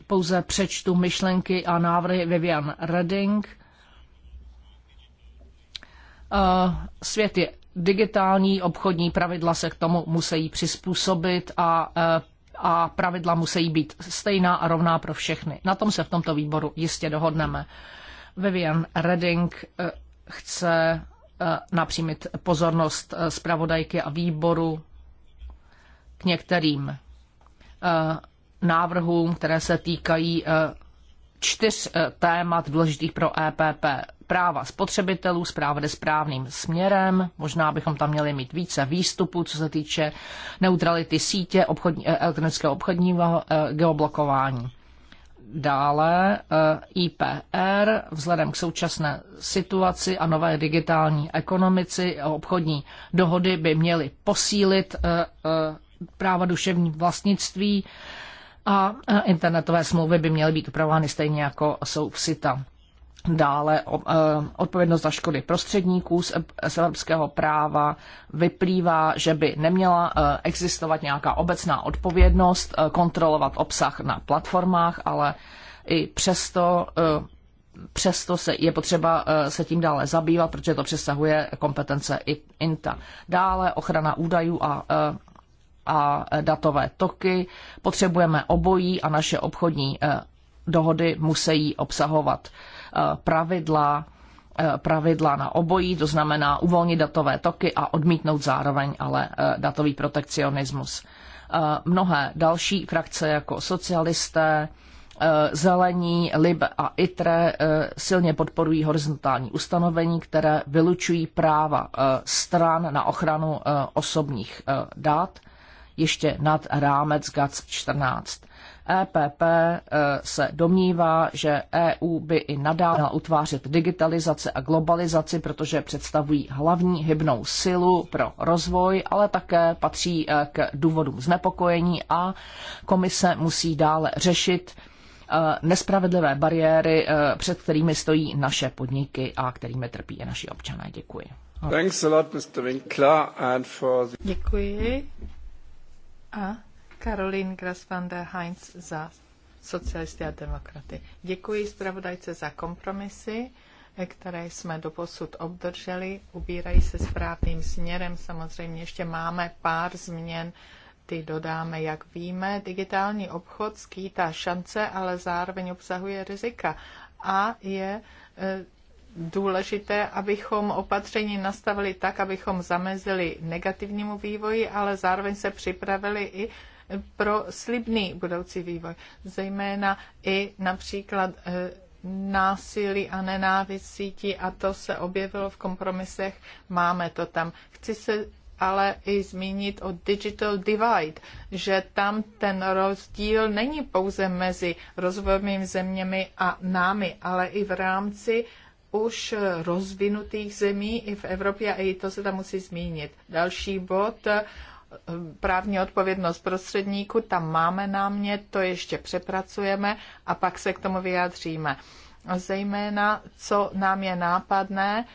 pouze přečtu myšlenky a návrhy Vivian Redding. Eh, svět je digitální, obchodní pravidla se k tomu musí přizpůsobit a, eh, a pravidla musí být stejná a rovná pro všechny. Na tom se v tomto výboru jistě dohodneme. Vivian Redding chce napřímit pozornost eh, zpravodajky a výboru k některým eh, návrhům, které se týkají eh, čtyř témat důležitých pro EPP. Práva spotřebitelů, zpráva jde správným směrem, možná bychom tam měli mít více výstupů, co se týče neutrality sítě, obchodní, elektronického obchodního geoblokování. Dále eh, IPR vzhledem k současné situaci a nové digitální ekonomici a obchodní dohody by měly posílit eh, eh, práva duševní vlastnictví a internetové smlouvy by měly být upravovány stejně jako jsou v SITA dále eh, odpovědnost za škody prostředníků z evropského práva vyplývá, že by neměla eh, existovat nějaká obecná odpovědnost eh, kontrolovat obsah na platformách, ale i přesto přesto se, je potřeba se tím dále zabývat, protože to přesahuje kompetence i INTA. Dále ochrana údajů a a datové toky. Potřebujeme obojí a naše obchodní dohody musí obsahovat Eh, pravidla, eh, pravidla na obojí, to znamená uvolnit datové toky a odmítnout zároveň ale eh, datový protekcionismus. Mnohé další frakce jako socialisté, Zelení, Lib a ITRE silně podporují horizontální ustanovení, které vylučují práva stran na ochranu osobních dat ještě nad rámec GATS 14. EPP e, se domnívá, že EU by i nadále měla utvářet digitalizaci a globalizaci, protože představují hlavní hybnou silu pro rozvoj, ale také patří e, k důvodům znepokojení a komise musí dále řešit e, nespravedlivé bariéry, před kterými stojí naše podniky a kterými trpí i naši občané. Děkuji. Děkuji. A Karolín Grasvan der Heinz za socialisty a demokraty. Děkuji zpravodajce za kompromisy, eh, které jsme doposud obdrželi. Ubírají se správným směrem. Samozřejmě ještě máme pár změn, ty dodáme, jak víme. Digitální obchod skýtá šance, ale zároveň obsahuje rizika. A je eh, důležité, abychom opatření nastavili tak, abychom zamezili negativnímu vývoji, ale zároveň se připravili i pro slibný budoucí vývoj, zejména i například eh, násilí a nenávist sítí a to se objevilo v kompromisech, máme to tam. Chci se ale i zmínit o digital divide, že tam ten rozdíl není pouze mezi rozvojovými zeměmi a námi, ale i v rámci už rozvinutých zemí i v Evropě a i to se tam musí zmínit. Další bod, právní odpovědnost prostředníku, tam máme námět, to ještě přepracujeme a pak se k tomu vyjádříme. Zejména, co nám je nápadné,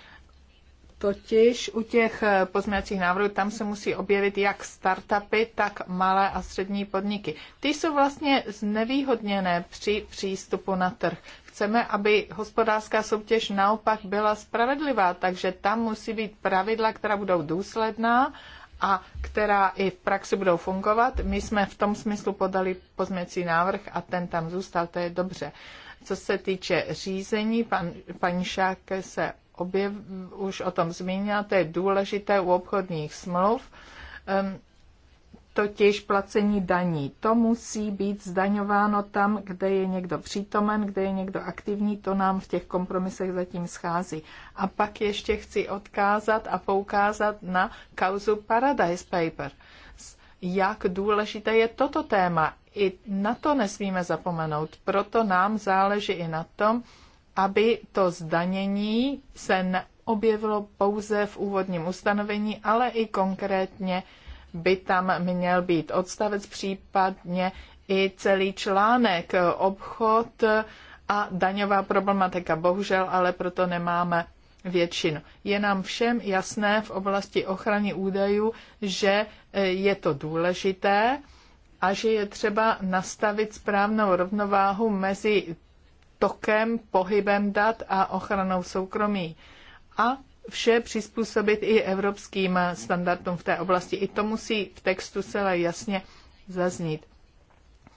Totiž u těch pozměňovacích návrhů tam se musí objevit jak startupy, tak malé a střední podniky. Ty jsou vlastně znevýhodněné při přístupu na trh. Chceme, aby hospodářská soutěž naopak byla spravedlivá, takže tam musí být pravidla, která budou důsledná a která i v praxi budou fungovat. My jsme v tom smyslu podali pozměcí návrh a ten tam zůstal, to je dobře. Co se týče řízení, pan, paní Šáke se objev, už o tom zmínila, to je důležité u obchodních smluv. Um, totiž placení daní. To musí být zdaňováno tam, kde je někdo přítomen, kde je někdo aktivní, to nám v těch kompromisech zatím schází. A pak ještě chci odkázat a poukázat na kauzu Paradise Paper. Jak důležité je toto téma. I na to nesmíme zapomenout. Proto nám záleží i na tom, aby to zdanění se neobjevilo pouze v úvodním ustanovení, ale i konkrétně by tam měl být odstavec, případně i celý článek obchod a daňová problematika. Bohužel ale proto nemáme většinu. Je nám všem jasné v oblasti ochrany údajů, že e, je to důležité a že je třeba nastavit správnou rovnováhu mezi tokem, pohybem dat a ochranou soukromí. A vše přizpůsobit i evropským standardům v té oblasti. I to musí v textu celé jasně zaznít.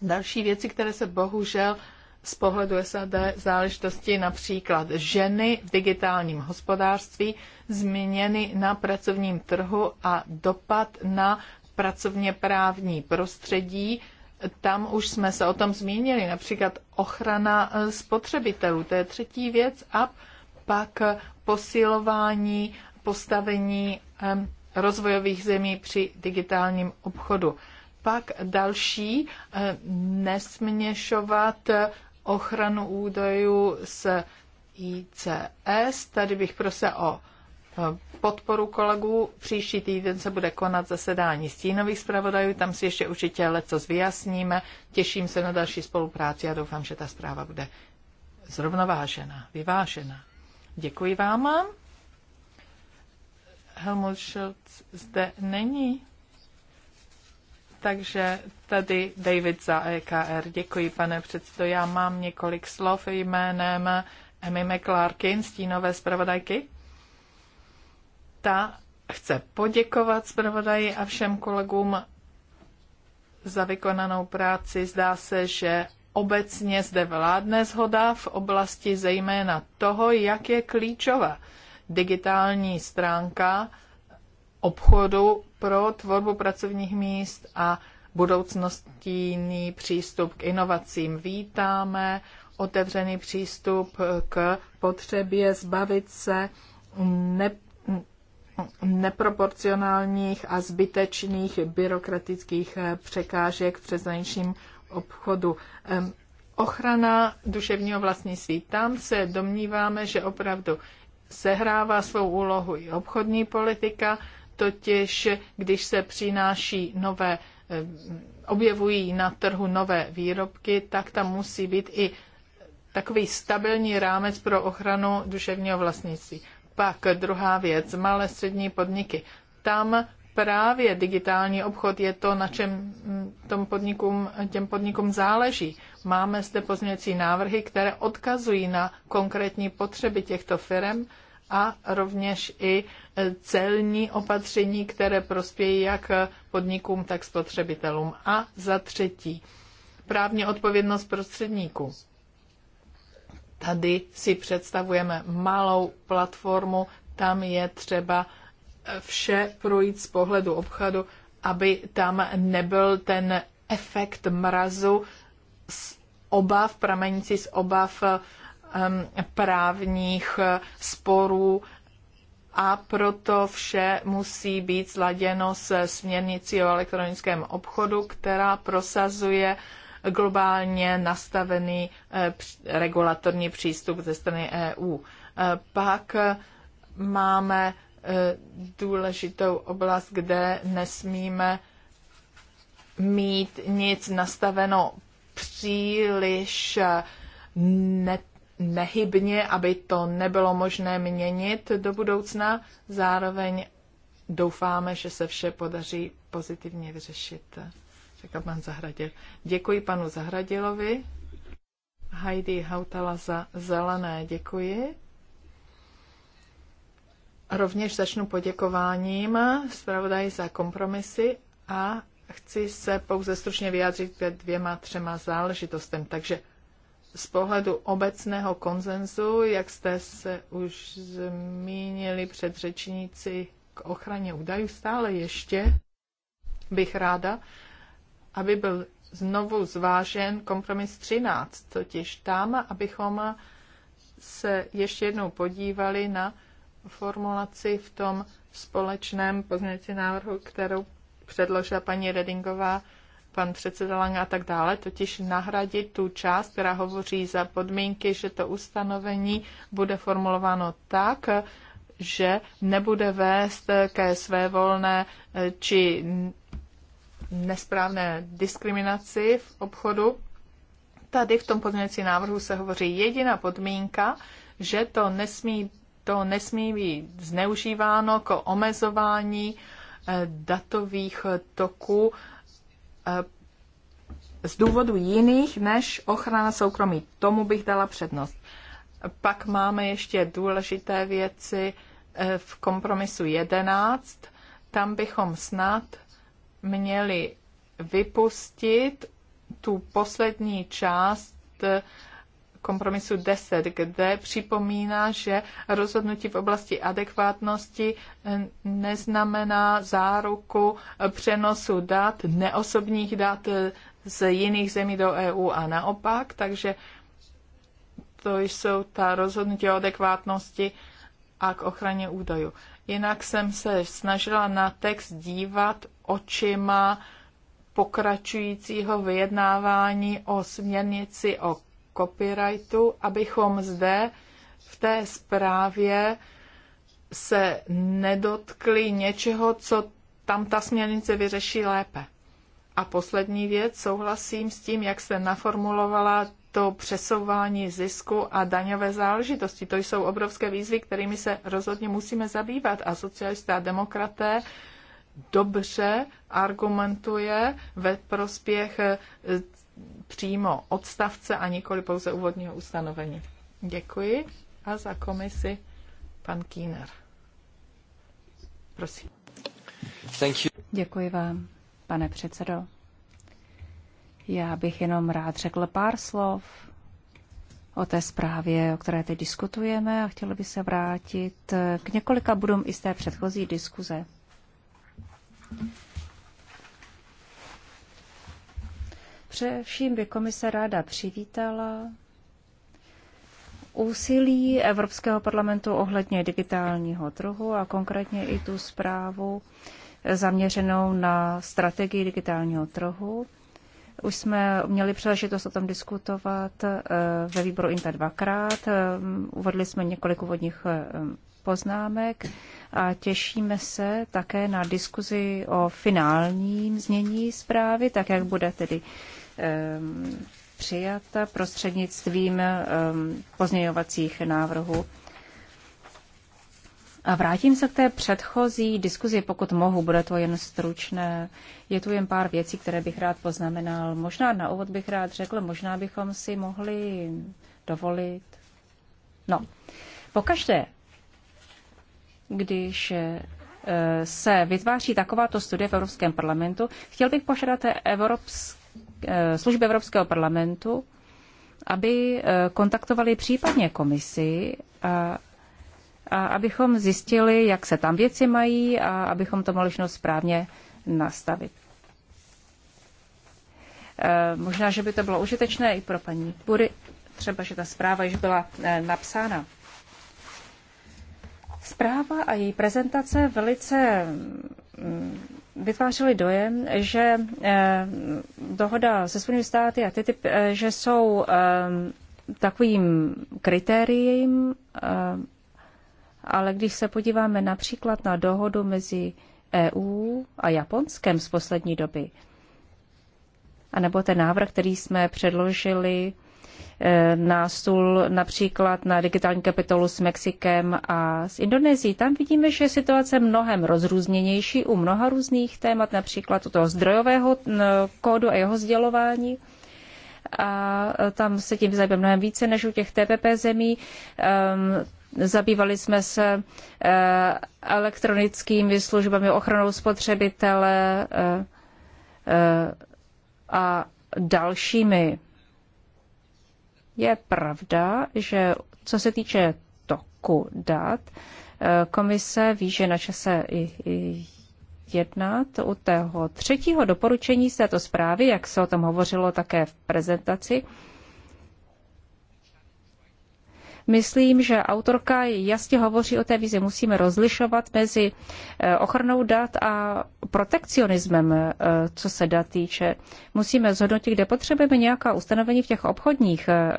Další věci, které se bohužel z pohledu SAD záležitosti například ženy v digitálním hospodářství, změny na pracovním trhu a dopad na pracovně právní prostředí. Tam už jsme se o tom zmínili, například ochrana eh, spotřebitelů, to je třetí věc, a pak posilování postavení rozvojových zemí při digitálním obchodu. Pak další, nesměšovat eh, ochranu údajů s ICS. Tady bych prosila o eh, podporu kolegů. Příští týden se bude konat zasedání stínových zpravodajů, tam si ještě určitě leco zvyjasníme. Těším se na další spolupráci a doufám, že ta zpráva bude zrovnovážená, vyvážená. Děkuji vám. Helmut Schultz zde není. Takže tady David za EKR. Děkuji, pane předsedo. Já mám několik slov jménem Emmy McClarkin, stínové zpravodajky. Ta chce poděkovat zpravodaji a všem kolegům za vykonanou práci. Zdá se, že Obecně zde vládne zhoda v oblasti zejména toho, jak je klíčová digitální stránka obchodu pro tvorbu pracovních míst a budoucnostní přístup k inovacím. Vítáme otevřený přístup k potřebě zbavit se ne, neproporcionálních a zbytečných byrokratických překážek v přeshraničním obchodu. Ochrana duševního vlastnictví. Tam se domníváme, že opravdu sehrává svou úlohu i obchodní politika, totiž když se přináší nové, objevují na trhu nové výrobky, tak tam musí být i takový stabilní rámec pro ochranu duševního vlastnictví. Pak druhá věc, malé střední podniky. Tam právě digitální obchod je to, na čem mm, tom podnikům, těm podnikům záleží. Máme zde pozměňovací návrhy, které odkazují na konkrétní potřeby těchto firm a rovněž i e, celní opatření, které prospějí jak podnikům, tak spotřebitelům. A za třetí, právní odpovědnost prostředníků. Tady si představujeme malou platformu, tam je třeba vše projít z pohledu obchodu, aby tam nebyl ten efekt mrazu z obav, pramenící z obav um, právních sporů a proto vše musí být sladěno se směrnicí o elektronickém obchodu, která prosazuje globálně nastavený eh, regulatorní přístup ze strany EU. Eh, pak eh, máme důležitou oblast, kde nesmíme mít nic nastaveno příliš eh, ne, nehybně, aby to nebylo možné měnit do budoucna. Zároveň doufáme, že se vše podaří pozitivně vyřešit. Řekl pan Zahradil. Děkuji panu Zahradilovi. Heidi Hautala za zelené děkuji. Rovněž začnu poděkováním zpravodaji za kompromisy a chci se pouze stručně vyjádřit ke dvěma, třema záležitostem. Takže z pohledu obecného konsenzu, jak jste se už zmínili řečníci k ochraně údajů, stále ještě bych ráda, aby byl znovu zvážen kompromis 13, totiž tam, abychom se ještě jednou podívali na formulaci v tom společném pozměňovacím návrhu, kterou předložila paní Redingová, pan předseda Lang a tak dále, totiž nahradit tu část, která hovoří za podmínky, že to ustanovení bude formulováno tak, že nebude vést ke své volné eh, či nesprávné diskriminaci v obchodu. Tady v tom podmínci návrhu se hovoří jediná podmínka, že to nesmí to nesmí být zneužíváno k omezování eh, datových eh, toků eh, z důvodu jiných než ochrana soukromí. Tomu bych dala přednost. Pak máme ještě důležité věci v kompromisu 11. Tam bychom snad měli vypustit tu poslední část kompromisu 10, kde připomíná, že rozhodnutí v oblasti adekvátnosti eh, neznamená záruku eh, přenosu dat, neosobních dat eh, z jiných zemí do EU a naopak, takže to jsou ta rozhodnutí o adekvátnosti a k ochraně údajů. Jinak jsem se snažila na text dívat očima pokračujícího vyjednávání o směrnici o copyrightu, abychom zde v té zprávě se nedotkli něčeho, co tam ta směrnice vyřeší lépe. A poslední věc, souhlasím s tím, jak se naformulovala to přesouvání zisku a daňové záležitosti. To jsou obrovské výzvy, kterými se rozhodně musíme zabývat. A socialisté a demokraté dobře argumentuje ve prospěch eh, přímo odstavce a nikoli pouze úvodního ustanovení. Děkuji. A za komisi pan Kýner. Prosím. Thank you. Děkuji vám, pane předsedo. Já bych jenom rád řekl pár slov o té zprávě, o které teď diskutujeme a chtěla bych se vrátit k několika budům i z té předchozí diskuze. Především by komise ráda přivítala úsilí Evropského parlamentu ohledně digitálního trhu a konkrétně i tu zprávu zaměřenou na strategii digitálního trhu. Už jsme měli příležitost o tom diskutovat eh, ve výboru INTA dvakrát. Eh, uvedli jsme několik úvodních eh, poznámek a těšíme se také na diskuzi o finálním znění zprávy, tak jak bude tedy Ehm, přijata prostřednictvím ehm, pozměňovacích návrhů. A vrátím se k té předchozí diskuzi, pokud mohu, bude to jen stručné. Je tu jen pár věcí, které bych rád poznamenal. Možná na úvod bych rád řekl, možná bychom si mohli dovolit. No, pokaždé, když eh, se vytváří takováto studie v Evropském parlamentu, chtěl bych požádat Evropský Eh, služby Evropského parlamentu, aby eh, kontaktovali případně komisi a, a abychom zjistili, jak se tam věci mají a abychom to mohli správně nastavit. Eh, možná, že by to bylo užitečné i pro paní Bury, třeba, že ta zpráva již byla napsána. Zpráva a její prezentace velice mm, vytvářely dojem, že eh, dohoda se Spojenými státy a TTIP, eh, že jsou eh, takovým kritériem, ale když se podíváme například na dohodu mezi EU a Japonskem z poslední doby, anebo ten návrh, který jsme předložili Eh, na stůl například na digitální kapitolu s Mexikem a s Indonésií. Tam vidíme, že je situace mnohem rozrůzněnější u mnoha různých témat, například u toho zdrojového kódu a jeho sdělování a eh, tam se tím zajímá mnohem více než u těch TPP zemí. Ehm, zabývali jsme se eh, elektronickými službami, ochranou spotřebitele a dalšími je pravda, že co se týče toku dat, eh, komise ví, že na čase i, i jednat u tého třetího doporučení z této zprávy, jak se o tom hovořilo také v prezentaci, Myslím, že autorka jasně hovoří o té vizi. Musíme rozlišovat mezi eh, ochranou dat a protekcionismem, eh, co se dat týče. Musíme zhodnotit, kde potřebujeme nějaká ustanovení v těch obchodních eh,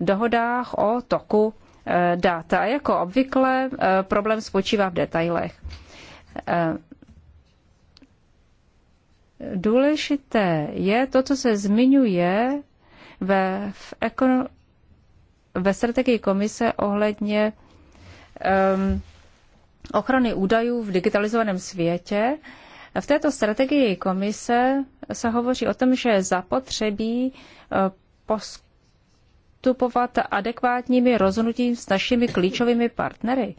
dohodách o toku dat. A jako obvykle problém spočívá v detailech. Důležité je to, co se zmiňuje ve, v, ve strategii komise ohledně um, ochrany údajů v digitalizovaném světě. V této strategii komise se hovoří o tom, že zapotřebí eh, postupovat adekvátními rozhodnutím s našimi klíčovými partnery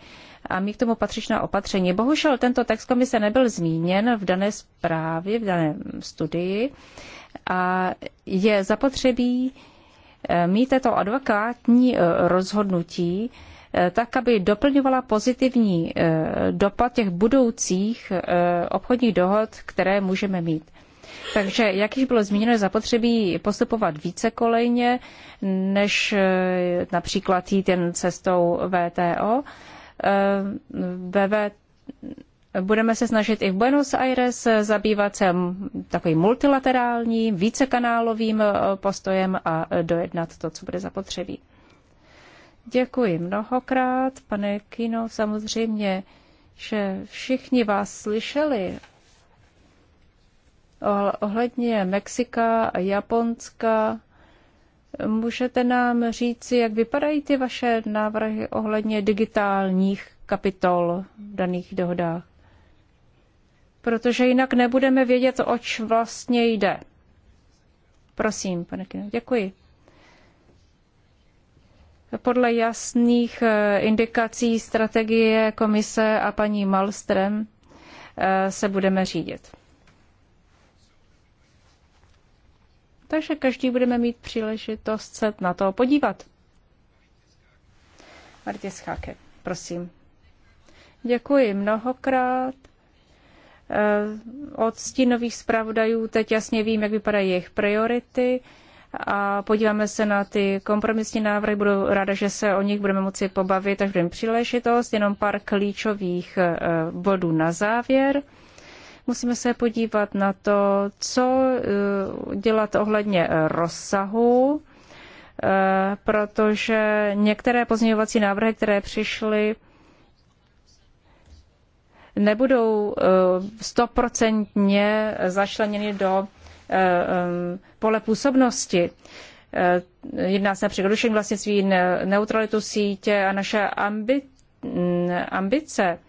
a mít k tomu patřičná opatření. Bohužel tento text komise nebyl zmíněn v dané zprávě, v daném studii a je zapotřebí mít tato advokátní e, rozhodnutí, e, tak, aby doplňovala pozitivní e, dopad těch budoucích obchodních dohod, které můžeme mít. Takže, jak již bylo zmíněno, zapotřebí postupovat více kolejně, než například jít jen cestou VTO. Ve Budeme se snažit i v Buenos Aires zabývat se takovým multilaterálním, vícekanálovým eh, postojem a eh, dojednat to, co bude zapotřebí. Děkuji mnohokrát, pane Kino, samozřejmě, že všichni vás slyšeli ohledně Mexika a Japonska. Můžete nám říci, jak vypadají ty vaše návrhy ohledně digitálních kapitol v daných dohodách? protože jinak nebudeme vědět, oč vlastně jde. Prosím, pane Kino, děkuji. Podle jasných eh, indikací strategie komise a paní Malstrem eh, se budeme řídit. Takže každý budeme mít příležitost se na to podívat. Martě Schake, prosím. Děkuji mnohokrát. Eh, od stínových zpravodajů teď jasně vím, jak vypadají jejich priority a podíváme se na ty kompromisní návrhy. Budu ráda, že se o nich budeme moci pobavit, až budeme příležitost. Jenom pár klíčových eh, bodů na závěr. Musíme se podívat na to, co eh, dělat ohledně rozsahu, protože některé pozměňovací návrhy, které přišly, nebudou eh, stoprocentně zašleněny do eh, eh, pole působnosti. Jedná se například rušení vlastnictví, neutralitu sítě a naše mm, ambice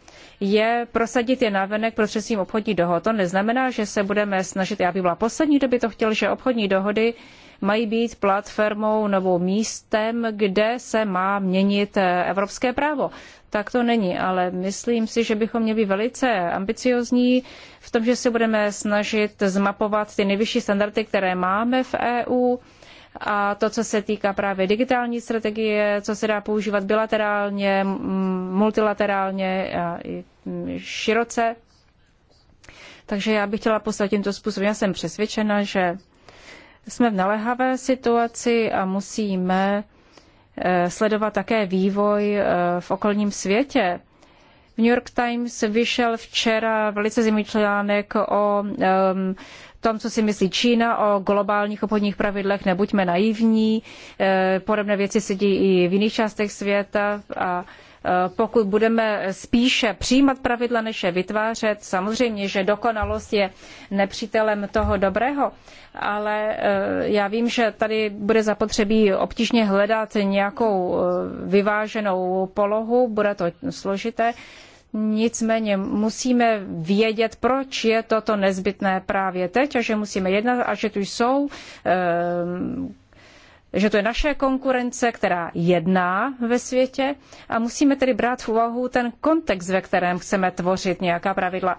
je prosadit je navenek prostřednictvím obchodní dohod. To neznamená, že se budeme snažit, já bych byla poslední, kdo by to chtěl, že obchodní dohody mají být platformou nebo místem, kde se má měnit eh, evropské právo. Tak to není, ale myslím si, že bychom měli být velice ambiciozní v tom, že se budeme snažit zmapovat ty nejvyšší standardy, které máme v EU a to, co se týká právě digitální strategie, co se dá používat bilaterálně, multilaterálně a i široce. Takže já bych chtěla poslat tímto způsobem. Já jsem přesvědčena, že jsme v naléhavé situaci a musíme eh, sledovat také vývoj eh, v okolním světě. V New York Times vyšel včera velice zimný článek o um, tom, co si myslí Čína o globálních obchodních pravidlech, nebuďme naivní. E, podobné věci se dějí i v jiných částech světa a Eh, pokud budeme spíše přijímat pravidla, než je vytvářet, samozřejmě, že dokonalost je nepřítelem toho dobrého, ale eh, já vím, že tady bude zapotřebí obtížně hledat nějakou eh, vyváženou polohu, bude to složité. Nicméně musíme vědět, proč je toto nezbytné právě teď a že musíme jednat a že tu jsou že to je naše konkurence, která jedná ve světě a musíme tedy brát v úvahu ten kontext, ve kterém chceme tvořit nějaká pravidla.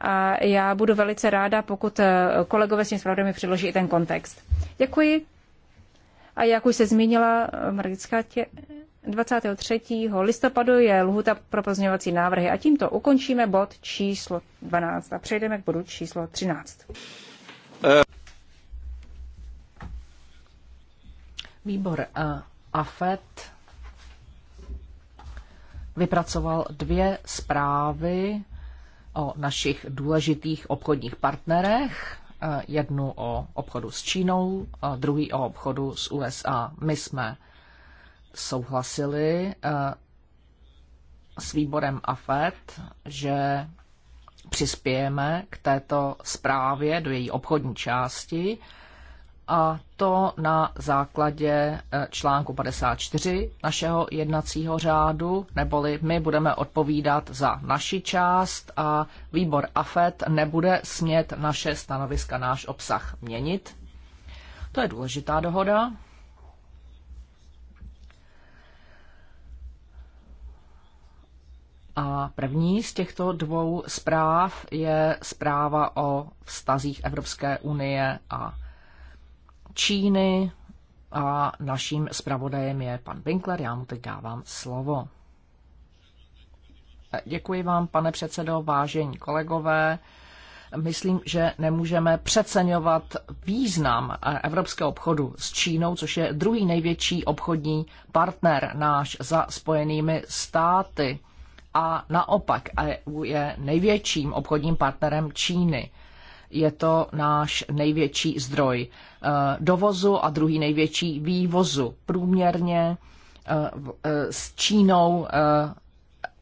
A já budu velice ráda, pokud eh, kolegové s tím zpravodajem předloží i ten kontext. Děkuji. A jak už se zmínila, eh, Margická tě... 23. listopadu je lhuta pro pozměňovací návrhy a tímto ukončíme bod číslo 12 a přejdeme k bodu číslo 13. Uh. Výbor eh, AFET vypracoval dvě zprávy o našich důležitých obchodních partnerech. Eh, jednu o obchodu s Čínou, druhý o obchodu s USA. My jsme souhlasili eh, s výborem AFET, že přispějeme k této zprávě do její obchodní části a to na základě eh, článku 54 našeho jednacího řádu, neboli my budeme odpovídat za naši část a výbor AFET nebude smět naše stanoviska, náš obsah měnit. To je důležitá dohoda. A první z těchto dvou zpráv je zpráva o vztazích Evropské unie a Číny a naším zpravodajem je pan Winkler. Já mu teď dávám slovo. Eh, děkuji vám, pane předsedo, vážení kolegové. Myslím, že nemůžeme přeceňovat význam eh, evropského obchodu s Čínou, což je druhý největší obchodní partner náš za spojenými státy. A naopak EU je největším obchodním partnerem Číny je to náš největší zdroj eh, dovozu a druhý největší vývozu. Průměrně eh, eh, s Čínou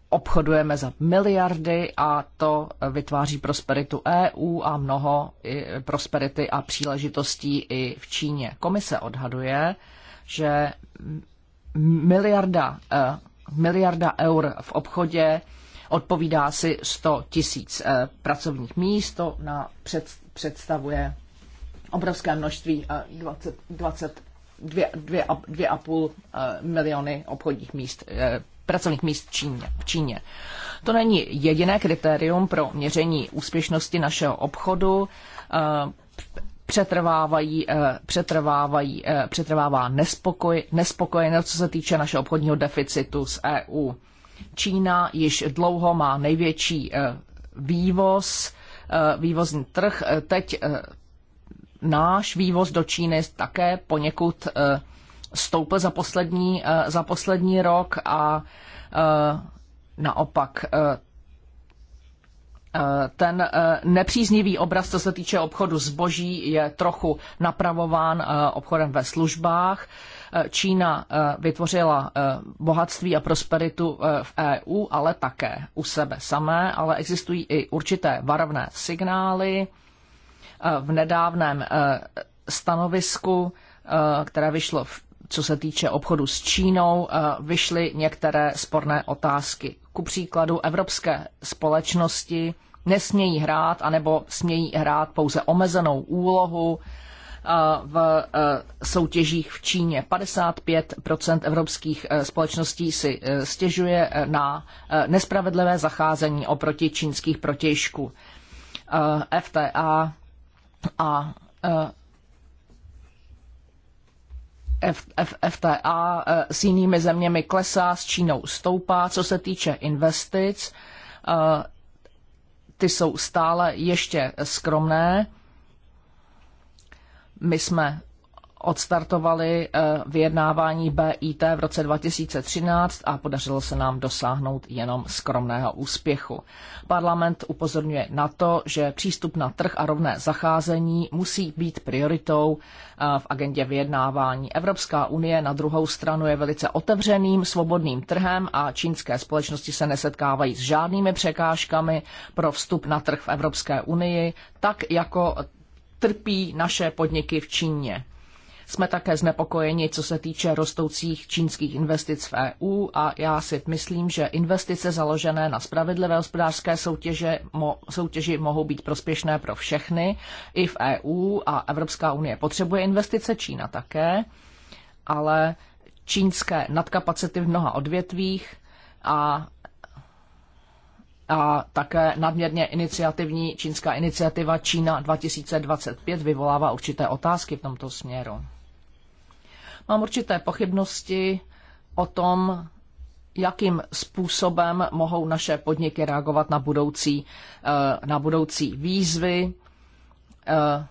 obchodujeme za miliardy a to vytváří prosperitu EU a mnoho prosperity a příležitostí i v Číně. Komise odhaduje, že miliarda, miliarda eur v obchodě odpovídá si 100 tisíc eh, pracovních míst, to na před, představuje obrovské množství 20, 20 2, 2, 2,5 miliony obchodních míst, eh, pracovních míst v Číně, v Číně. To není jediné kritérium pro měření úspěšnosti našeho obchodu eh, přetrvávají, přetrvávají, přetrvává nespokoj, nespokojenost, co se týče našeho obchodního deficitu z EU. Čína již dlouho má největší eh, vývoz, eh, vývozní trh. Eh, teď náš vývoz do Číny také poněkud stoupl za poslední, za poslední rok a naopak ten nepříznivý obraz, co se týče obchodu zboží, je trochu napravován obchodem ve službách. Čína eh, vytvořila eh, bohatství a prosperitu eh, v EU, ale také u sebe samé, ale existují i určité varovné signály. V nedávném stanovisku, které vyšlo v co se týče obchodu s Čínou, vyšly některé sporné otázky. Ku příkladu evropské společnosti nesmějí hrát anebo smějí hrát pouze omezenou úlohu v e, soutěžích v Číně. 55 evropských e, společností si e, stěžuje na nespravedlivé zacházení oproti čínských protějšků. FTA a FTA s jinými zeměmi klesá, s Čínou stoupá. Co se týče investic, ty jsou stále ještě skromné. My jsme odstartovali eh, vyjednávání BIT v roce 2013 a podařilo se nám dosáhnout jenom skromného úspěchu. Parlament upozorňuje na to, že přístup na trh a rovné zacházení musí být prioritou eh, v agendě vyjednávání. Evropská unie na druhou stranu je velice otevřeným, svobodným trhem a čínské společnosti se nesetkávají s žádnými překážkami pro vstup na trh v Evropské unii, tak jako trpí naše podniky v Číně. Jsme také znepokojeni, co se týče rostoucích čínských investic v EU a já si myslím, že investice založené na spravedlivé hospodářské soutěže, mo, soutěži mohou být prospěšné pro všechny, i v EU a Evropská unie potřebuje investice, Čína také, ale čínské nadkapacity v mnoha odvětvích a a také nadměrně iniciativní čínská iniciativa Čína 2025 vyvolává určité otázky v tomto směru. Mám určité pochybnosti o tom, jakým způsobem mohou naše podniky reagovat na budoucí, eh, na budoucí výzvy, eh,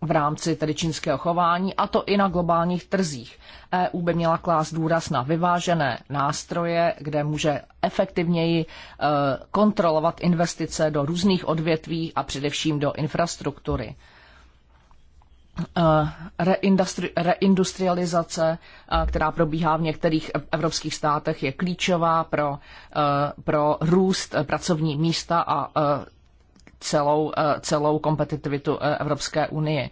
v rámci tedy čínského chování, a to i na globálních trzích. EU by měla klást důraz na vyvážené nástroje, kde může efektivněji e, kontrolovat investice do různých odvětví a především do infrastruktury. E, reindustri reindustrializace, e, která probíhá v některých evropských státech, je klíčová pro, pro růst pracovní místa a celou, eh, celou kompetitivitu eh, Evropské unie.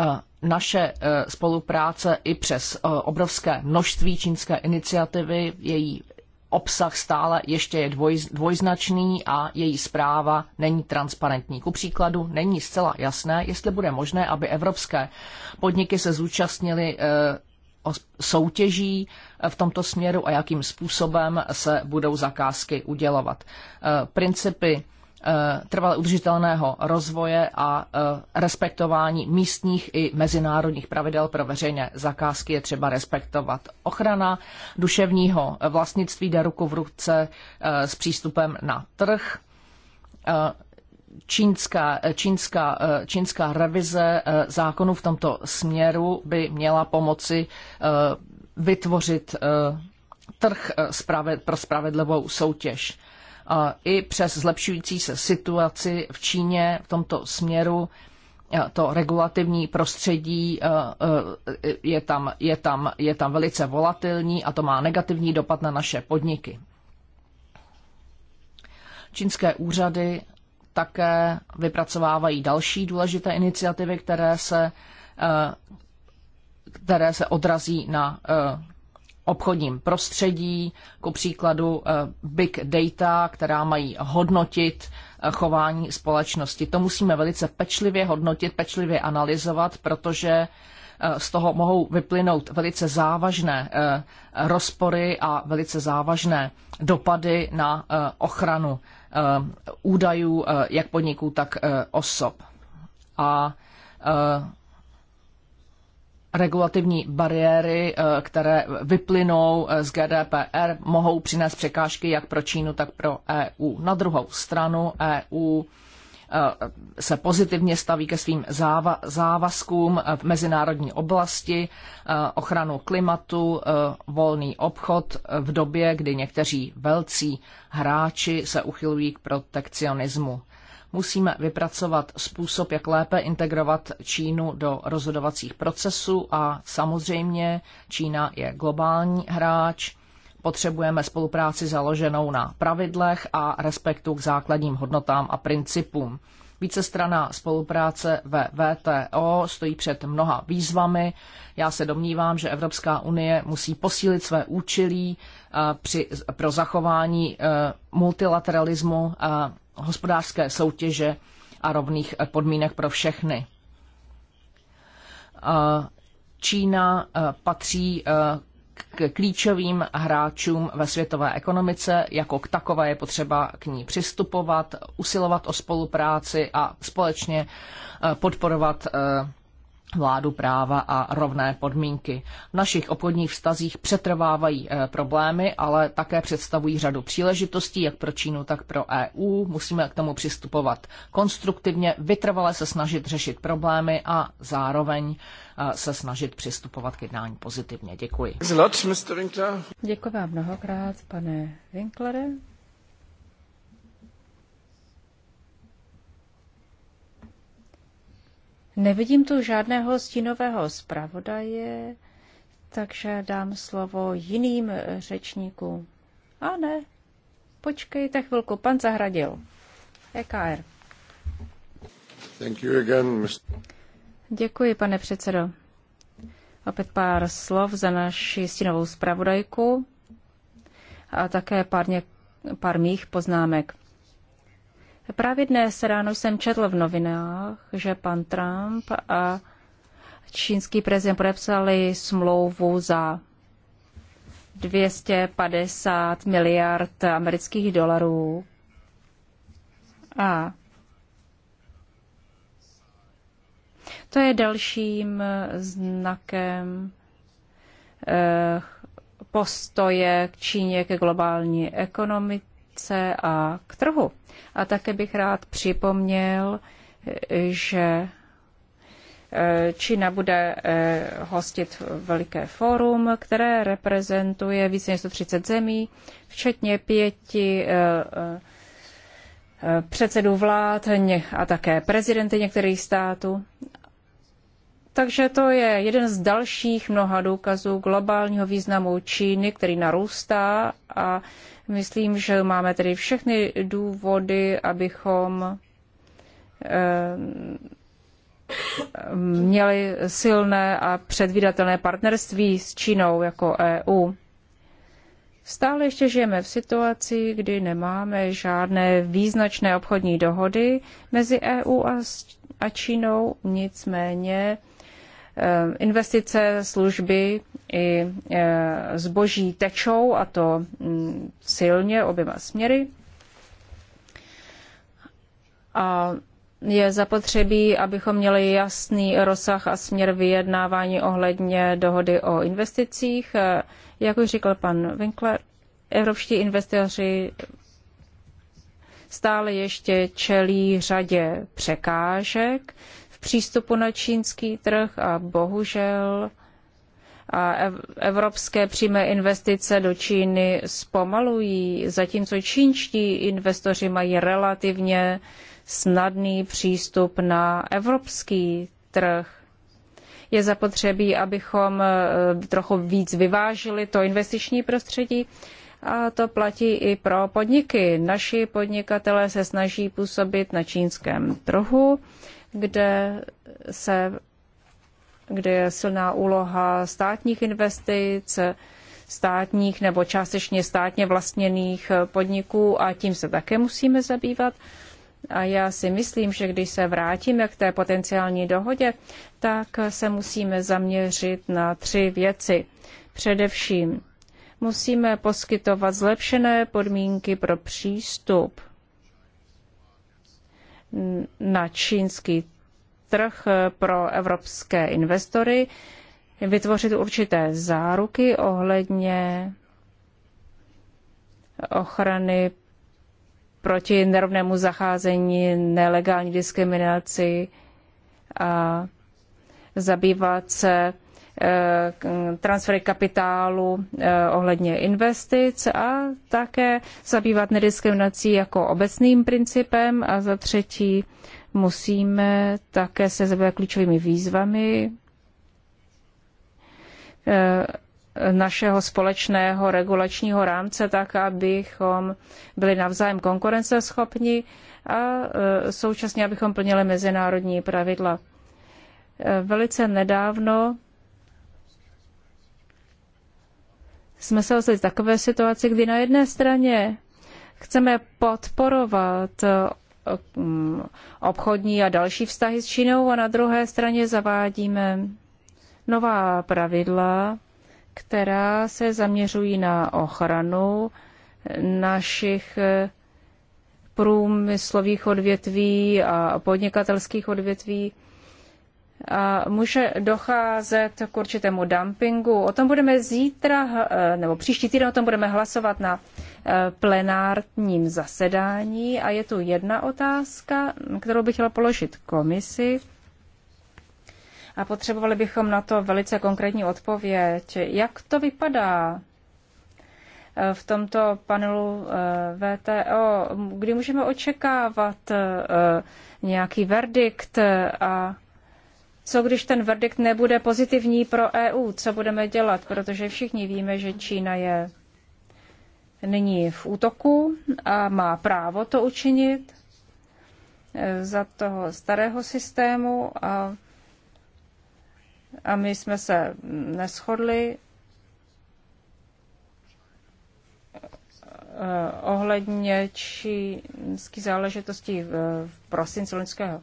Eh, naše spolupráce i přes obrovské množství čínské iniciativy, její obsah stále ještě je dvoj, dvojznačný a její zpráva není transparentní. Ku příkladu není zcela jasné, jestli bude možné, aby evropské podniky se zúčastnily soutěží v tomto směru a jakým způsobem se budou zakázky udělovat. Principy Eh, trvale udržitelného rozvoje a eh, respektování místních i mezinárodních pravidel pro veřejné zakázky je třeba respektovat. Ochrana duševního vlastnictví jde ruku v ruce eh, s přístupem na trh. Čínská, čínská, čínská revize zákonů v tomto směru by měla pomoci vytvořit trh pro spravedlivou soutěž i přes zlepšující se situaci v Číně v tomto směru to regulativní prostředí je tam, je, tam, je tam velice volatilní a to má negativní dopad na naše podniky. Čínské úřady také vypracovávají další důležité iniciativy, které se, které se odrazí na obchodním prostředí, ku příkladu eh, big data, která mají hodnotit eh, chování společnosti. To musíme velice pečlivě hodnotit, pečlivě analyzovat, protože eh, z toho mohou vyplynout velice závažné rozpory a velice závažné dopady na ochranu údajů jak podniků, tak osob. A regulativní bariéry, eh, které vyplynou eh, z GDPR, mohou přinést překážky jak pro Čínu, tak pro EU. Na druhou stranu EU eh, se pozitivně staví ke svým závazkům v mezinárodní oblasti, ochranu klimatu, volný obchod v době, kdy někteří velcí hráči se uchylují k protekcionismu. Musíme vypracovat způsob, jak lépe integrovat Čínu do rozhodovacích procesů a samozřejmě Čína je globální hráč. Potřebujeme spolupráci založenou na pravidlech a respektu k základním hodnotám a principům. Vícestraná spolupráce ve VTO stojí před mnoha výzvami. Já se domnívám, že Evropská unie musí posílit své účilí eh, při, pro zachování eh, multilateralismu eh, hospodářské soutěže a rovných podmínek pro všechny. Eh, Čína eh, patří eh, k klíčovým hráčům ve světové ekonomice. Jako k takové je potřeba k ní přistupovat, usilovat o spolupráci a společně podporovat vládu práva a rovné podmínky. V našich obchodních vztazích přetrvávají eh, problémy, ale také představují řadu příležitostí, jak pro Čínu, tak pro EU. Musíme k tomu přistupovat konstruktivně, vytrvale se snažit řešit problémy a zároveň eh, se snažit přistupovat k jednání pozitivně. Děkuji. Děkuji vám mnohokrát, pane Winklere. Nevidím tu žádného stínového zpravodaje, takže dám slovo jiným řečníkům. A ne, počkejte chvilku, pan Zahradil, EKR. Thank you again, Mr. Děkuji, pane předsedo. Opět pár slov za naši stínovou zpravodajku a také pár, něk- pár mých poznámek. Právě dnes ráno jsem četl v novinách, že pan Trump a čínský prezident podepsali smlouvu za 250 miliard amerických dolarů. A to je dalším znakem eh, postoje k Číně, ke globální ekonomice výrobce a k trhu. A také bych rád připomněl, že e, Čína bude e, hostit veliké fórum, které reprezentuje více než 130 zemí, včetně pěti e, předsedů vlád a také prezidenty některých států. Takže to je jeden z dalších mnoha důkazů globálního významu Číny, který narůstá a Myslím, že máme tedy všechny důvody, abychom eh, měli silné a předvídatelné partnerství s Čínou jako EU. Stále ještě žijeme v situaci, kdy nemáme žádné význačné obchodní dohody mezi EU a Čínou, nicméně Eh, investice, služby i eh, zboží tečou, a to mm, silně oběma směry. A je zapotřebí, abychom měli jasný rozsah a směr vyjednávání ohledně dohody o investicích. Eh, jak už řekl pan Winkler, evropští investoři stále ještě čelí řadě překážek, přístupu na čínský trh a bohužel a evropské přímé investice do Číny zpomalují, zatímco čínští investoři mají relativně snadný přístup na evropský trh. Je zapotřebí, abychom e, trochu víc vyvážili to investiční prostředí a to platí i pro podniky. Naši podnikatelé se snaží působit na čínském trhu kde se kde je silná úloha státních investic, státních nebo částečně státně vlastněných podniků a tím se také musíme zabývat. A já si myslím, že když se vrátíme k té potenciální dohodě, tak se musíme zaměřit na tři věci. Především musíme poskytovat zlepšené podmínky pro přístup na čínský trh pro evropské investory, vytvořit určité záruky ohledně ochrany proti nerovnému zacházení, nelegální diskriminaci a zabývat se Eh, transfery kapitálu eh, ohledně investic a také zabývat nediskriminací jako obecným principem a za třetí musíme také se zabývat klíčovými výzvami eh, našeho společného regulačního rámce tak, abychom byli navzájem konkurenceschopní a současně, abychom plnili mezinárodní pravidla. Velice nedávno jsme se ocitli v takové situaci, kdy na jedné straně chceme podporovat eh, mm, obchodní a další vztahy s Čínou a na druhé straně zavádíme nová pravidla, která se zaměřují na ochranu našich eh, průmyslových odvětví a podnikatelských odvětví může docházet k určitému dumpingu. O tom budeme zítra, eh, nebo příští týden o tom budeme hlasovat na eh, plenárním zasedání. A je tu jedna otázka, kterou bych chtěla položit komisi. A potřebovali bychom na to velice konkrétní odpověď. Jak to vypadá eh, v tomto panelu VTO? Kdy můžeme očekávat nějaký verdikt a co když ten verdikt nebude pozitivní pro EU? Co budeme dělat? Protože všichni víme, že Čína je nyní v útoku a má právo to učinit eh, za toho starého systému a, a my jsme se neschodli eh, ohledně čínských záležitostí v prosinci loňského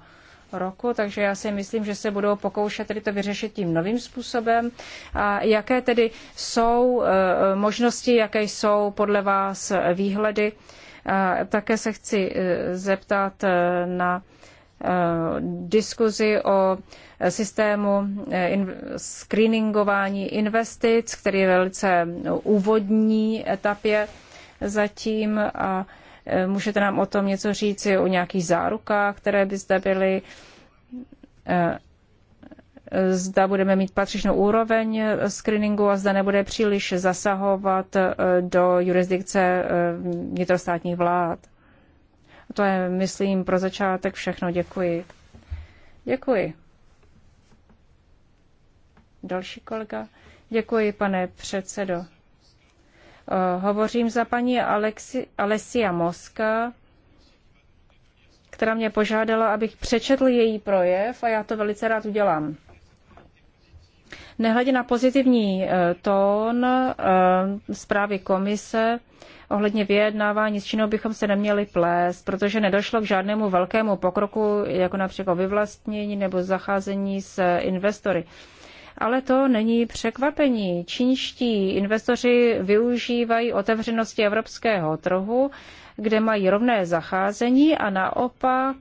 roku, takže já si myslím, že se budou pokoušet tedy to vyřešit tím novým způsobem. A jaké tedy jsou eh, možnosti, jaké jsou podle vás výhledy? A také se chci eh, zeptat eh, na diskuzi o systému screeningování investic, který je velice úvodní etapě zatím a Eh, můžete nám o tom něco říci, o nějakých zárukách, které by zde byly? Eh, zda budeme mít patřičnou úroveň screeningu a zda nebude příliš zasahovat eh, do jurisdikce vnitrostátních vlád. To je, myslím, pro začátek všechno. Děkuji. Děkuji. Další kolega. Děkuji, pane předsedo. Eh, hovořím za paní Alexi, Alessia Moska, která mě požádala, abych přečetl její projev a já to velice rád udělám. Nehledě na pozitivní eh, tón eh, zprávy komise ohledně vyjednávání s Čínou bychom se neměli plést, protože nedošlo k žádnému velkému pokroku, jako například vyvlastnění nebo zacházení s investory. Ale to není překvapení. Čínští investoři využívají otevřenosti evropského trhu, kde mají rovné zacházení a naopak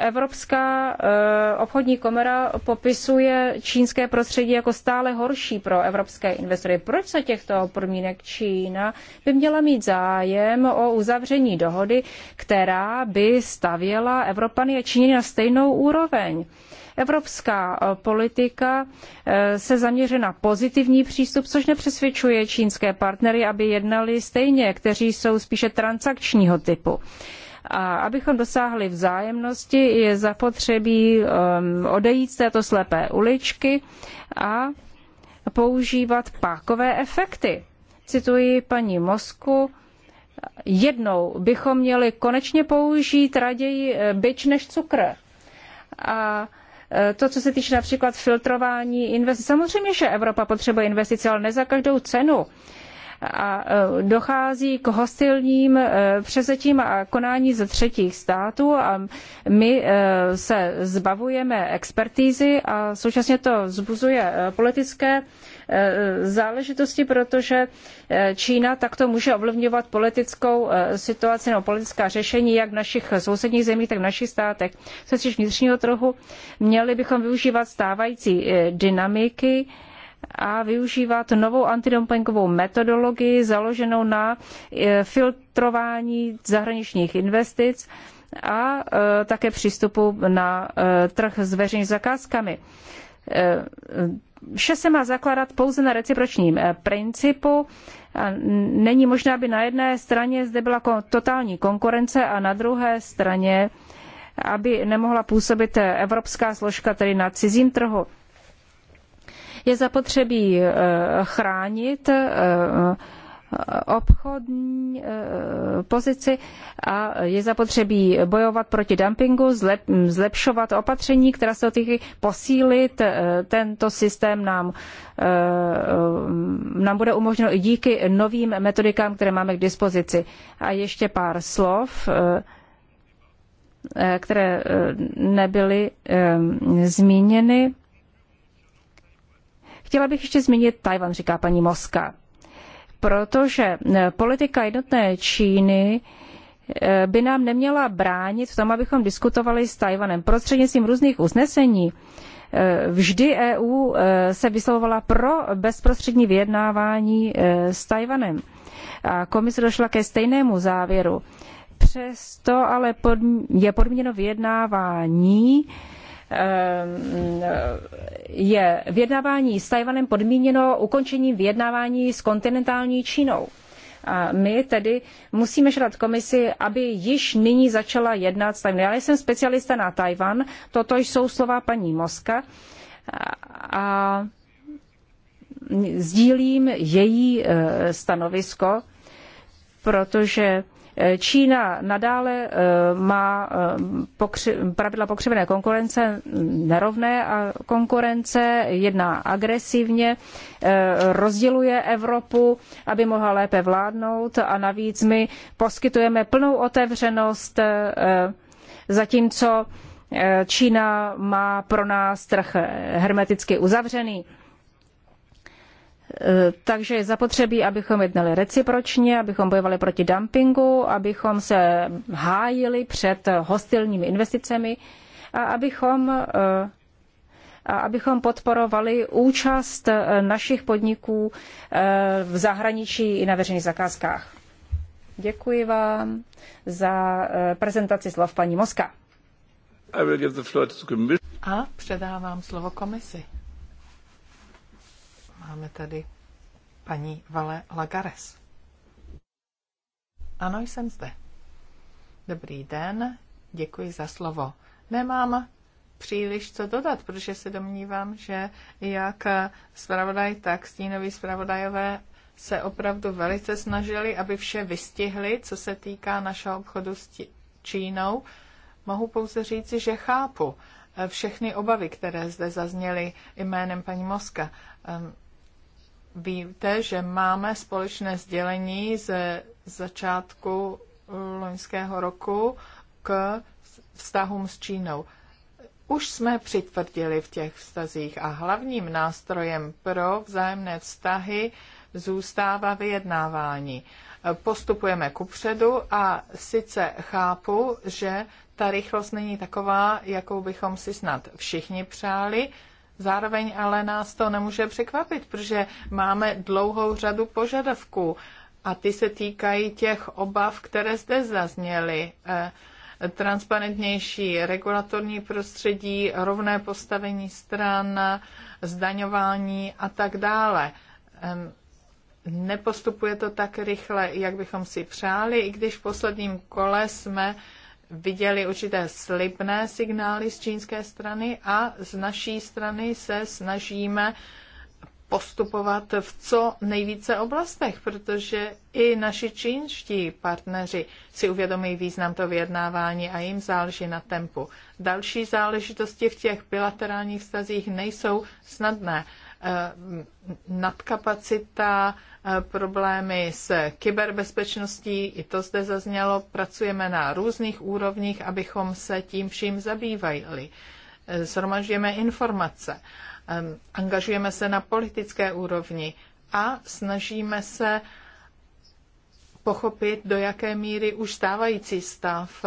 Evropská eh, obchodní komora popisuje čínské prostředí jako stále horší pro evropské investory. Proč se těchto podmínek Čína by měla mít zájem o uzavření dohody, která by stavěla Evropany a Číny na stejnou úroveň? Evropská eh, politika eh, se zaměřuje na pozitivní přístup, což nepřesvědčuje čínské partnery, aby jednali stejně, kteří jsou spíše transakčního typu. A abychom dosáhli vzájemnosti, je zapotřebí um, odejít z této slepé uličky a používat pákové efekty. Cituji paní Mosku, jednou bychom měli konečně použít raději eh, byč než cukr. A eh, to, co se týče například filtrování investic. Samozřejmě, že Evropa potřebuje investice, ale ne za každou cenu a e, dochází k hostilním e, přezetím a konání ze třetích států a my e, se zbavujeme expertízy a současně to zbuzuje politické záležitosti, protože Čína takto může ovlivňovat politickou situaci nebo politická řešení jak v našich sousedních zemích, tak v našich státech. Co se vnitřního trhu, měli bychom využívat stávající dynamiky, a využívat novou antidumpingovou metodologii založenou na e, filtrování zahraničních investic a e, také přístupu na e, trh s veřejnými zakázkami. Vše se má zakládat pouze na recipročním principu. A není možné, aby na jedné straně zde byla totální konkurence a na druhé straně, aby nemohla působit evropská složka, tedy na cizím trhu. Je zapotřebí eh, chránit eh, obchodní eh, pozici a je zapotřebí bojovat proti dumpingu, zlepšovat opatření, která se týkají posílit. Tento systém nám, nám bude umožněno i díky novým metodikám, které máme k dispozici. A ještě pár slov které nebyly zmíněny. Chtěla bych ještě zmínit Tajvan, říká paní Moska, protože eh, politika jednotné Číny eh, by nám neměla bránit v tom, abychom diskutovali s Tajvanem. Prostřednictvím různých usnesení eh, vždy EU se vyslovovala pro bezprostřední vyjednávání s Tajvanem. A komise došla ke stejnému závěru. Přesto ale je podmíněno vyjednávání Ehm, je vyjednávání s Tajvanem podmíněno ukončením vyjednávání s kontinentální Čínou. A my tedy musíme žádat komisi, aby již nyní začala jednat s Tajvanem. Já jsem specialista na Tajvan, toto jsou slova paní Moska a sdílím její eh, stanovisko, protože Čína nadále eh, má eh, pravidla pokřivené konkurence nerovné a konkurence, jedná agresivně, eh, rozděluje Evropu, aby mohla lépe vládnout a navíc my poskytujeme plnou otevřenost, zatímco Čína má pro nás trh hermeticky uzavřený. Eh, takže je zapotřebí, abychom jednali recipročně, abychom bojovali proti dumpingu, abychom se hájili před hostilními investicemi a abychom, eh, a abychom podporovali účast eh, našich podniků v zahraničí i na veřejných zakázkách. Děkuji vám za prezentaci slov paní Moska. A předávám slovo komisi. Máme tady paní Vale Lagares. Ano, jsem zde. Dobrý den, děkuji za slovo. Nemám příliš co dodat, protože se domnívám, že jak zpravodaj, tak stínoví zpravodajové se opravdu velice snažili, aby vše vystihli, co se týká našeho obchodu s Čínou. Mohu pouze říci, že chápu eh, všechny obavy, které zde zazněly jménem paní Moska. Ehm, Víte, že máme společné sdělení ze začátku eh, loňského roku k vztahům s Čínou. Už jsme přitvrdili v těch vztazích a hlavním nástrojem pro vzájemné vztahy zůstává vyjednávání. Eh, postupujeme kupředu a sice chápu, že ta rychlost není taková, jakou bychom si snad všichni přáli, Zároveň ale nás to nemůže překvapit, protože máme dlouhou řadu požadavků a ty se týkají těch obav, které zde zazněly. Eh, transparentnější regulatorní prostředí, rovné postavení stran, zdaňování a tak dále nepostupuje to tak rychle, jak bychom si přáli, i když v posledním kole jsme viděli určité slibné signály z čínské strany a z naší strany se snažíme postupovat v co nejvíce oblastech, protože i naši čínští partneři si uvědomí význam toho vyjednávání a jim záleží na tempu. Další záležitosti v těch bilaterálních vztazích nejsou snadné. Eh, nadkapacita, eh, problémy s kyberbezpečností, i to zde zaznělo, pracujeme na různých úrovních, abychom se tím vším zabývali. Zhromažďujeme eh, informace, angažujeme se na politické úrovni a snažíme se pochopit, do jaké míry už stávající stav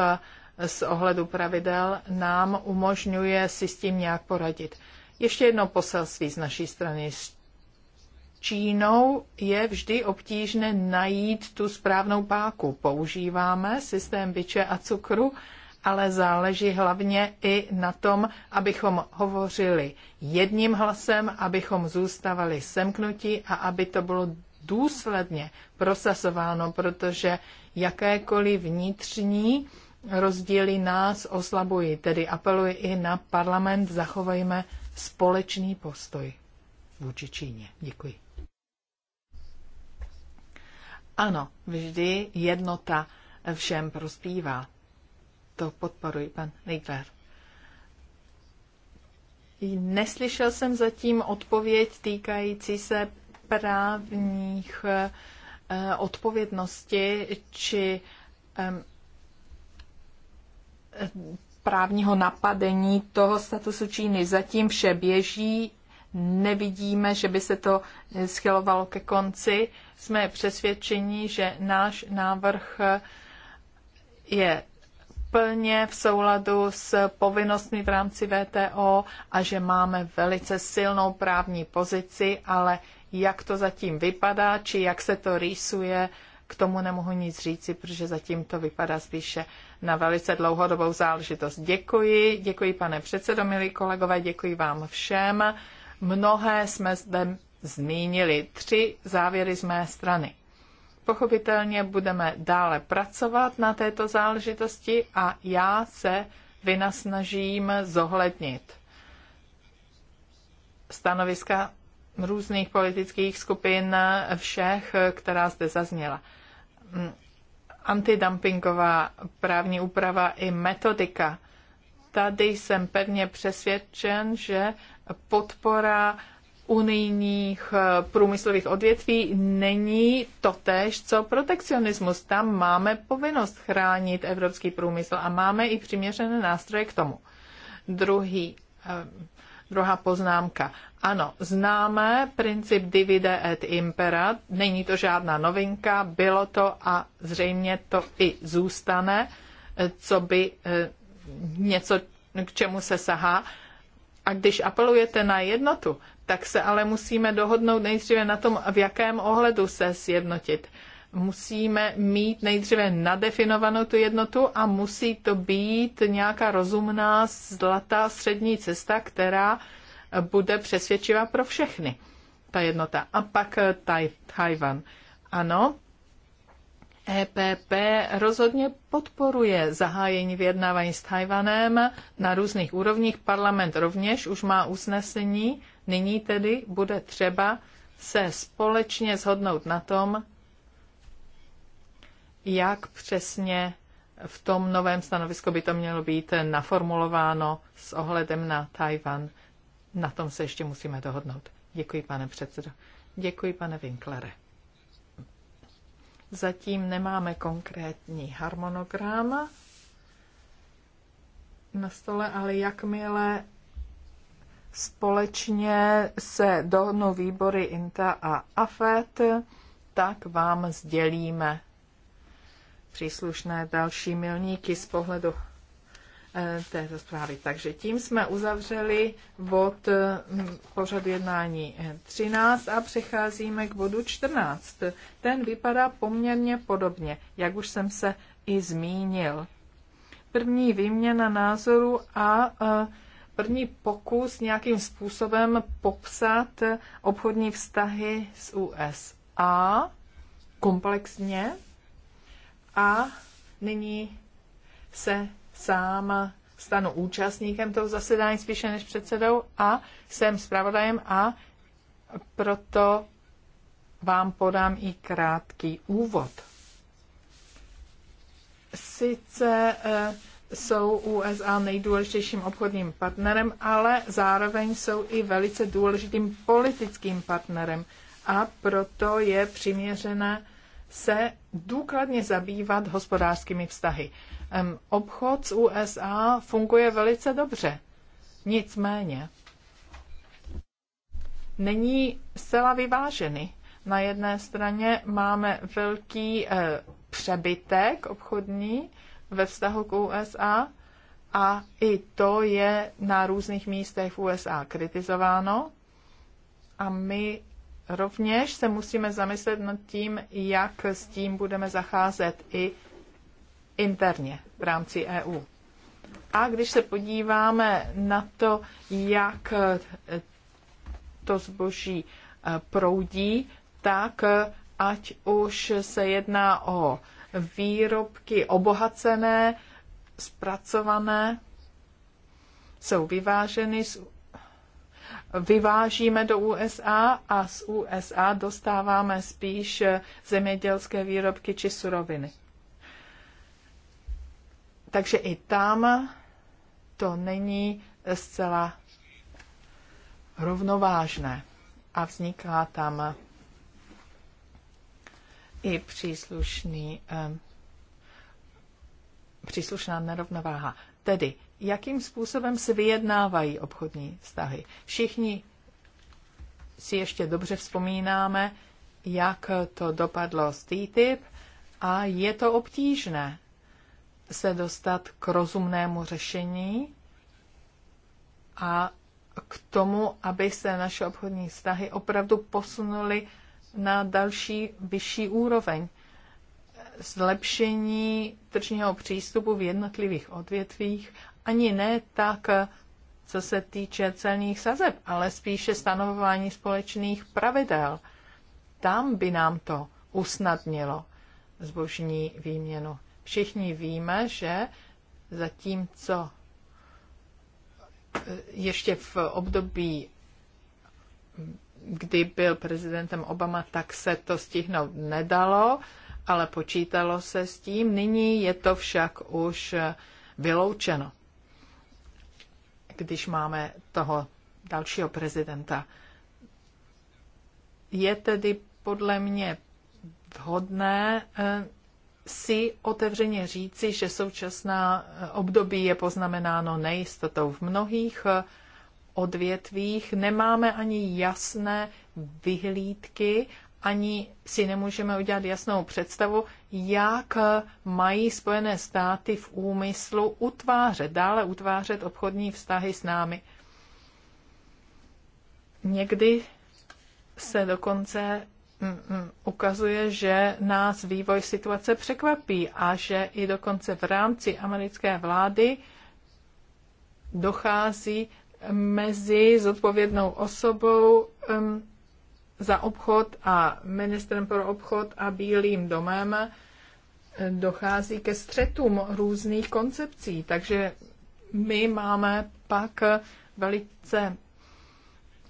z ohledu pravidel nám umožňuje si s tím nějak poradit. Ještě jedno poselství z naší strany. S Čínou je vždy obtížné najít tu správnou páku. Používáme systém byče a cukru, ale záleží hlavně i na tom, abychom hovořili jedním hlasem, abychom zůstávali semknutí a aby to bylo důsledně prosazováno, protože jakékoliv vnitřní rozdíly nás oslabují. Tedy apeluji i na parlament, zachovejme společný postoj vůči Číně. Děkuji. Ano, vždy jednota všem prospívá. To podporuji, pan Nigler. Neslyšel jsem zatím odpověď týkající se právních eh, odpovědnosti či právního napadení toho statusu Číny. Zatím vše běží, nevidíme, že by se to eh, schylovalo ke konci. Jsme přesvědčeni, že náš návrh eh, je plně v souladu s povinnostmi v rámci VTO a že máme velice silnou právní pozici, ale jak to zatím vypadá, či jak se to rýsuje, k tomu nemohu nic říci, protože zatím to vypadá spíše na velice dlouhodobou záležitost. Děkuji, děkuji pane předsedo, milí kolegové, děkuji vám všem. Mnohé jsme zde zmínili. Tři závěry z mé strany. Pochopitelně budeme dále pracovat na této záležitosti a já se vynasnažím zohlednit stanoviska různých politických skupin všech, která zde zazněla antidumpingová právní úprava i metodika. Tady jsem pevně přesvědčen, že podpora unijních eh, průmyslových odvětví není totéž, co protekcionismus. Tam máme povinnost chránit evropský průmysl a máme i přiměřené nástroje k tomu. Druhý eh, Druhá poznámka. Ano, známe princip divide et impera, není to žádná novinka, bylo to a zřejmě to i zůstane, eh, co by eh, něco, k čemu se sahá. A když apelujete na jednotu, tak se ale musíme dohodnout nejdříve na tom, v jakém ohledu se sjednotit musíme mít nejdříve nadefinovanou tu jednotu a musí to být nějaká rozumná zlatá střední cesta, která bude přesvědčivá pro všechny, ta jednota. A pak eh, taj, Tajvan. Ano, EPP rozhodně podporuje zahájení vyjednávání s Tajvanem na různých úrovních. Parlament rovněž už má usnesení. Nyní tedy bude třeba se společně shodnout na tom, jak přesně v tom novém stanovisku by to mělo být naformulováno s ohledem na Tajvan. Na tom se ještě musíme dohodnout. Děkuji, pane předsedo. Děkuji, pane Winklere. Zatím nemáme konkrétní harmonogram na stole, ale jakmile společně se dohodnou výbory INTA a AFET, tak vám sdělíme příslušné další milníky z pohledu eh, této zprávy. Takže tím jsme uzavřeli bod eh, pořadu jednání 13 eh, a přecházíme k bodu 14. Ten vypadá poměrně podobně, jak už jsem se i zmínil. První výměna názoru a první pokus nějakým způsobem popsat obchodní vztahy s USA komplexně a nyní se sám stanu účastníkem toho zasedání spíše než předsedou a jsem zpravodajem a proto vám podám i krátký úvod. Sice eh, jsou USA nejdůležitějším obchodním partnerem, ale zároveň jsou i velice důležitým politickým partnerem a proto je přiměřené se důkladně zabývat hospodářskými vztahy. Obchod s USA funguje velice dobře. Nicméně není zcela vyvážený. Na jedné straně máme velký eh, přebytek obchodní ve vztahu k USA a i to je na různých místech v USA kritizováno. A my Rovněž se musíme zamyslet nad tím, jak s tím budeme zacházet i interně v rámci EU. A když se podíváme na to, jak to zboží e, proudí, tak e, ať už se jedná o výrobky obohacené, zpracované, jsou vyváženy z vyvážíme do USA a z USA dostáváme spíš zemědělské výrobky či suroviny. Takže i tam to není zcela rovnovážné a vzniká tam i příslušný, eh, příslušná nerovnováha. Tedy jakým způsobem se vyjednávají obchodní vztahy. Všichni si ještě dobře vzpomínáme, jak to dopadlo s TTIP a je to obtížné se dostat k rozumnému řešení a k tomu, aby se naše obchodní vztahy opravdu posunuly na další vyšší úroveň. Zlepšení tržního přístupu v jednotlivých odvětvích ani ne tak, co se týče celních sazeb, ale spíše stanovování společných pravidel. Tam by nám to usnadnilo zbožní výměnu. Všichni víme, že zatímco eh, ještě v období, kdy byl prezidentem Obama, tak se to stihnout nedalo, ale počítalo se s tím. Nyní je to však už eh, vyloučeno když máme toho dalšího prezidenta. Je tedy podle mě vhodné eh, si otevřeně říci, že současná eh, období je poznamenáno nejistotou. V mnohých eh, odvětvích nemáme ani jasné vyhlídky ani si nemůžeme udělat jasnou představu, jak mají Spojené státy v úmyslu utvářet, dále utvářet obchodní vztahy s námi. Někdy se dokonce mm, mm, ukazuje, že nás vývoj situace překvapí a že i dokonce v rámci americké vlády dochází mezi zodpovědnou osobou mm, za obchod a ministrem pro obchod a Bílým domem eh, dochází ke střetům různých koncepcí, takže my máme pak velice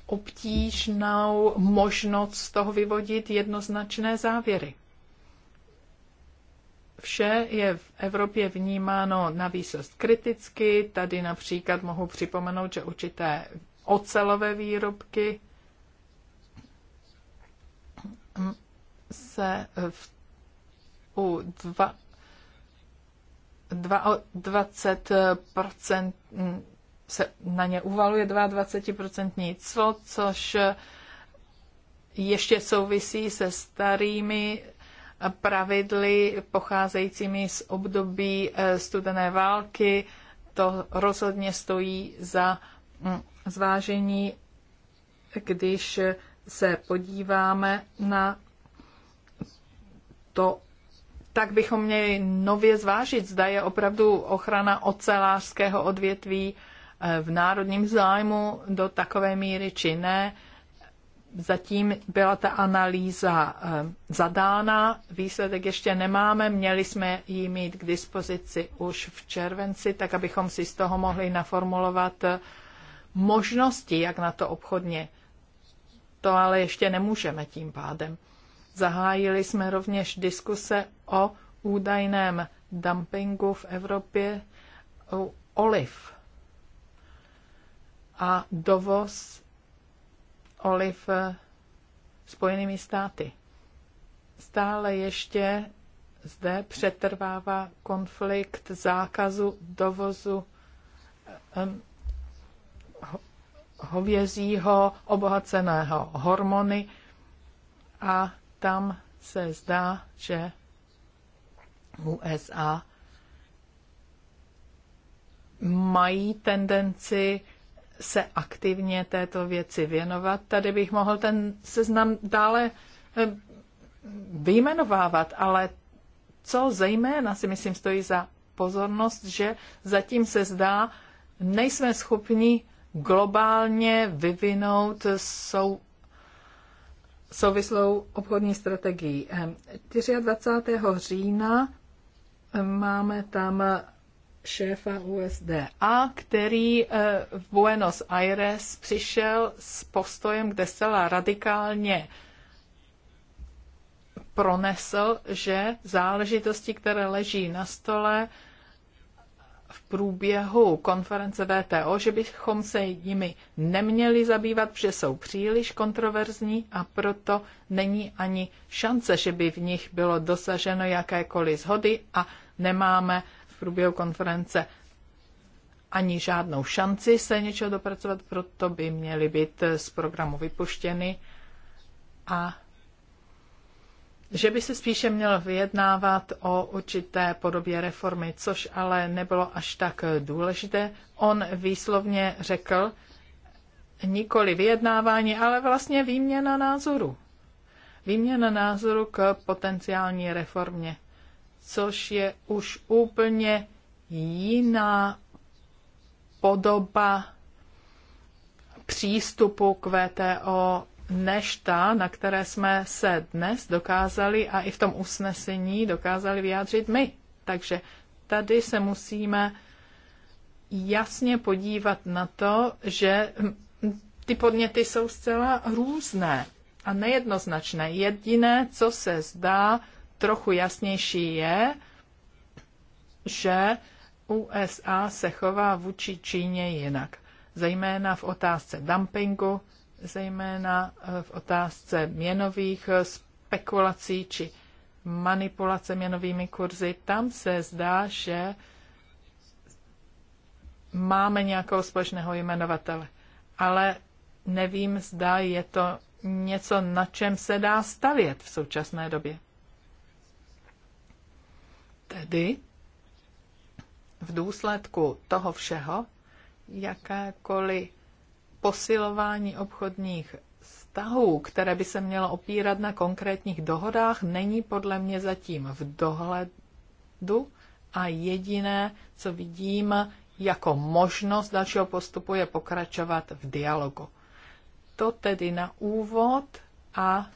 obtížnou možnost z toho vyvodit jednoznačné závěry. Vše je v Evropě vnímáno na výsost kriticky. Tady například mohu připomenout, že určité ocelové výrobky se eh, v, u dva, 20% eh, mm, se na ně uvaluje 22% clo, což eh, ještě souvisí se starými pravidly pocházejícími z období studené války. To rozhodně stojí za mm, zvážení, když se podíváme na to, tak bychom měli nově zvážit, zda je opravdu ochrana ocelářského odvětví eh, v národním zájmu do takové míry či ne. Zatím byla ta analýza eh, zadána, výsledek ještě nemáme, měli jsme ji mít k dispozici už v červenci, tak abychom si z toho mohli naformulovat eh, možnosti, jak na to obchodně to ale ještě nemůžeme tím pádem. Zahájili jsme rovněž diskuse o údajném dumpingu v Evropě oliv a dovoz oliv eh, Spojenými státy. Stále ještě zde přetrvává konflikt zákazu dovozu eh, hovězího obohaceného hormony a tam se zdá, že USA mají tendenci se aktivně této věci věnovat. Tady bych mohl ten seznam dále eh, vyjmenovávat, ale co zejména si myslím stojí za pozornost, že zatím se zdá, nejsme schopni globálně vyvinout sou, souvislou obchodní strategii. 24. Ehm, října ehm, máme tam šéfa USDA, který eh, v Buenos Aires přišel s postojem, kde zcela radikálně pronesl, že záležitosti, které leží na stole, v průběhu konference VTO, že bychom se jimi neměli zabývat, protože jsou příliš kontroverzní a proto není ani šance, že by v nich bylo dosaženo jakékoliv zhody a nemáme v průběhu konference ani žádnou šanci se něčeho dopracovat, proto by měly být z programu vypuštěny a že by se spíše mělo vyjednávat o určité podobě reformy, což ale nebylo až tak důležité. On výslovně řekl, nikoli vyjednávání, ale vlastně výměna názoru. Výměna názoru k potenciální reformě, což je už úplně jiná podoba přístupu k VTO než ta, na které jsme se dnes dokázali a i v tom usnesení dokázali vyjádřit my. Takže tady se musíme jasně podívat na to, že ty podněty jsou zcela různé a nejednoznačné. Jediné, co se zdá trochu jasnější, je, že USA se chová vůči Číně jinak, zejména v otázce dumpingu, zejména eh, v otázce měnových eh, spekulací či manipulace měnovými kurzy, tam se zdá, že máme nějakého společného jmenovatele. Ale nevím, zda je to něco, na čem se dá stavět v současné době. Tedy v důsledku toho všeho, jakékoliv posilování obchodních vztahů, které by se mělo opírat na konkrétních dohodách, není podle mě zatím v dohledu a jediné, co vidím jako možnost dalšího postupu, je pokračovat v dialogu. To tedy na úvod a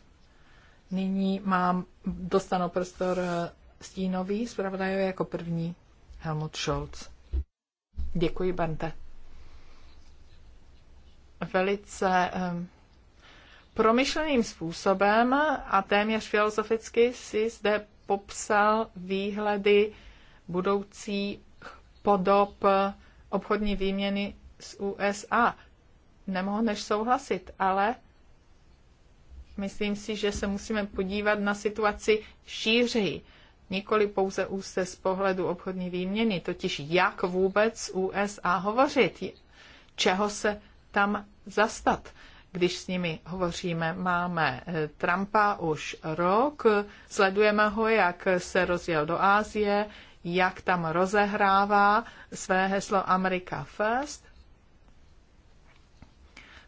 nyní mám, dostanu prostor eh, stínový, zpravodajuje jako první Helmut Scholz. Děkuji, Bante velice ehm, promyšleným způsobem a téměř filozoficky si zde popsal výhledy budoucích podob obchodní výměny s USA. Nemohu než souhlasit, ale myslím si, že se musíme podívat na situaci šířeji, nikoli pouze úzce z pohledu obchodní výměny, totiž jak vůbec USA hovořit, čeho se tam zastat když s nimi hovoříme. Máme eh, Trumpa už rok, sledujeme ho, jak se rozjel do Ázie, jak tam rozehrává své heslo America First.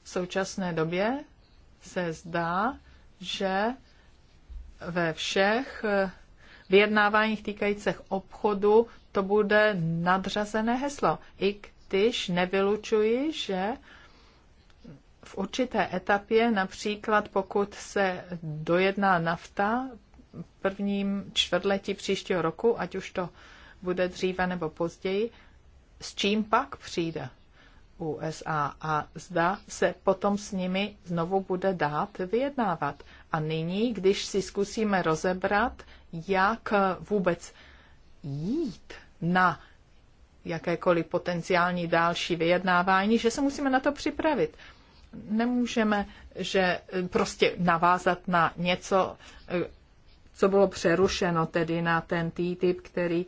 V současné době se zdá, že ve všech eh, vyjednáváních týkajících obchodu to bude nadřazené heslo. I když nevylučuji, že v určité etapě, například pokud se dojedná nafta v prvním čtvrtletí příštího roku, ať už to bude dříve nebo později, s čím pak přijde USA a zda se potom s nimi znovu bude dát vyjednávat. A nyní, když si zkusíme rozebrat, jak vůbec jít na jakékoliv potenciální další vyjednávání, že se musíme na to připravit nemůžeme že eh, prostě navázat na něco, eh, co bylo přerušeno, tedy na ten TTIP, který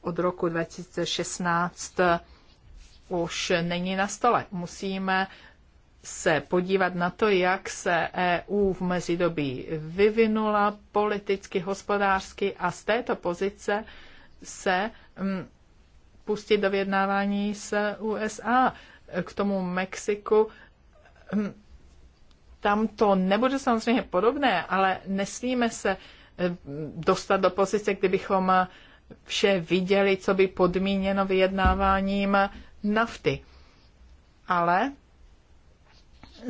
od roku 2016 eh, už není na stole. Musíme se podívat na to, jak se EU v mezidobí vyvinula politicky, hospodářsky a z této pozice se mm, pustit do vyjednávání s USA. K tomu Mexiku Hm, tam to nebude samozřejmě podobné, ale nesmíme se eh, dostat do pozice, kdybychom eh, vše viděli, co by podmíněno vyjednáváním nafty. Ale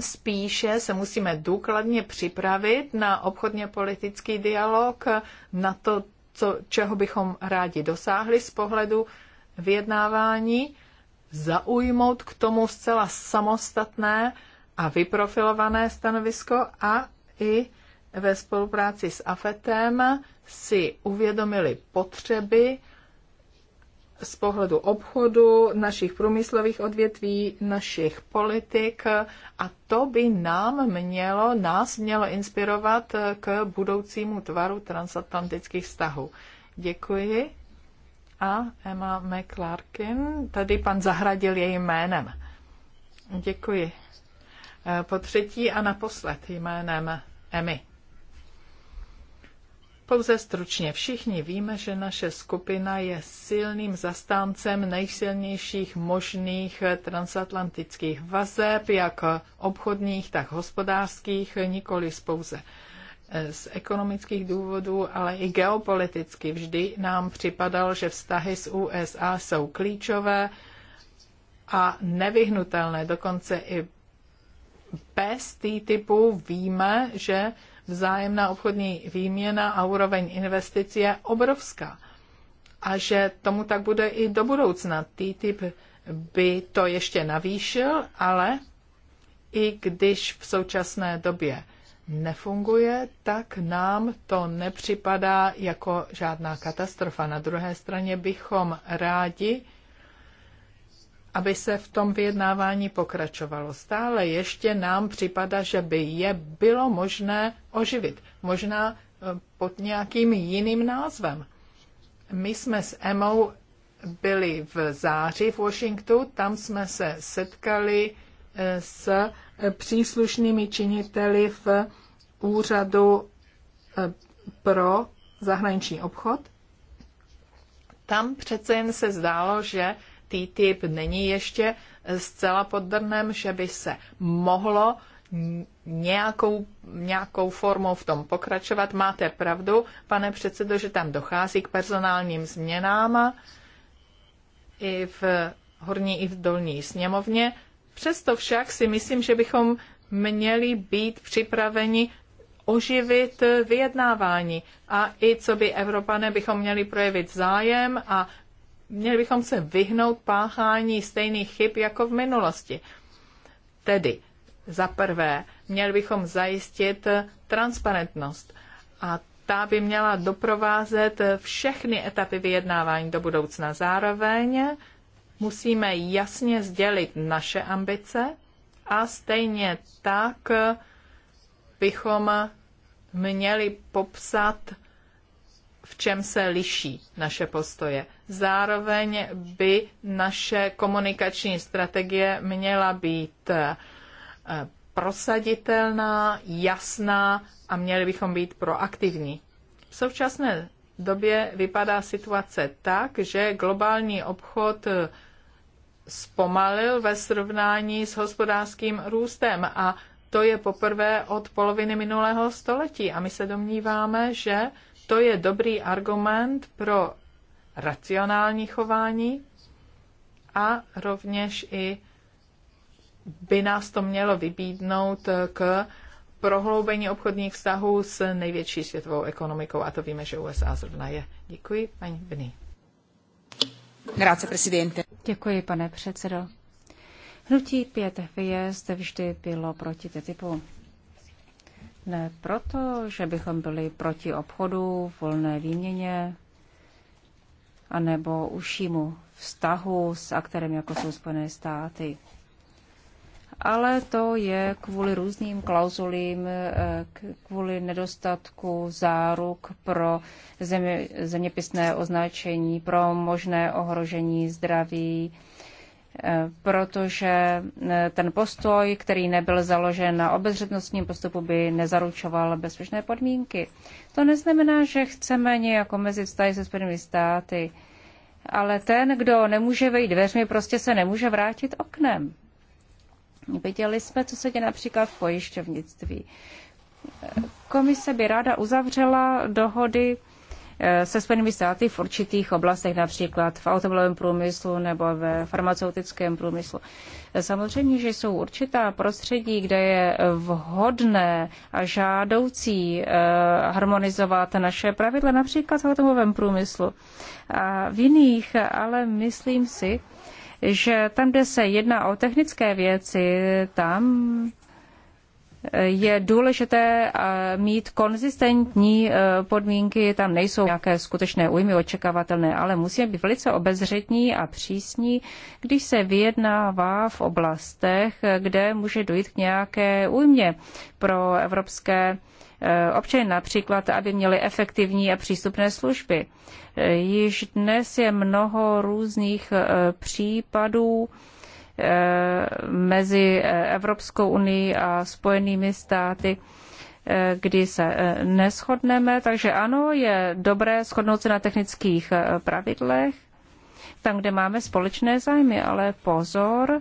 spíše se musíme důkladně připravit na obchodně politický dialog, eh, na to, co, čeho bychom rádi dosáhli z pohledu vyjednávání, zaujmout k tomu zcela samostatné a vyprofilované stanovisko a i ve spolupráci s AFETem si uvědomili potřeby z pohledu obchodu, našich průmyslových odvětví, našich politik a to by nám mělo, nás mělo inspirovat k budoucímu tvaru transatlantických vztahů. Děkuji. A Emma McClarkin, tady pan zahradil jejím jménem. Děkuji. Eh, po třetí a naposled jménem EMI. Pouze stručně všichni víme, že naše skupina je silným zastáncem nejsilnějších možných transatlantických vazeb, jak obchodních, tak hospodářských, nikoli spouze eh, z ekonomických důvodů, ale i geopoliticky. Vždy nám připadalo, že vztahy s USA jsou klíčové a nevyhnutelné, dokonce i bez typu víme, že vzájemná obchodní výměna a úroveň investic je obrovská a že tomu tak bude i do budoucna. TTIP by to ještě navýšil, ale i když v současné době nefunguje, tak nám to nepřipadá jako žádná katastrofa. Na druhé straně bychom rádi aby se v tom vyjednávání pokračovalo. Stále ještě nám připada, že by je bylo možné oživit, možná eh, pod nějakým jiným názvem. My jsme s Emou byli v září v Washingtonu, tam jsme se setkali eh, s eh, příslušnými činiteli v úřadu pro zahraniční obchod. Tam přece jen se zdálo, že TTIP není ještě eh, zcela pod drnem, že by se mohlo nějakou, nějakou formou v tom pokračovat. Máte pravdu, pane předsedo, že tam dochází k personálním změnám i v horní i v dolní sněmovně. Přesto však si myslím, že bychom měli být připraveni oživit vyjednávání. A i co by Evropané bychom měli projevit zájem a měli bychom se vyhnout páchání stejných chyb jako v minulosti. Tedy za prvé, měli bychom zajistit transparentnost a ta by měla doprovázet všechny etapy vyjednávání do budoucna. Zároveň musíme jasně sdělit naše ambice a stejně tak bychom měli popsat, v čem se liší naše postoje. Zároveň by naše komunikační strategie měla být eh, prosaditelná, jasná a měli bychom být proaktivní. V současné době vypadá situace tak, že globální obchod eh, zpomalil ve srovnání s hospodářským růstem a to je poprvé od poloviny minulého století a my se domníváme, že to je dobrý argument pro racionální chování a rovněž i by nás to mělo vybídnout k prohloubení obchodních vztahů s největší světovou ekonomikou a to víme, že USA zrovna je. Děkuji, paní Bny. Grazie, presidente. Děkuji, pane předsedo. Hnutí pět hvězd vždy bylo proti TTIPu. Ne proto, že bychom byli proti obchodu, volné výměně, anebo užšímu vztahu s aktérem, jako jsou Spojené státy. Ale to je kvůli různým klauzulím, eh, kvůli nedostatku záruk pro země, zeměpisné označení, pro možné ohrožení zdraví, protože eh, ten postoj, který nebyl založen na obezřetnostním postupu, by nezaručoval bezpečné podmínky. To neznamená, že chceme nějak omezit vztahy se Spojenými státy, ale ten, kdo nemůže vejít dveřmi, prostě se nemůže vrátit oknem. Viděli jsme, co se děje například v pojišťovnictví. Komise by ráda uzavřela dohody se Spojenými státy v určitých oblastech, například v automobilovém průmyslu nebo ve farmaceutickém průmyslu. Samozřejmě, že jsou určitá prostředí, kde je vhodné a žádoucí eh, harmonizovat naše pravidla, například v automobilovém průmyslu. A v jiných, ale myslím si, že tam, kde se jedná o technické věci, tam je důležité eh, mít konzistentní eh, podmínky, tam nejsou nějaké skutečné újmy očekávatelné, ale musíme být velice obezřetní a přísní, když se vyjednává v oblastech, kde může dojít k nějaké újmě pro evropské eh, občany například, aby měli efektivní a přístupné služby. Již dnes je mnoho různých případů, Eh, mezi Evropskou unii a Spojenými státy, eh, kdy se eh, neschodneme. Takže ano, je dobré shodnout se na technických pravidlech, tam, kde máme společné zájmy, ale pozor,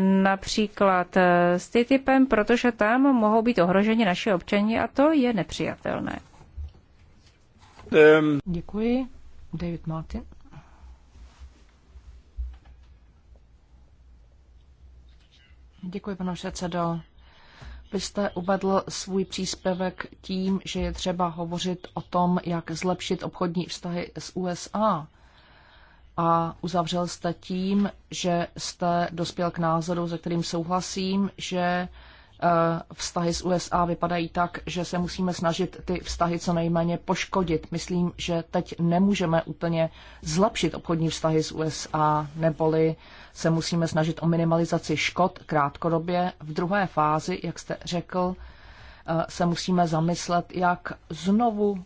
například s TTIPem, protože tam mohou být ohroženi naši občani a to je nepřijatelné. Ehm. Děkuji. David Martin. Děkuji, pane předsedo. Vy jste uvedl svůj příspěvek tím, že je třeba hovořit o tom, jak zlepšit obchodní vztahy s USA. A uzavřel jste tím, že jste dospěl k názoru, se kterým souhlasím, že Eh, vztahy s USA vypadají tak, že se musíme snažit ty vztahy co nejméně poškodit. Myslím, že teď nemůžeme úplně zlepšit obchodní vztahy s USA, neboli se musíme snažit o minimalizaci škod krátkodobě. V druhé fázi, jak jste řekl, eh, se musíme zamyslet, jak znovu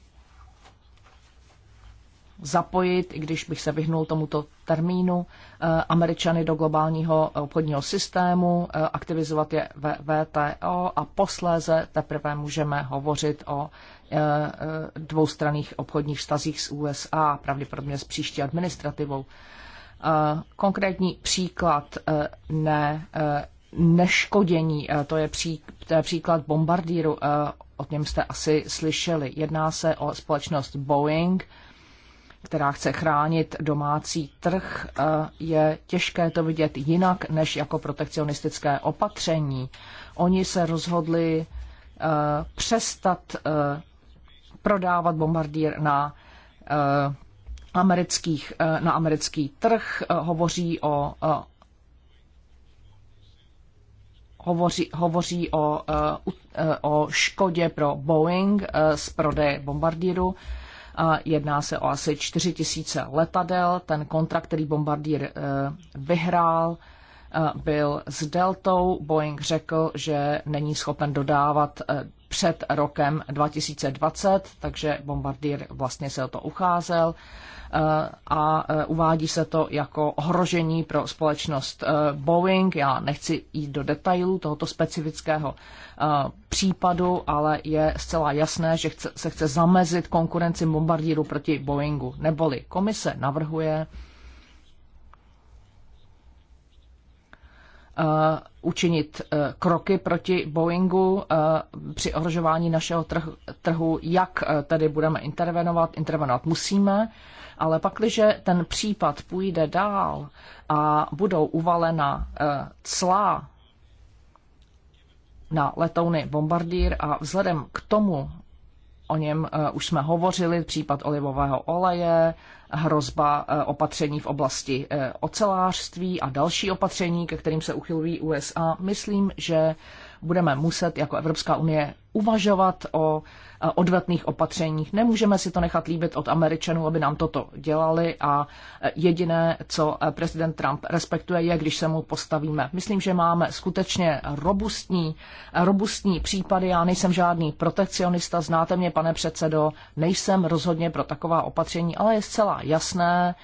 zapojit, i když bych se vyhnul tomuto termínu, eh, Američany do globálního obchodního systému, eh, aktivizovat je VTO a posléze teprve můžeme hovořit o eh, dvoustranných obchodních vztazích s USA, pravděpodobně s příští administrativou. Konkrétní příklad ne, neškodění, to je, pří, to je příklad bombardíru, o něm jste asi slyšeli. Jedná se o společnost Boeing, která chce chránit domácí trh, eh, je těžké to vidět jinak než jako protekcionistické opatření. Oni se rozhodli eh, přestat eh, prodávat bombardír na amerických, na americký trh, hovoří o hovoří, hovoří o, o škodě pro Boeing z prodeje bombardíru Jedná se o asi 4 tisíce letadel. Ten kontrakt, který bombardír eh, vyhrál, eh, byl s Deltou. Boeing řekl, že není schopen dodávat eh, před rokem 2020, takže bombardier vlastně se o to ucházel a uvádí se to jako ohrožení pro společnost eh, Boeing. Já nechci jít do detailů tohoto specifického eh, případu, ale je zcela jasné, že se chce zamezit konkurenci bombardíru proti Boeingu. Neboli komise navrhuje eh, učinit kroky proti Boeingu při ohrožování našeho trhu, jak tedy budeme intervenovat. Intervenovat musíme, ale pakliže ten případ půjde dál a budou uvalena eh, clá na letouny Bombardier a vzhledem k tomu, o něm eh, už jsme hovořili, případ olivového oleje, hrozba eh, opatření v oblasti ocelářství a další opatření, ke kterým se uchylují USA, myslím, že budeme muset jako Evropská unie uvažovat o odvetných opatřeních. Nemůžeme si to nechat líbit od Američanů, aby nám toto dělali a jediné, co prezident Trump respektuje, je, když se mu postavíme. Myslím, že máme skutečně robustní, robustní případy. Já nejsem žádný protekcionista, znáte mě, pane předsedo, nejsem rozhodně pro taková opatření, ale je zcela jasné,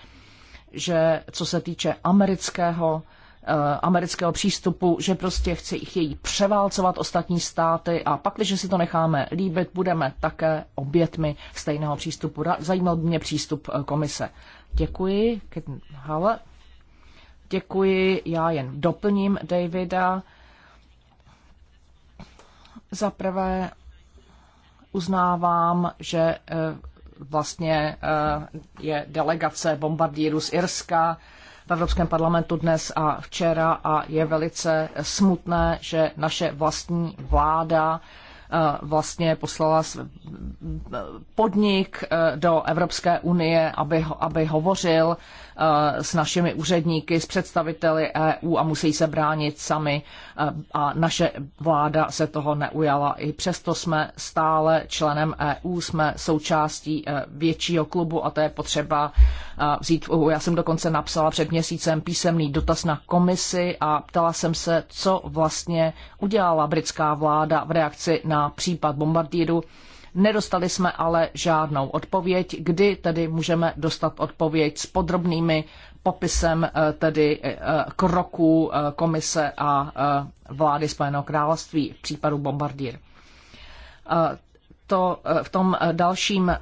že co se týče amerického Eh, amerického přístupu, že prostě jich její převálcovat ostatní státy a pak, když si to necháme líbit, budeme také obětmi stejného přístupu. Zajímal by mě přístup eh, komise. Děkuji. Hele. Děkuji. Já jen doplním Davida. Za prvé uznávám, že eh, vlastně je delegace bombardíru z Irska v Evropském parlamentu dnes a včera a je velice smutné, že naše vlastní vláda eh, vlastně poslala eh, podnik eh, do Evropské unie, aby, aby hovořil Eh, s našimi úředníky, s představiteli EU a musí se bránit sami. Eh, a naše vláda se toho neujala. I přesto jsme stále členem EU, jsme součástí eh, většího klubu a to je potřeba vzít v Já jsem dokonce napsala před měsícem písemný dotaz na komisi a ptala jsem se, co vlastně udělala britská vláda v reakci na případ bombardíru Nedostali jsme ale žádnou odpověď, kdy tedy můžeme dostat odpověď s podrobnými popisem eh, tedy eh, kroků eh, komise a vlády Spojeného království v případu Bombardier. To v tom dalším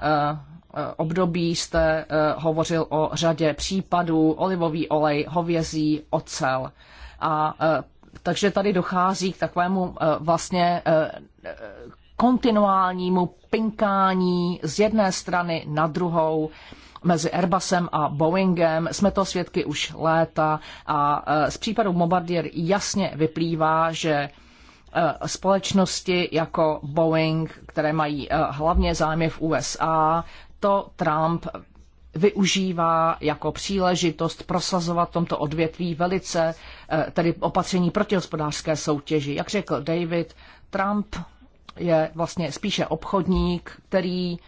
období jste hovořil o řadě případů, olivový olej, hovězí, ocel. A takže tady dochází k takovému vlastně kontinuálnímu pinkání z jedné strany na druhou mezi Airbusem a Boeingem. Jsme to svědky už léta a e, z případu Bombardier jasně vyplývá, že e, společnosti jako Boeing, které mají e, hlavně zájmy v USA, to Trump využívá jako příležitost prosazovat tomto odvětví velice tedy opatření proti hospodářské soutěži. Jak řekl David, Trump je vlastně spíše obchodník, který eh,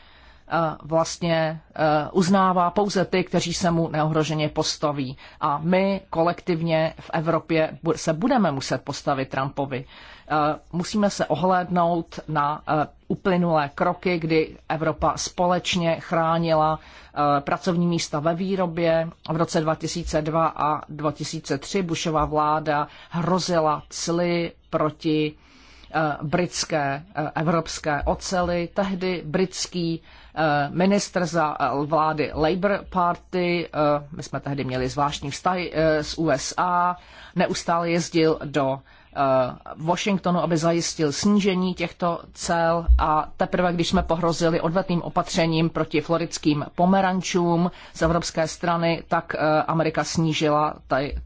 vlastně eh, uznává pouze ty, kteří se mu neohroženě postaví. A my kolektivně v Evropě se budeme muset postavit Trumpovi. Eh, musíme se ohlédnout na uplynulé kroky, kdy Evropa společně chránila pracovní místa ve výrobě. V roce 2002 a 2003 Bušová vláda hrozila cly proti Eh, britské eh, evropské ocely. Tehdy britský eh, ministr za vlády Labour Party, my jsme tehdy měli zvláštní vztahy s USA, neustále jezdil do Washingtonu, aby zajistil snížení těchto cel a teprve, když jsme pohrozili odvetným opatřením proti floridským pomerančům z evropské strany, tak Amerika snížila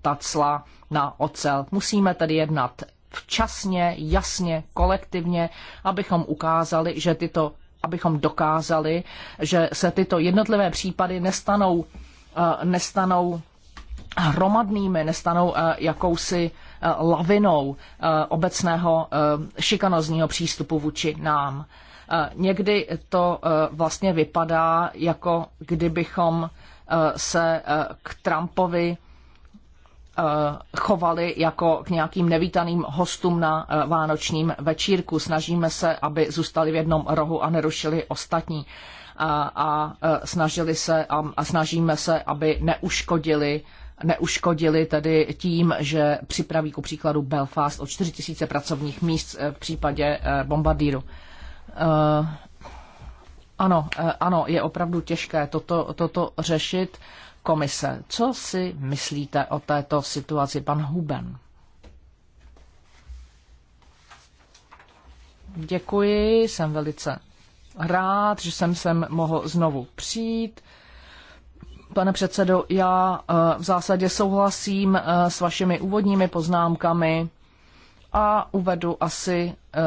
ta cla na ocel. Musíme tedy jednat včasně, jasně, kolektivně, abychom ukázali, že tyto, abychom dokázali, že se tyto jednotlivé případy nestanou, eh, nestanou hromadnými, nestanou eh, jakousi eh, lavinou obecného šikanozního přístupu vůči nám. Někdy to vlastně vypadá, jako kdybychom se k Trumpovi Eh, chovali jako k nějakým nevítaným hostům na eh, vánočním večírku. Snažíme se, aby zůstali v jednom rohu a nerušili ostatní. A, a eh, snažili se a, a snažíme se, aby neuškodili neuškodili tedy tím, že připraví ku příkladu Belfast o 4 000 pracovních míst v případě bombardíru. Ano, ano, je opravdu těžké toto, toto řešit komise. Co si myslíte o této situaci, pan Huben? Děkuji, jsem velice rád, že jsem sem mohl znovu přijít. Pane předsedo, já eh, v zásadě souhlasím eh, s vašimi úvodními poznámkami a uvedu asi eh,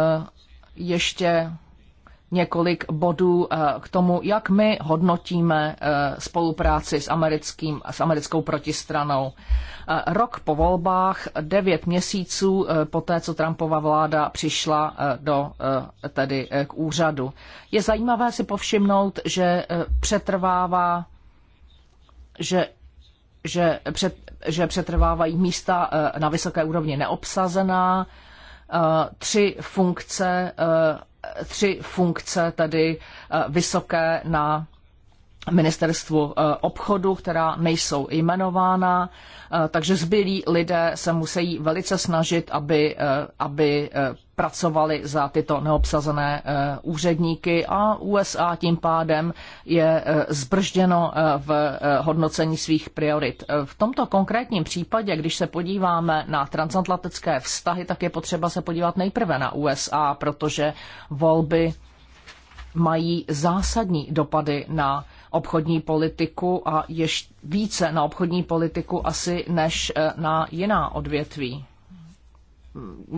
ještě několik bodů eh, k tomu, jak my hodnotíme eh, spolupráci s, americkým, s americkou protistranou. Eh, rok po volbách, devět měsíců po té, co Trumpova vláda přišla do, tedy k úřadu. Je zajímavé si povšimnout, že přetrvává, že že, před, že přetrvávají místa na vysoké úrovni neobsazená, tři funkce tři funkce tedy eh, vysoké na ministerstvu eh, obchodu, která nejsou jmenována, eh, takže zbylí lidé se musí velice snažit, aby, aby pracovali za tyto neobsazené eh, úředníky a USA tím pádem je eh, zbržděno eh, v hodnocení svých priorit. V tomto konkrétním případě, když se podíváme na transatlantické vztahy, tak je potřeba se podívat nejprve na USA, protože volby mají zásadní dopady na obchodní politiku a ještě více na obchodní politiku asi než na jiná odvětví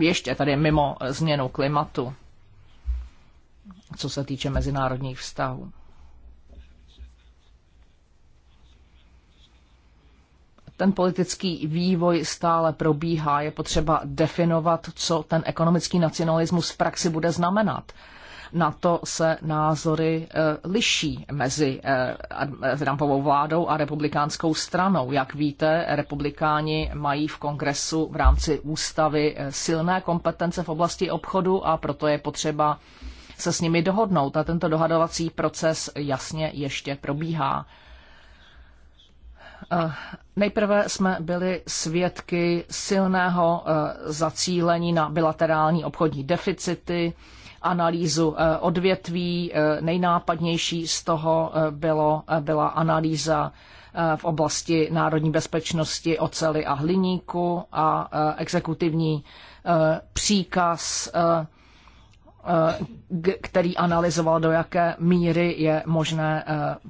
ještě tady mimo změnu klimatu, co se týče mezinárodních vztahů. ten politický vývoj stále probíhá, je potřeba definovat, co ten ekonomický nacionalismus v praxi bude znamenat na to se názory eh, liší mezi eh, Trumpovou vládou a republikánskou stranou. Jak víte, republikáni mají v kongresu v rámci ústavy eh, silné kompetence v oblasti obchodu a proto je potřeba se s nimi dohodnout. A tento dohadovací proces jasně ještě probíhá. Nejprve jsme byli svědky silného zacílení na bilaterální obchodní deficity, analýzu eh, odvětví. Eh, nejnápadnější z toho eh, bylo, byla analýza v oblasti národní bezpečnosti ocely a hliníku a exekutivní příkaz, který analyzoval, do jaké míry je možné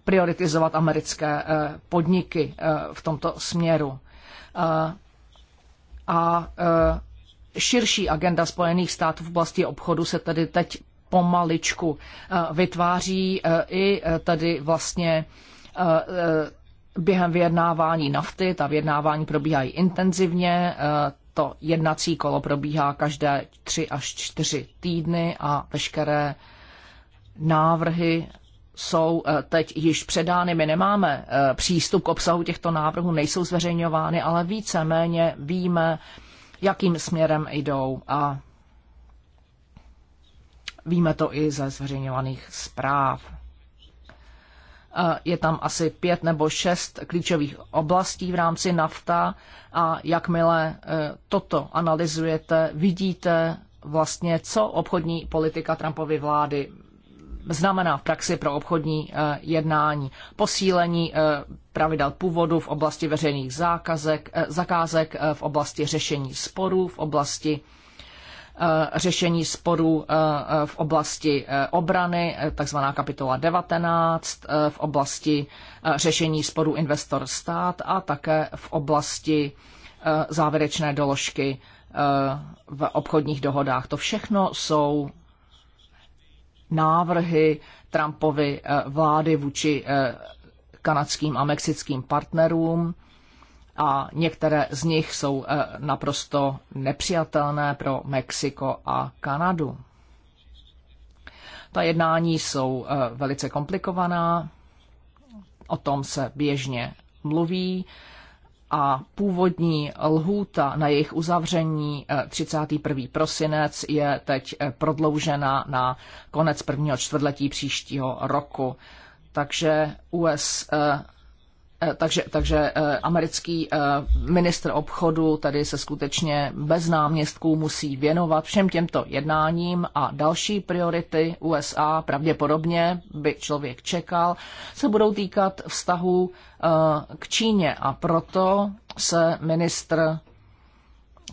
prioritizovat americké podniky v tomto směru. A Širší agenda Spojených států v oblasti obchodu se tady teď pomaličku eh, vytváří eh, i eh, tady vlastně během vyjednávání nafty. Ta vyjednávání probíhají intenzivně, to jednací kolo probíhá každé tři až čtyři týdny a veškeré návrhy jsou teď již předány. My nemáme přístup k obsahu těchto návrhů, nejsou zveřejňovány, ale víceméně víme, jakým směrem jdou a víme to i ze zveřejňovaných zpráv. E, je tam asi pět nebo šest klíčových oblastí v rámci NAFTA a jakmile e, toto analyzujete, vidíte vlastně, co obchodní politika Trumpovy vlády znamená v praxi pro obchodní eh, jednání. Posílení eh, pravidel původu v oblasti veřejných zákazek, eh, zakázek, v oblasti řešení sporů, v oblasti řešení sporů v oblasti obrany, takzvaná kapitola 19, v oblasti řešení sporů investor-stát a také v oblasti závěrečné doložky v obchodních dohodách. To všechno jsou návrhy Trumpovy eh, vlády vůči eh, kanadským a mexickým partnerům a některé z nich jsou eh, naprosto nepřijatelné pro Mexiko a Kanadu. Ta jednání jsou velice komplikovaná, o tom se běžně mluví a původní lhůta na jejich uzavření 31. Eh, prosinec je teď eh, prodloužena na konec prvního čtvrtletí příštího roku. Takže US eh, Eh, takže, takže eh, americký eh, ministr obchodu tady se skutečně bez náměstků musí věnovat všem těmto jednáním a další priority USA, pravděpodobně by člověk čekal, se budou týkat vztahu k Číně a proto se ministr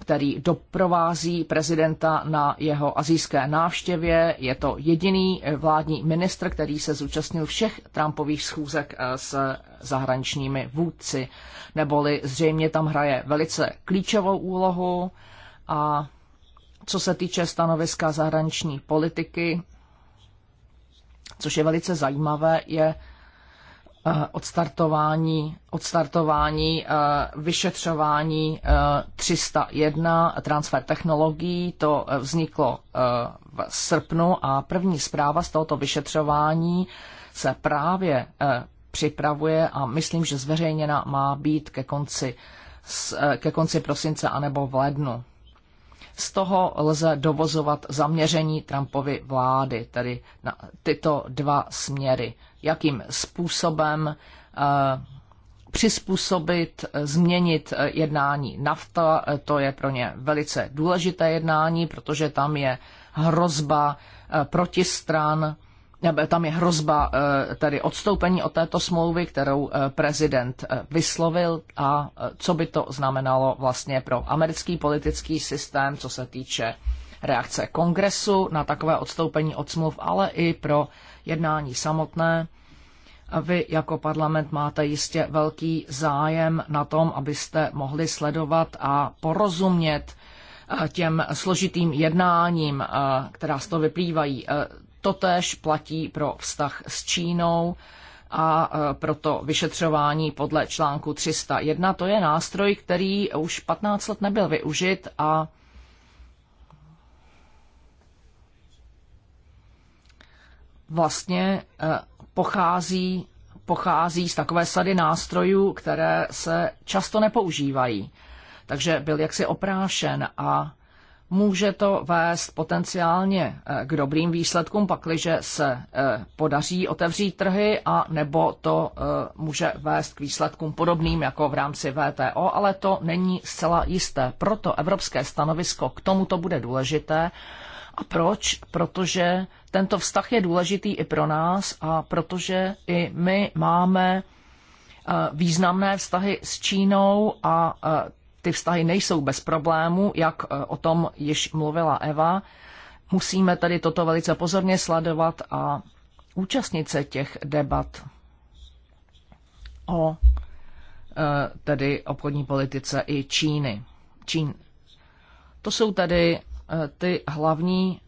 který doprovází prezidenta na jeho azijské návštěvě. Je to jediný vládní ministr, který se zúčastnil všech Trumpových schůzek eh, s zahraničními vůdci, neboli zřejmě tam hraje velice klíčovou úlohu a co se týče stanoviska zahraniční politiky, což je velice zajímavé, je Eh, odstartování, odstartování eh, vyšetřování 301 eh, transfer technologií. To vzniklo v srpnu a první zpráva z tohoto vyšetřování se právě připravuje a myslím, že zveřejněna má být ke konci, ke konci prosince anebo v lednu. Z toho lze dovozovat zaměření Trumpovy vlády, tedy na tyto dva směry. Jakým způsobem eh, přizpůsobit, eh, změnit eh, jednání nafta. To je pro ně velice důležité jednání, protože tam je hrozba protistran tam je hrozba eh, tedy odstoupení od této smlouvy, kterou eh, prezident eh, vyslovil a co by to znamenalo vlastně pro americký politický systém, co se týče reakce kongresu na takové odstoupení od smluv, ale i pro jednání samotné. Vy jako parlament máte jistě velký zájem na tom, abyste mohli sledovat a porozumět těm složitým jednáním, která z toho vyplývají. Totéž platí pro vztah s Čínou a e, proto vyšetřování podle článku 301. To je nástroj, který už 15 let nebyl využit a vlastně e, pochází, pochází z takové sady nástrojů, které se často nepoužívají. Takže byl jaksi oprášen a Může to vést potenciálně eh, k dobrým výsledkům, pakliže se eh, podaří otevřít trhy, a nebo to eh, může vést k výsledkům podobným jako v rámci VTO, ale to není zcela jisté. Proto evropské stanovisko k tomuto bude důležité. A proč? Protože tento vztah je důležitý i pro nás a protože i my máme významné vztahy s Čínou a ty vztahy nejsou bez problémů, jak e, o tom již mluvila Eva. Musíme tedy toto velice pozorně sledovat a účastnit se těch debat o e, tedy obchodní politice i Číny. Čín. To jsou tedy e, ty hlavní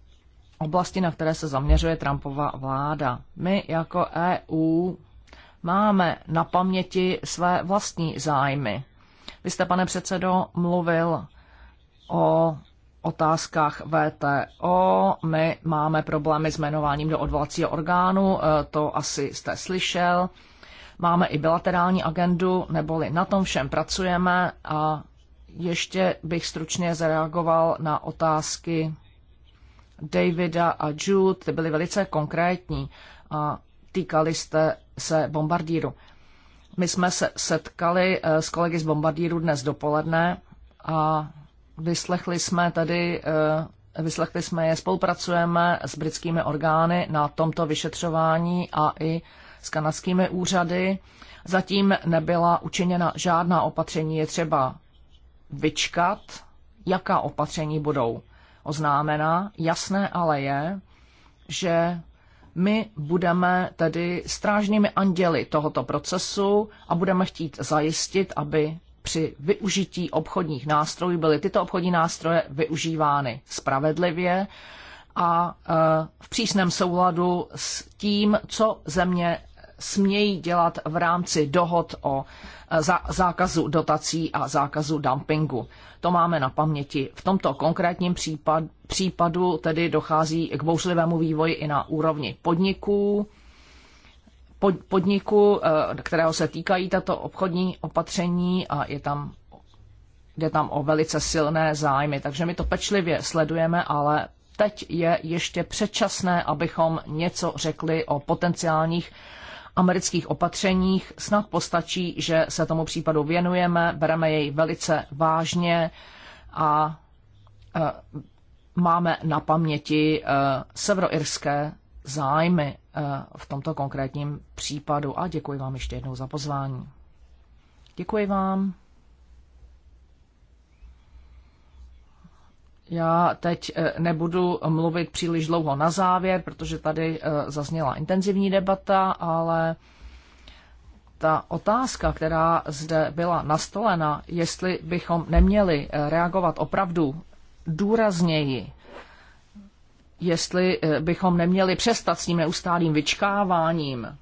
oblasti, na které se zaměřuje Trumpova vláda. My jako EU máme na paměti své vlastní zájmy. Vy jste, pane předsedo, mluvil o otázkách VTO. My máme problémy s jmenováním do odvolacího orgánu, e, to asi jste slyšel. Máme i bilaterální agendu, neboli na tom všem pracujeme a ještě bych stručně zareagoval na otázky Davida a Jude, ty byly velice konkrétní a týkaly jste se bombardíru. My jsme se setkali eh, s kolegy z Bombardíru dnes dopoledne a vyslechli jsme tady, eh, vyslechli jsme je, spolupracujeme s britskými orgány na tomto vyšetřování a i s kanadskými úřady. Zatím nebyla učiněna žádná opatření, je třeba vyčkat, jaká opatření budou oznámena. Jasné ale je, že my budeme tedy strážnými anděli tohoto procesu a budeme chtít zajistit, aby při využití obchodních nástrojů byly tyto obchodní nástroje využívány spravedlivě a e, v přísném souladu s tím, co země smějí dělat v rámci dohod o Eh, za, zákazu dotací a zákazu dumpingu. To máme na paměti. V tomto konkrétním případ, případu tedy dochází k bouřlivému vývoji i na úrovni podniků, pod, podniku, eh, kterého se týkají tato obchodní opatření a je tam jde tam o velice silné zájmy. Takže my to pečlivě sledujeme, ale teď je ještě předčasné, abychom něco řekli o potenciálních amerických opatřeních. Snad postačí, že se tomu případu věnujeme, bereme jej velice vážně a e, máme na paměti e, severoirské zájmy e, v tomto konkrétním případu a děkuji vám ještě jednou za pozvání. Děkuji vám. Já teď eh, nebudu mluvit příliš dlouho na závěr, protože tady eh, zazněla intenzivní debata, ale ta otázka, která zde byla nastolena, jestli bychom neměli eh, reagovat opravdu důrazněji, jestli bychom neměli přestat s tím neustálým vyčkáváním,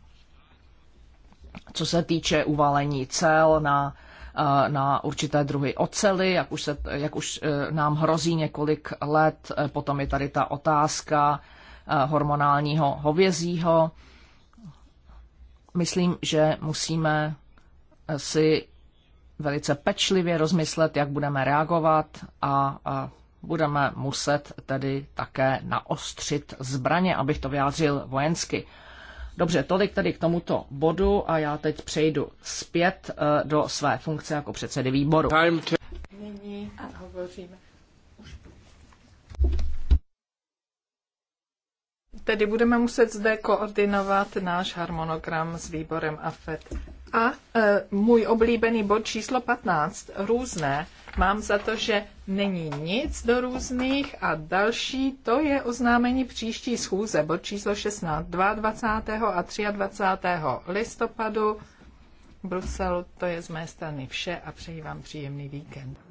co se týče uvalení cel na Eh, na určité druhy ocely, jak už, se, jak už eh, nám hrozí několik let. Eh, potom je tady ta otázka hormonálního hovězího. Myslím, že musíme si velice pečlivě rozmyslet, jak budeme reagovat a, budeme muset tedy také naostřit zbraně, abych to vyjádřil vojensky. Dobře, tolik tedy k tomuto bodu a já teď přejdu zpět eh, do své funkce jako předsedy výboru. Nyní hovoříme. Tedy budeme muset zde koordinovat náš harmonogram s výborem AFET. A e, eh, můj oblíbený bod číslo 15, různé, Mám za to, že není nic do různých a další to je oznámení příští schůze, bod číslo 16, 22. a 23. listopadu. Bruselu, to je z mé strany vše a přeji vám příjemný víkend.